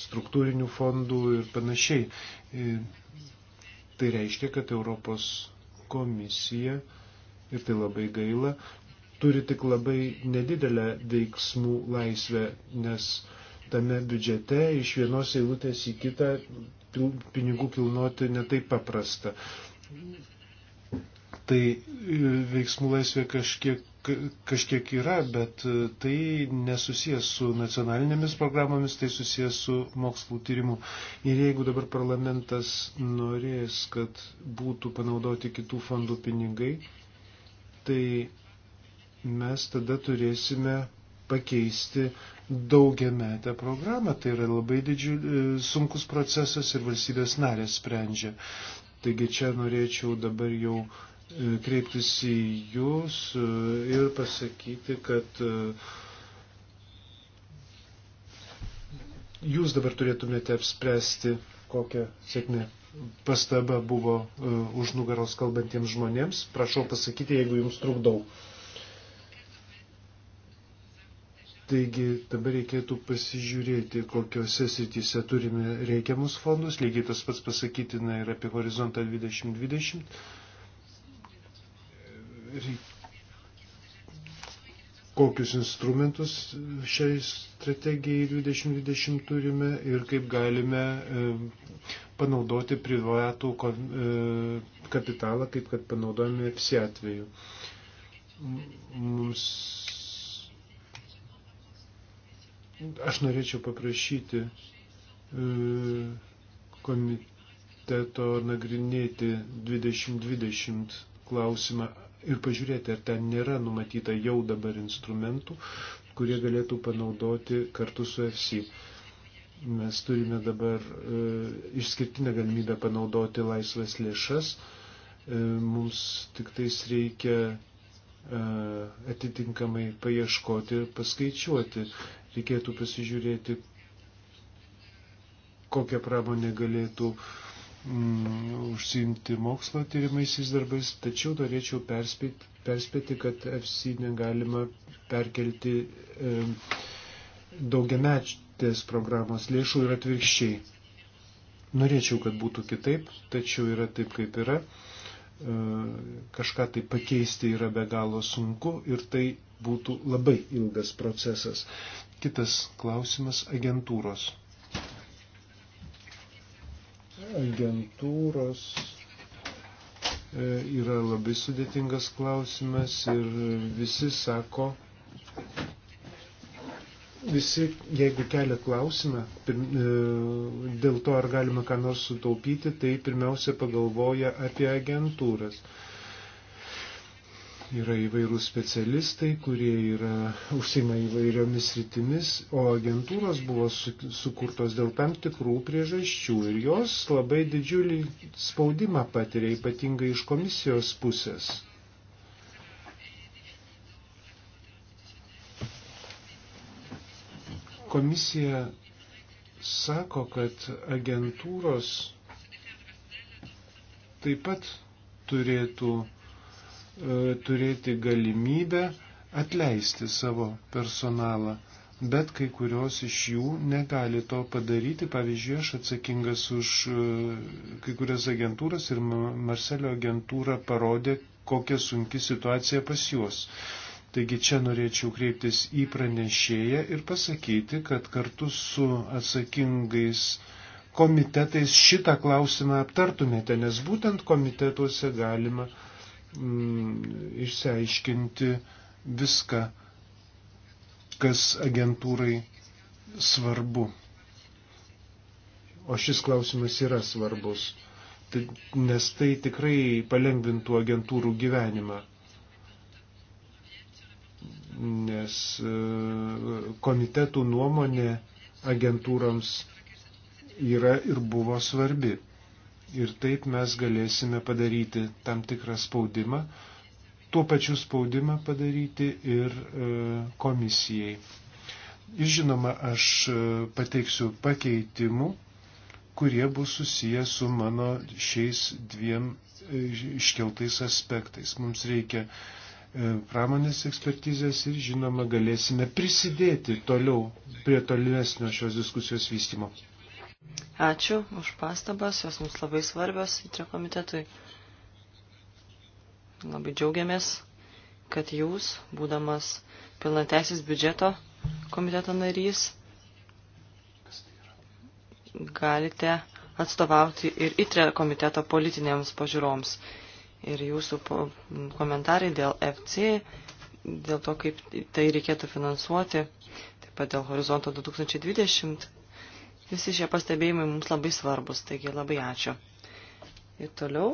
struktūrinių fondų ir panašiai. E, tai reiškia, kad Europos komisija, ir tai labai gaila, turi tik labai nedidelę veiksmų laisvę, nes tame biudžete iš vienos eilutės į kitą pinigų kilnoti netaip paprasta. Tai e, veiksmų laisvė kažkiek kažkiek yra, bet e, tai nesusijęs su nacionalinėmis programomis, tai susijęs su mokslų tyrimu. Ir jeigu dabar parlamentas norės, kad būtų panaudoti kitų fondų pinigai, tai mes tada turėsime pakeisti daugiametę programą. Tai yra labai didžiul, e, sunkus procesas ir valstybės narės sprendžia. Taigi čia norėčiau dabar jau e, kreiptis į Jūs e, ir pasakyti, kad Jūs dabar turėtumėte apspręsti, kokią sėkmę pastaba buvo už nugaros kalbantiems žmonėms. Prašau pasakyti, jeigu Jums trukdau. Taigi dabar reikėtų pasižiūrėti, kokiuose srityse turime reikiamus fondus. Lygiai tas pats pasakytina ir apie horizontą 2020. Kokius instrumentus šiai strategijai 2020 turime ir kaip galime e, panaudoti privatų e, kapitalą, kaip kad panaudojame FSI atveju. Mums Aš norėčiau paprašyti e, komiteto nagrinėti 2020 klausimą ir pažiūrėti, ar ten nėra numatyta jau dabar instrumentų, kurie galėtų panaudoti kartu su FC. Mes turime dabar e, išskirtinę galimybę panaudoti laisvas lėšas. E, mums tik tais reikia e, atitinkamai paieškoti ir paskaičiuoti. Reikėtų pasižiūrėti, kokią pramonę galėtų mm, užsiimti mokslo tyrimaisiais darbais, tačiau norėčiau perspėti, perspėti kad FC negalima perkelti e, daugiametės programos lėšų ir atvirkščiai. Norėčiau, kad būtų kitaip, tačiau yra taip, kaip yra. E, kažką tai pakeisti yra be galo sunku ir tai būtų labai ilgas procesas. Kitas klausimas - agentūros. Agentūros e, yra labai sudėtingas klausimas ir visi sako, visi, jeigu kelia klausimą e, dėl to, ar galima ką nors sutaupyti, tai pirmiausia pagalvoja apie agentūras. Yra įvairūs specialistai, kurie yra užsima įvairiomis rytimis, o agentūros buvo su, sukurtos dėl tam tikrų priežasčių ir jos labai didžiulį spaudimą patiria, ypatingai iš komisijos pusės. Komisija sako, kad agentūros taip pat turėtų E, turėti galimybę atleisti savo personalą, bet kai kurios iš jų negali to padaryti. Pavyzdžiui, aš atsakingas už e, kai kurias agentūras ir Marselio agentūra parodė, kokia sunki situacija pas juos. Taigi čia norėčiau kreiptis į pranešėją ir pasakyti, kad kartu su atsakingais komitetais šitą klausimą aptartumėte, nes būtent komitetuose galima uh, mm, išsiaiškinti viską, kas agentūrai svarbu. O šis klausimas yra svarbus, tai, nes tai tikrai palengvintų agentūrų gyvenimą. Nes e, komitetų nuomonė agentūrams yra ir buvo svarbi ir taip mes galėsime padaryti tam tikrą spaudimą, tuo pačiu spaudimą padaryti ir e, komisijai. Ir žinoma, aš e, pateiksiu pakeitimų, kurie bus susiję su mano šiais dviem e, iškeltais aspektais. Mums reikia pramonės ekspertizės ir žinoma galėsime prisidėti toliau prie tolesnio šios diskusijos vystimo. Ačiū už pastabas, jos mums labai svarbios įtrio komitetui. Labai džiaugiamės, kad jūs, būdamas pilnateisis biudžeto komiteto narys, galite atstovauti ir įtrio komiteto politinėms pažiūroms. Ir jūsų komentarai dėl FC, dėl to, kaip tai reikėtų finansuoti, taip pat dėl horizonto 2020 Visi šie pastebėjimai mums labai svarbus, taigi labai ačiū. Ir toliau.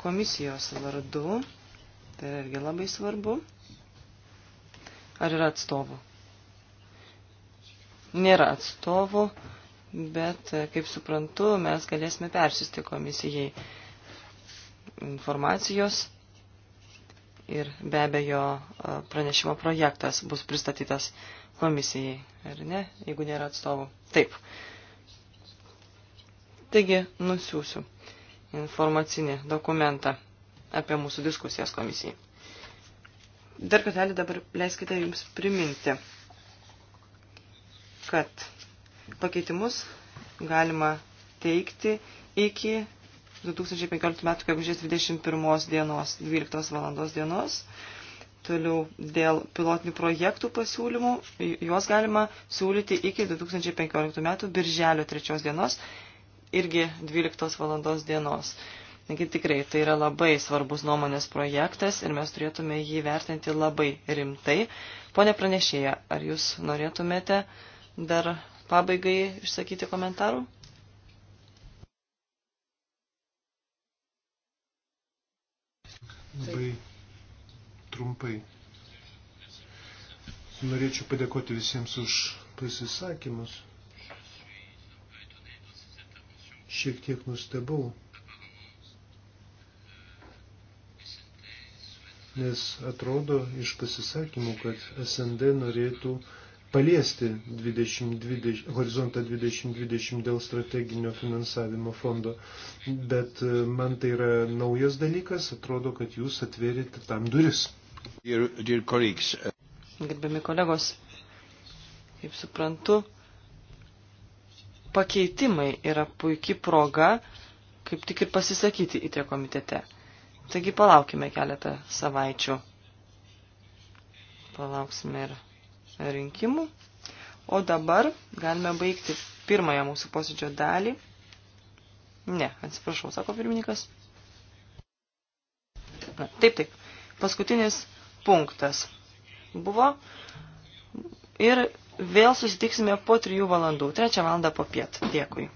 Komisijos vardu. Tai irgi labai svarbu. Ar yra atstovų? Nėra atstovų, bet, kaip suprantu, mes galėsime persisti komisijai informacijos ir be abejo pranešimo projektas bus pristatytas komisijai, ar ne, jeigu nėra atstovų. Taip. Taigi, nusiųsiu informacinį dokumentą apie mūsų diskusijas komisijai. Dar kartelį dabar leiskite jums priminti, kad pakeitimus galima teikti iki 2015 m. gegužės 21 dienos 12 valandos dienos. Toliau dėl pilotinių projektų pasiūlymų, juos galima siūlyti iki 2015 metų birželio 3 dienos, irgi 12 valandos dienos. Taigi tikrai tai yra labai svarbus nuomonės projektas ir mes turėtume jį vertinti labai rimtai. Pone pranešėja, ar jūs norėtumėte dar pabaigai išsakyti komentarų? Labai trumpai. Norėčiau padėkoti visiems už pasisakymus. Šiek tiek nustebau, nes atrodo iš pasisakymų, kad SND norėtų paliesti 20, 20, horizontą 2020 dėl strateginio finansavimo fondo. Bet e, man tai yra naujas dalykas, atrodo, kad jūs atvėrėte tam duris. Dear, dear uh, Gerbiami kolegos, kaip suprantu, pakeitimai yra puikia proga, kaip tik ir pasisakyti į tie komitete. Taigi palaukime keletą savaičių. Palauksime ir rinkimų. O dabar galime baigti pirmąją mūsų posėdžio dalį. Ne, atsiprašau, sako pirmininkas. Na, taip, taip. Paskutinis punktas buvo. Ir vėl susitiksime po trijų valandų, trečią valandą po piet. Dėkui.